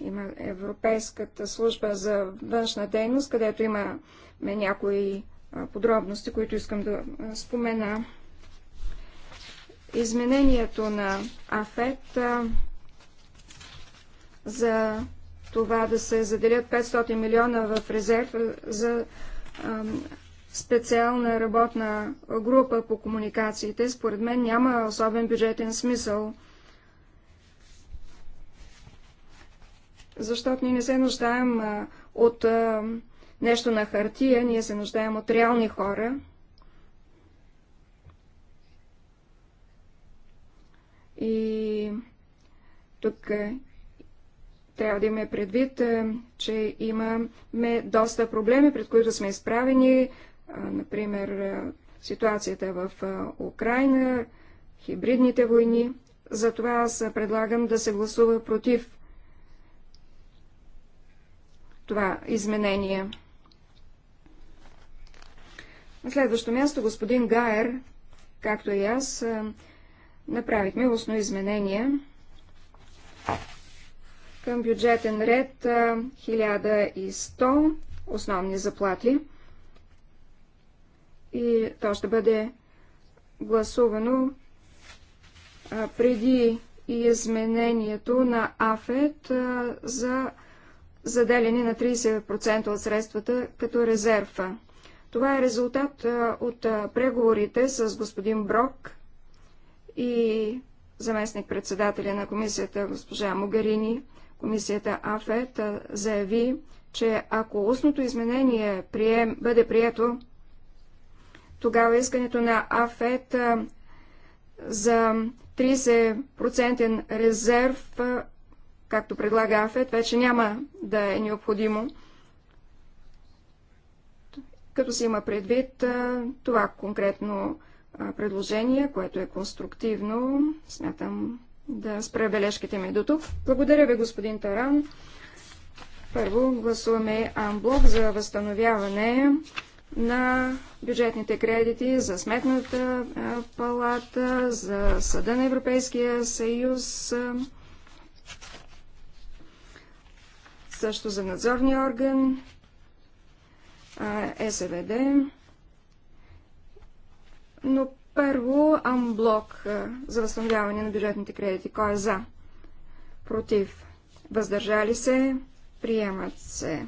има Европейската служба за външна дейност, където имаме някои подробности, които искам да спомена изменението на АФЕТ за това да се заделят 500 милиона в резерв за специална работна група по комуникациите, според мен няма особен бюджетен смисъл. Защото ние не се нуждаем от нещо на хартия, ние се нуждаем от реални хора. И тук е, трябва да имаме предвид, е, че имаме доста проблеми, пред които сме изправени. Е, например, ситуацията в Украина, хибридните войни. Затова аз предлагам да се гласува против това изменение. На следващо място господин Гайер, както и аз, направихме устно изменение към бюджетен ред 1100 основни заплати и то ще бъде гласувано преди изменението на АФЕТ за заделяне на 30% от средствата като резерва. Това е резултат от преговорите с господин Брок и заместник-председателя на комисията госпожа Могарини, комисията АФЕТ заяви, че ако устното изменение прием, бъде прието, тогава искането на АФЕТ за 30% резерв, както предлага АФЕТ, вече няма да е необходимо. Като се има предвид това конкретно предложение, което е конструктивно. Смятам да спра бележките ми до тук. Благодаря ви, господин Таран. Първо гласуваме Анблок за възстановяване на бюджетните кредити за сметната палата, за Съда на Европейския съюз, също за надзорния орган, СВД. Но първо амблок за възстановяване на бюджетните кредити. Кой е за? Против. Въздържали се. Приемат се.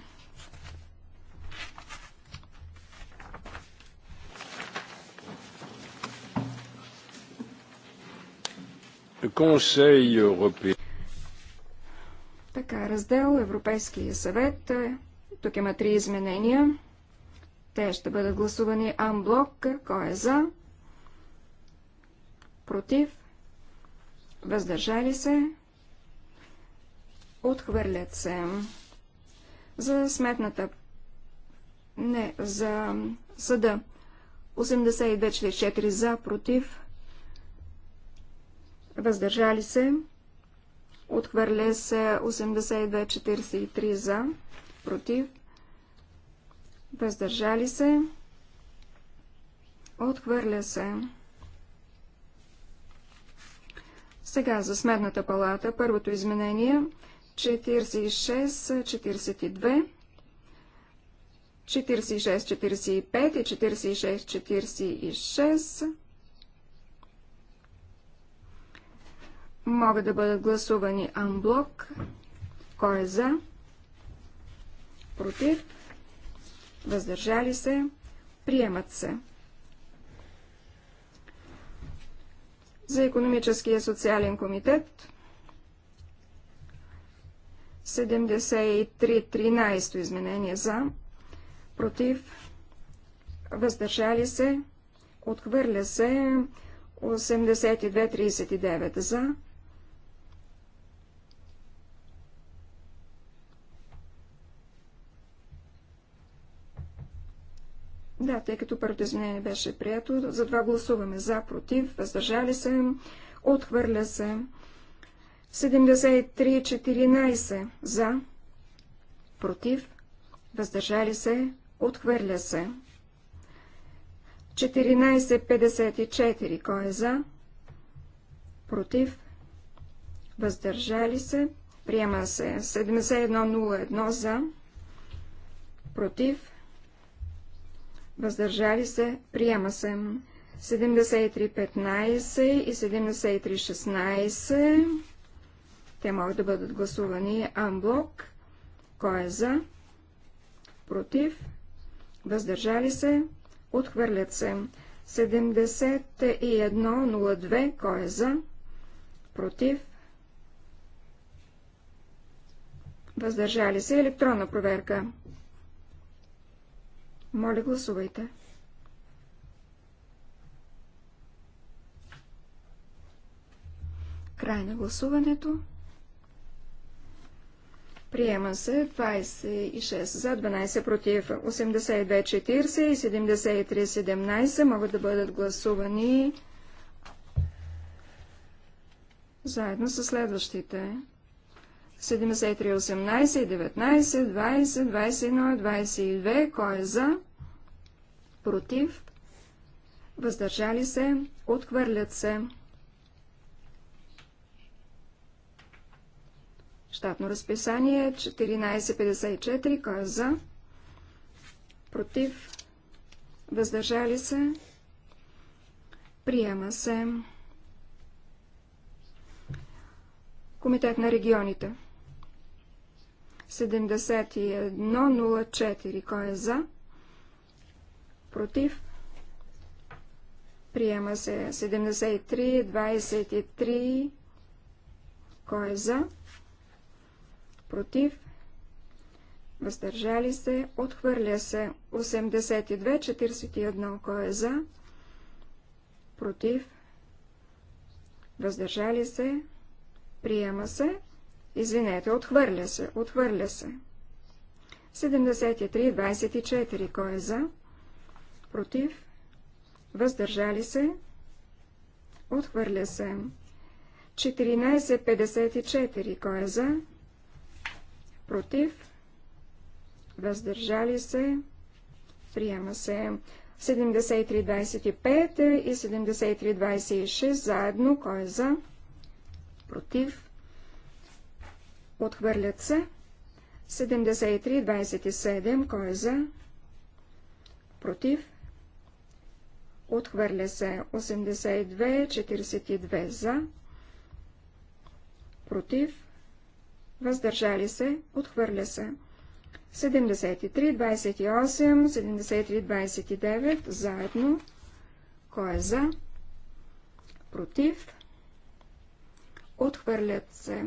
Така, раздел Европейския съвет. Е, тук има три изменения. Те ще бъдат гласувани амблок. Кой е за? против, въздържали се, отхвърлят се. За сметната, не, за съда, 82 за, против, въздържали се, отхвърля се 82-43 за, против, въздържали се, отхвърля се. Сега за сметната палата първото изменение 46-42, 46-45 и 46-46 могат да бъдат гласувани анблок. Кой е за? Против? Въздържали се? Приемат се. за економическия социален комитет. 73-13 изменение за, против, въздържали се, отхвърля се 82-39 за, Да, тъй като първото изменение беше прието, затова гласуваме за, против, въздържали се, отхвърля се. 73-14 за, против, въздържали се, отхвърля се. 14-54 кой е за, против, въздържали се, приема се. 71-01 за, против, въздържали се, приема се. 73.15 и 73.16. Те могат да бъдат гласувани Анблок. Кой е за? Против? Въздържали се? Отхвърлят се. 71.02. Кой е за? Против? Въздържали се? Електронна проверка. Моля, гласувайте. Край на гласуването. Приема се 26 за 12 против 82-40 и 73-17 могат да бъдат гласувани заедно с следващите. 73, 18, 19, 20, 21, 22. Кой е за? Против? Въздържали се? Отхвърлят се? Штатно разписание 1454. Е Кой е за? Против? Въздържали се? Приема се. Комитет на регионите. 7104. Кой е за? Против? Приема се 73, 23. Кой е за? Против? Въздържали се? Отхвърля се 82, 41. Кой е за? Против? Въздържали се? Приема се Извинете, отхвърля се, отхвърля се. 73-24, кой е за? Против? Въздържали се? Отхвърля се. 14-54, кой е за? Против? Въздържали се? Приема се. 73-25 и 73-26 заедно, кой е за? Против? Отхвърлят се. 73-27. Кой е за? Против. Отхвърля се. 82-42 за. Против. Въздържали се. Отхвърля се. 73-28, 73-29 заедно. Кой е за? Против. Отхвърлят се.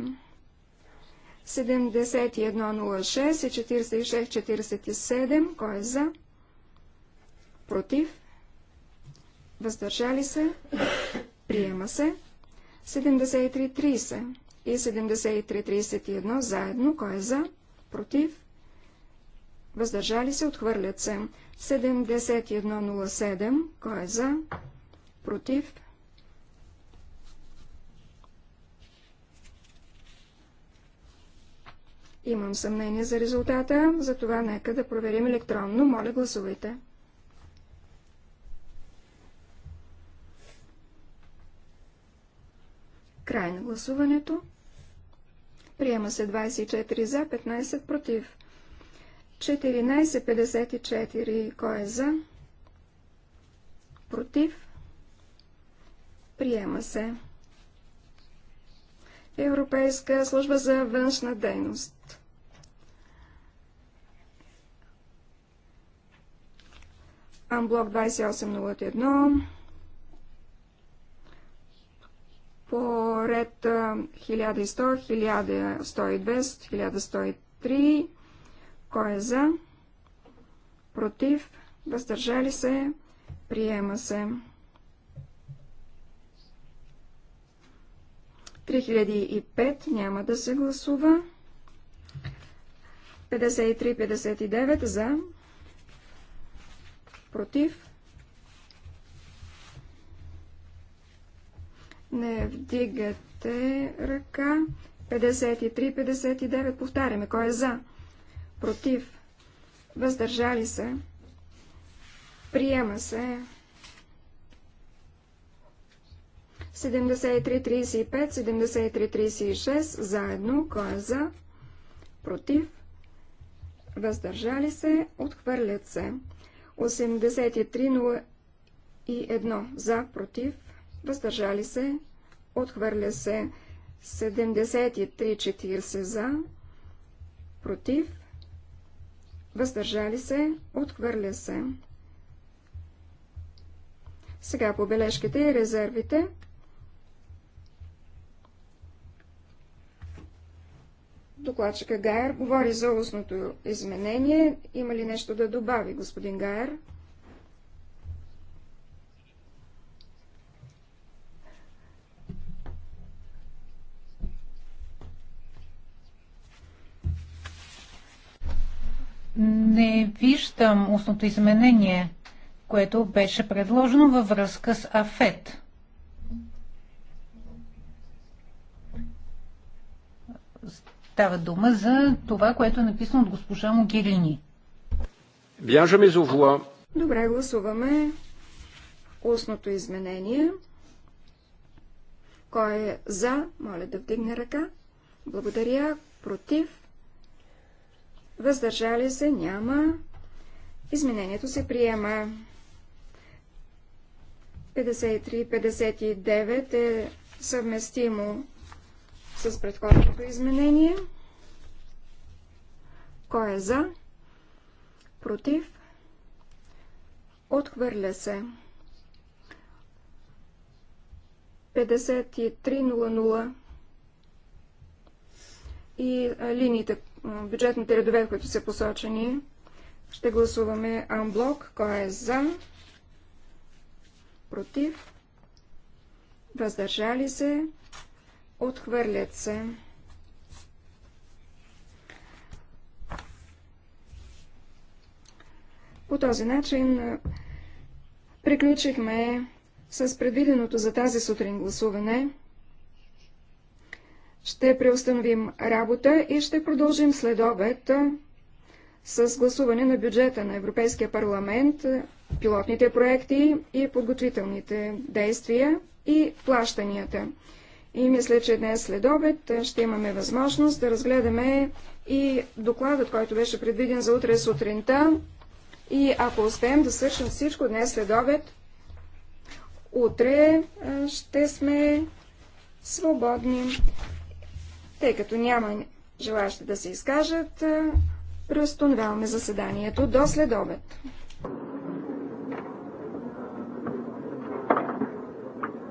7106 и 4647. Кой е за? Против? Въздържали се? Приема се. 7330 и 7331 заедно. Кой е за? Против? Въздържали се? Отхвърлят се. 7107. Кой е за? Против? Имам съмнение за резултата, затова нека да проверим електронно. Моля, гласувайте. Край на гласуването. Приема се 24 за, 15 против. 14.54. Кой е за? Против? Приема се. Европейска служба за външна дейност. Анблок 2801 по ред 1100, 1120, 1103. Кой е за? Против? Въздържали се? Приема се. 3005 няма да се гласува. 53-59 за Против. Не вдигате ръка. 53-59. Повтаряме. Кой е за? Против. Въздържали се. Приема се. 73-35, 73-36, заедно, кой е за, против, въздържали се, отхвърлят се. 83.01 за, против, въздържали се, отхвърля се 73.40 за, против, въздържали се, отхвърля се. Сега по бележките и резервите. Докладчика Гайер говори за устното изменение. Има ли нещо да добави, господин Гайер? Не виждам устното изменение, което беше предложено във връзка с АФЕТ. Става дума за това, което е написано от госпожа Могерини. Добре, гласуваме устното изменение. Кой е за, моля да вдигне ръка. Благодаря. Против. Въздържали се няма. Изменението се приема. 53-59 е съвместимо с предходното изменение. Кой е за? Против? Отхвърля се. 5300 и линиите, бюджетните редове, които са посочени. Ще гласуваме анблок. Кой е за? Против? Въздържали се? Отхвърлят се. По този начин приключихме с предвиденото за тази сутрин гласуване. Ще преустановим работа и ще продължим след обед с гласуване на бюджета на Европейския парламент, пилотните проекти и подготвителните действия и плащанията. И мисля, че днес след обед е, ще имаме възможност да разгледаме и докладът, който беше предвиден за утре сутринта. И ако успеем да свършим всичко днес след обед, утре е, ще сме свободни. Тъй като няма желащи да се изкажат, преустановяваме е, заседанието до след обед.